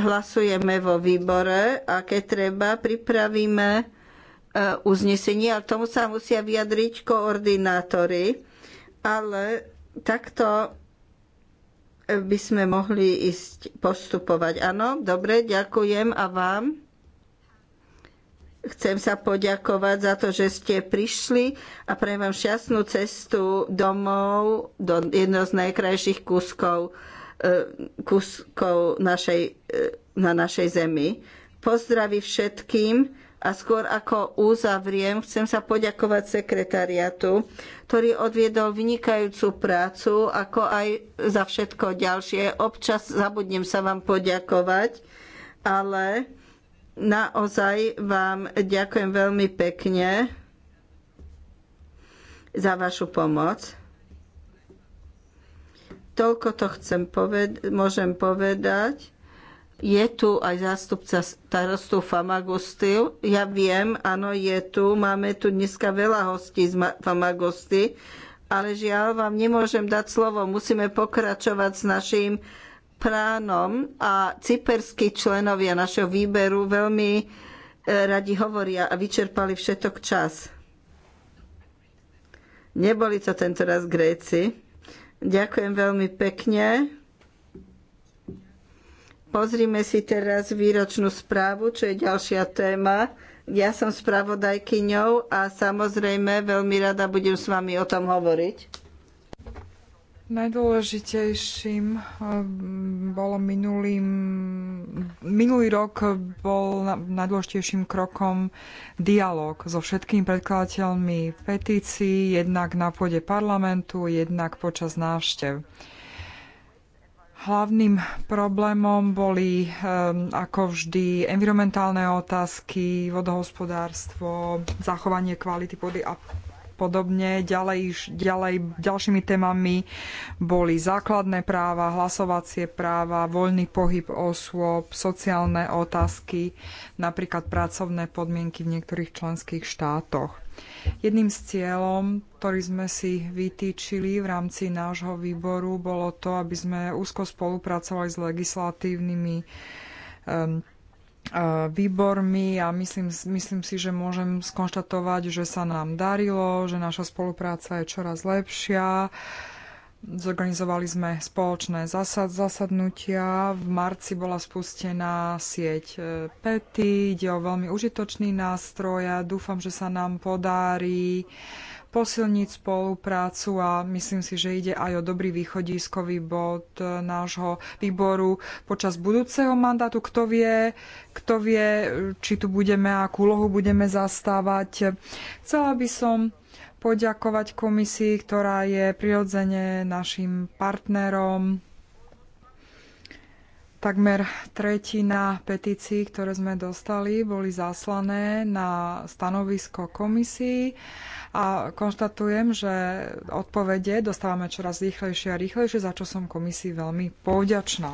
hlasujeme vo výbore a keď treba, pripravíme e, uznesenie, ale tomu sa musia vyjadriť koordinátori. Ale takto by sme mohli ísť postupovať. Áno, dobre, ďakujem a vám. Chcem sa poďakovať za to, že ste prišli a prajem vám šťastnú cestu domov do jedno z najkrajších kúskov, e, kúskov našej, e, na našej zemi. Pozdraví všetkým. A skôr ako uzavriem, chcem sa poďakovať sekretariatu, ktorý odviedol vynikajúcu prácu, ako aj za všetko ďalšie. Občas zabudnem sa vám poďakovať, ale Naozaj vám ďakujem veľmi pekne za vašu pomoc. Toľko to chcem poved- môžem povedať. Je tu aj zástupca starostu Famagusty. Ja viem, áno, je tu. Máme tu dneska veľa hostí z Famagusty, ale žiaľ vám nemôžem dať slovo. Musíme pokračovať s našim pránom a cyperskí členovia našeho výberu veľmi e, radi hovoria a vyčerpali všetok čas. Neboli to tento raz Gréci. Ďakujem veľmi pekne. Pozrime si teraz výročnú správu, čo je ďalšia téma. Ja som spravodajkyňou a samozrejme veľmi rada budem s vami o tom hovoriť. Najdôležitejším eh, bolo minulý, minulý rok bol najdôležitejším krokom dialog so všetkými predkladateľmi petícií, jednak na pôde parlamentu, jednak počas návštev. Hlavným problémom boli eh, ako vždy environmentálne otázky, vodohospodárstvo, zachovanie kvality pôdy a podobne. Ďalej, ďalej, ďalšími témami boli základné práva, hlasovacie práva, voľný pohyb osôb, sociálne otázky, napríklad pracovné podmienky v niektorých členských štátoch. Jedným z cieľom, ktorý sme si vytýčili v rámci nášho výboru, bolo to, aby sme úzko spolupracovali s legislatívnymi um, výbormi a myslím, myslím si, že môžem skonštatovať, že sa nám darilo, že naša spolupráca je čoraz lepšia. Zorganizovali sme spoločné zasad, zasadnutia. V marci bola spustená sieť e, PETI. Ide o veľmi užitočný nástroj a dúfam, že sa nám podarí uh, posilniť spoluprácu a myslím si, že ide aj o dobrý východiskový bod e, nášho výboru počas budúceho mandátu. Kto vie, kto vie, či tu budeme a akú úlohu budeme zastávať. Chcela by som poďakovať komisii, ktorá je prirodzene našim partnerom. Takmer tretina petícií, ktoré sme dostali, boli zaslané na stanovisko komisii a konštatujem, že odpovede dostávame čoraz rýchlejšie a rýchlejšie, za čo som komisii veľmi povďačná.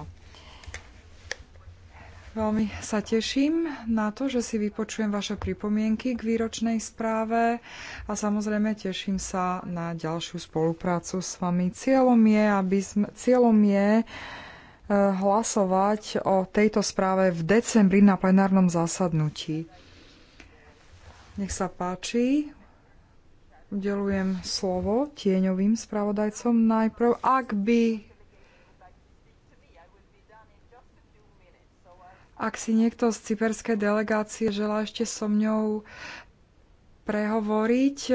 Veľmi sa teším na to, že si vypočujem vaše pripomienky k výročnej správe a samozrejme teším sa na ďalšiu spoluprácu s vami. Cieľom je, aby sme, cieľom je eh, hlasovať o tejto správe v decembri na plenárnom zasadnutí. Nech sa páči, Udelujem slovo tieňovým spravodajcom najprv. Ak by Ak si niekto z cyperskej delegácie želá ešte so mňou prehovoriť, e,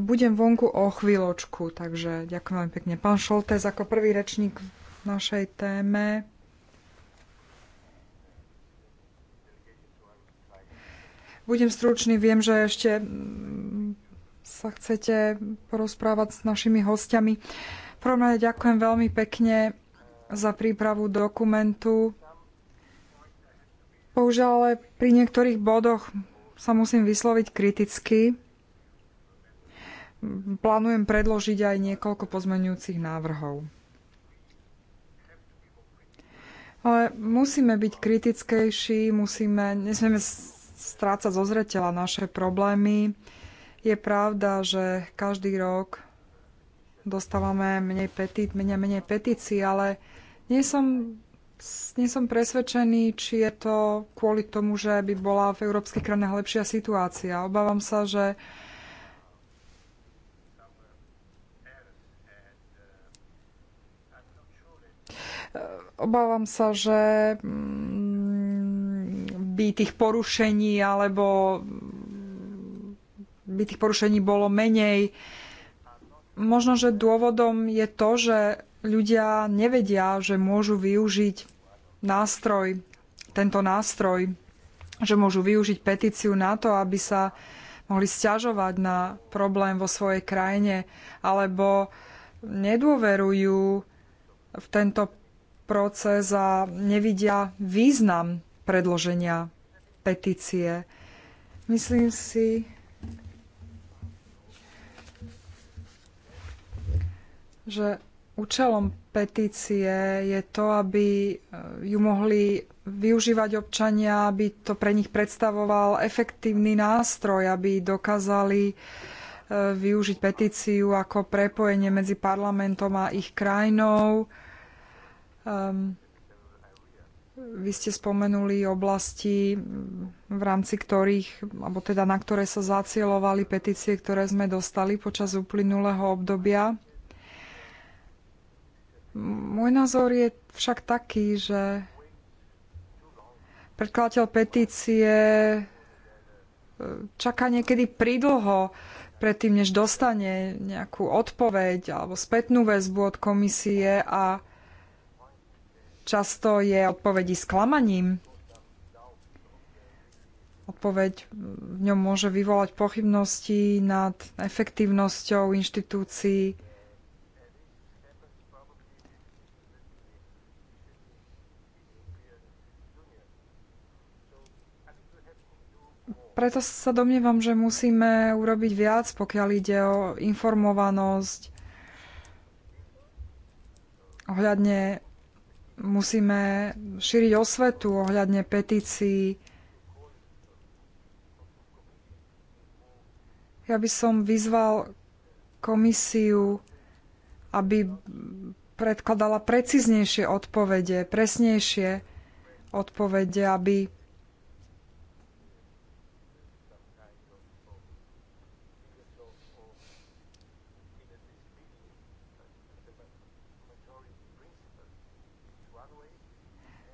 budem vonku o chvíľočku. Takže ďakujem veľmi pekne. Pán Šoltes ako prvý rečník v našej téme. Budem stručný, viem, že ešte sa chcete porozprávať s našimi hostiami. prvom rade ďakujem veľmi pekne za prípravu dokumentu. Bohužiaľ, ale pri niektorých bodoch sa musím vysloviť kriticky. Plánujem predložiť aj niekoľko pozmenujúcich návrhov. Ale musíme byť kritickejší, musíme, nesmieme strácať zo zreteľa naše problémy. Je pravda, že každý rok dostávame menej petit, menej, menej petícií, ale nie som, nie som presvedčený, či je to kvôli tomu, že by bola v európskych krajinách lepšia situácia. Obávam sa, že obávam sa, že mm, by tých porušení alebo by tých porušení bolo menej. Možno, že dôvodom je to, že ľudia nevedia, že môžu využiť nástroj, tento nástroj, že môžu využiť petíciu na to, aby sa mohli sťažovať na problém vo svojej krajine, alebo nedôverujú v tento proces a nevidia význam predloženia petície. Myslím si, že účelom petície je to, aby eh, ju mohli využívať občania, aby to pre nich predstavoval efektívny nástroj, aby dokázali eh, využiť petíciu ako prepojenie medzi parlamentom a ich krajinou. Um, vy ste spomenuli oblasti, v rámci ktorých, alebo teda na ktoré sa zacielovali petície, ktoré sme dostali počas uplynulého obdobia. Môj názor je však taký, že predkladateľ petície e, čaká niekedy pridlho predtým, než dostane nejakú odpoveď alebo spätnú väzbu od komisie a často je odpovedí sklamaním. Odpoveď v ňom môže vyvolať pochybnosti nad efektívnosťou inštitúcií preto sa domnievam, že musíme urobiť viac, pokiaľ ide o informovanosť. Ohľadne musíme šíriť osvetu ohľadne petícií. Ja by som vyzval komisiu, aby predkladala preciznejšie odpovede, presnejšie odpovede, aby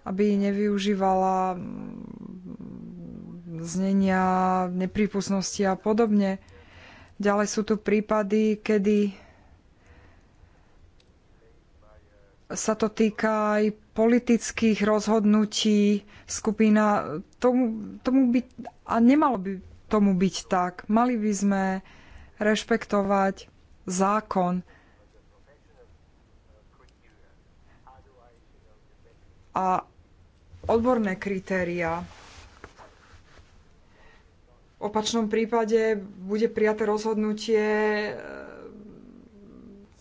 aby nevyužívala mm, znenia, neprípustnosti a podobne. Ďalej sú tu prípady, kedy sa to týka aj politických rozhodnutí skupina. Tomu, tomu by, a nemalo by tomu byť tak. Mali by sme rešpektovať zákon. A odborné kritéria. V opačnom prípade bude prijaté rozhodnutie e,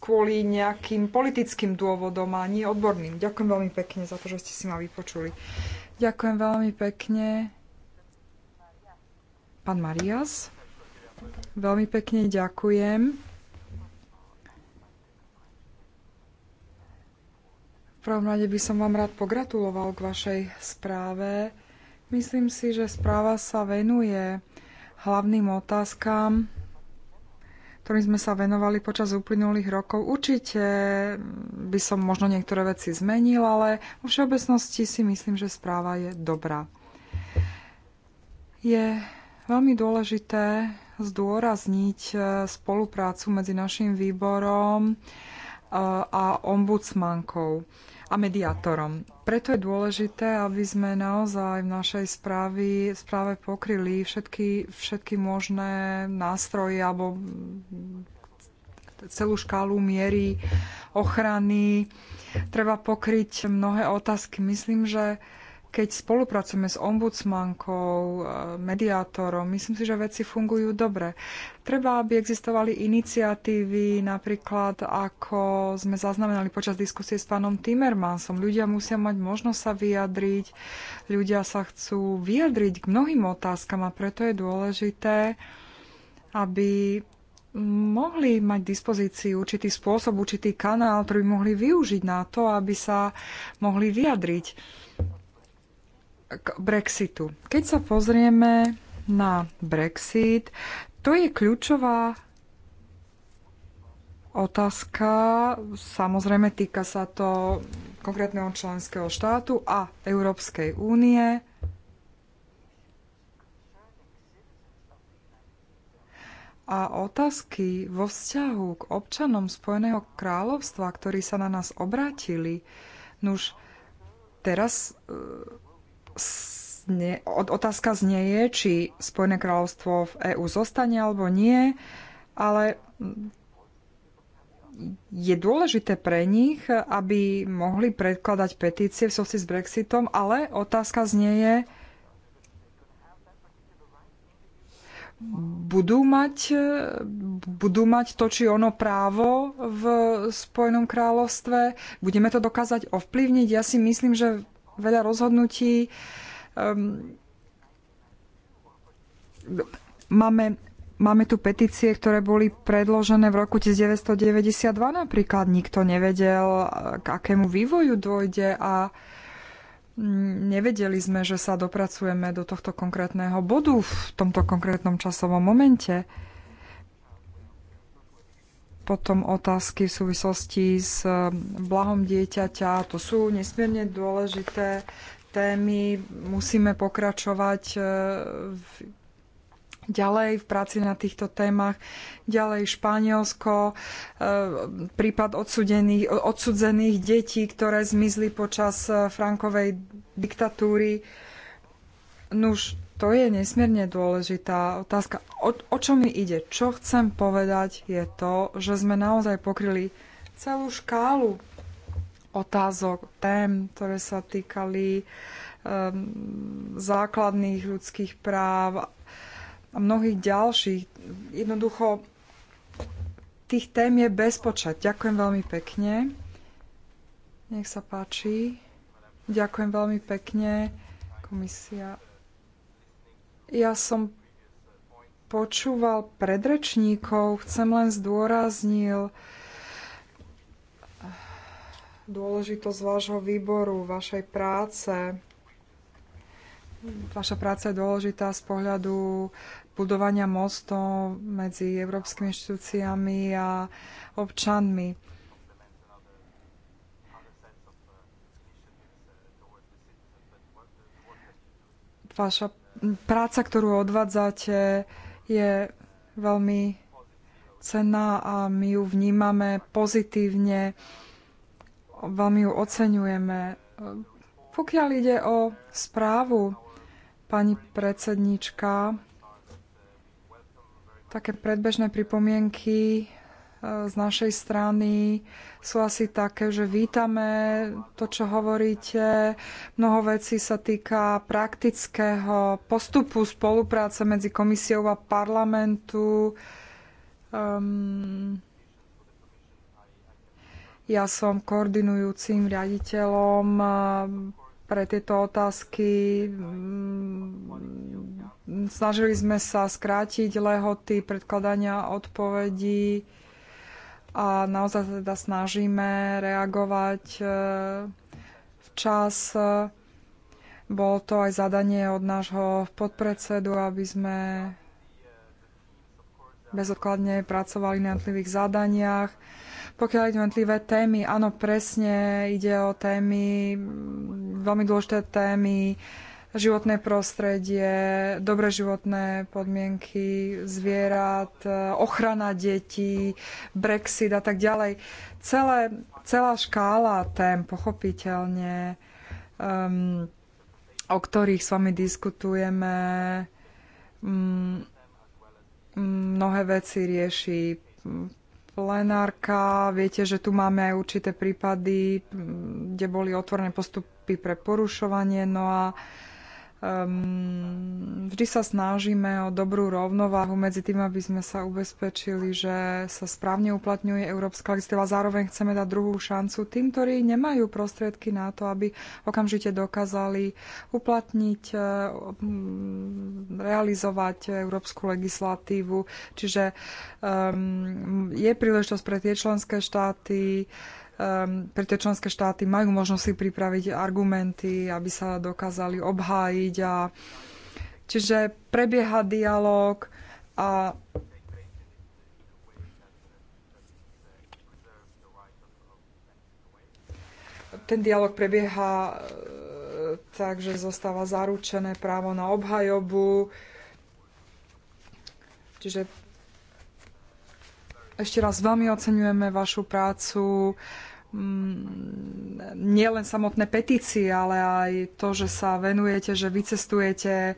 kvôli nejakým politickým dôvodom a nie odborným. Ďakujem veľmi pekne za to, že ste si ma vypočuli. Ďakujem veľmi pekne. Pán Marias, veľmi pekne ďakujem. prvom rade by som vám rád pogratuloval k vašej správe. Myslím si, že správa sa venuje hlavným otázkam, ktorým sme sa venovali počas uplynulých rokov. Určite by som možno niektoré veci zmenil, ale vo všeobecnosti si myslím, že správa je dobrá. Je veľmi dôležité zdôrazniť e, spoluprácu medzi našim výborom e, a ombudsmankou a mediátorom. Preto je dôležité, aby sme naozaj v našej správy, správe pokryli všetky, všetky možné nástroje alebo celú škálu miery ochrany. Treba pokryť mnohé otázky. Myslím, že keď spolupracujeme s ombudsmankou, eh, mediátorom, myslím si, že veci fungujú dobre. Treba, aby existovali iniciatívy, napríklad ako sme zaznamenali počas diskusie s pánom Timmermansom. Ľudia musia mať možnosť sa vyjadriť, ľudia sa chcú vyjadriť k mnohým otázkam a preto je dôležité, aby mohli mať dispozícii určitý spôsob, určitý kanál, ktorý by mohli využiť na to, aby sa mohli vyjadriť k Brexitu. Keď sa pozrieme na Brexit, to je kľúčová otázka. Samozrejme, týka sa to konkrétneho členského štátu a Európskej únie. A otázky vo vzťahu k občanom Spojeného kráľovstva, ktorí sa na nás obrátili, nuž teraz e, otázka znie je, či Spojené kráľovstvo v EÚ zostane alebo nie, ale je dôležité pre nich, aby mohli predkladať petície v súvislosti s Brexitom, ale otázka znie je, budú mať, budú mať to či ono právo v Spojenom kráľovstve? Budeme to dokázať ovplyvniť? Ja si myslím, že veľa rozhodnutí. Um, máme, máme tu petície, ktoré boli predložené v roku 1992 napríklad. Nikto nevedel, k akému vývoju dôjde a mm, nevedeli sme, že sa dopracujeme do tohto konkrétneho bodu v tomto konkrétnom časovom momente. Potom otázky v súvislosti s um, blahom dieťaťa. To sú nesmierne dôležité témy. Musíme pokračovať uh, v ďalej v práci na týchto témach, ďalej Španielsko, uh, prípad odsudených, odsudzených detí, ktoré zmizli počas uh, Frankovej diktatúry. Nuž, to je nesmierne dôležitá otázka. O, o čo mi ide? Čo chcem povedať je to, že sme naozaj pokryli celú škálu otázok, tém, ktoré sa týkali um, základných ľudských práv a mnohých ďalších. Jednoducho, tých tém je bezpočet. Ďakujem veľmi pekne. Nech sa páči. Ďakujem veľmi pekne. Komisia ja som počúval predrečníkov, chcem len zdôraznil dôležitosť vášho výboru, vašej práce. Vaša práca je dôležitá z pohľadu budovania mostov medzi európskymi inštitúciami a občanmi. Vaša práca, ktorú odvádzate, je veľmi cenná a my ju vnímame pozitívne, veľmi ju oceňujeme. Pokiaľ ide o správu, pani predsednička, také predbežné pripomienky z našej strany sú asi také, že vítame to, čo hovoríte. Mnoho vecí sa týka praktického postupu spolupráce medzi komisiou a parlamentu. Um, ja som koordinujúcim riaditeľom eh, pre tieto otázky. Snažili sme sa skrátiť lehoty predkladania odpovedí a naozaj teda snažíme reagovať e, včas. Bolo to aj zadanie od nášho podpredsedu, aby sme bezodkladne pracovali na jednotlivých zadaniach. Pokiaľ ide jednotlivé témy, áno, presne ide o témy, veľmi dôležité témy, životné prostredie, dobré životné podmienky zvierat, e, ochrana detí, Brexit a tak ďalej. Celé, celá škála tém, pochopiteľne, um, o ktorých s vami diskutujeme, um, mnohé veci rieši plenárka. Viete, že tu máme aj určité prípady, kde boli otvorené postupy pre porušovanie. No a Um, vždy sa snažíme o dobrú rovnováhu medzi tým, aby sme sa ubezpečili, že sa správne uplatňuje európska legislatíva. Zároveň chceme dať druhú šancu tým, ktorí nemajú prostriedky na to, aby okamžite dokázali uplatniť, um, realizovať európsku legislatívu. Čiže um, je príležitosť pre tie členské štáty, uh, um, pre tie členské štáty majú možnosť si pripraviť argumenty, aby sa dokázali obhájiť. A, čiže prebieha dialog a ten dialog prebieha e, tak, že zostáva zaručené právo na obhajobu. Čiže ešte raz veľmi oceňujeme vašu prácu. Mm, nielen samotné petície, ale aj to, že sa venujete, že vycestujete eh,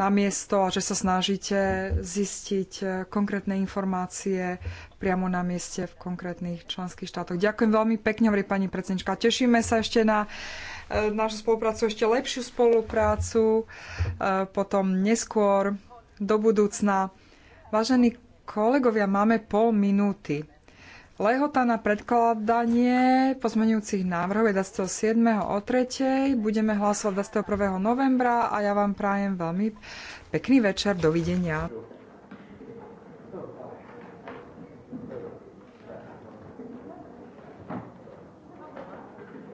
na miesto a že sa snažíte zistiť eh, konkrétne informácie priamo na mieste v konkrétnych členských štátoch. Ďakujem veľmi pekne, hovorí pani predsednička. Tešíme sa ešte na eh, našu spoluprácu, ešte lepšiu spoluprácu, potom neskôr do budúcna. Vážení kolegovia, máme pol minúty. Lehota na predkladanie pozmenujúcich návrhov je 27. o 3. Budeme hlasovať 21. novembra a ja vám prajem veľmi pekný večer. Dovidenia.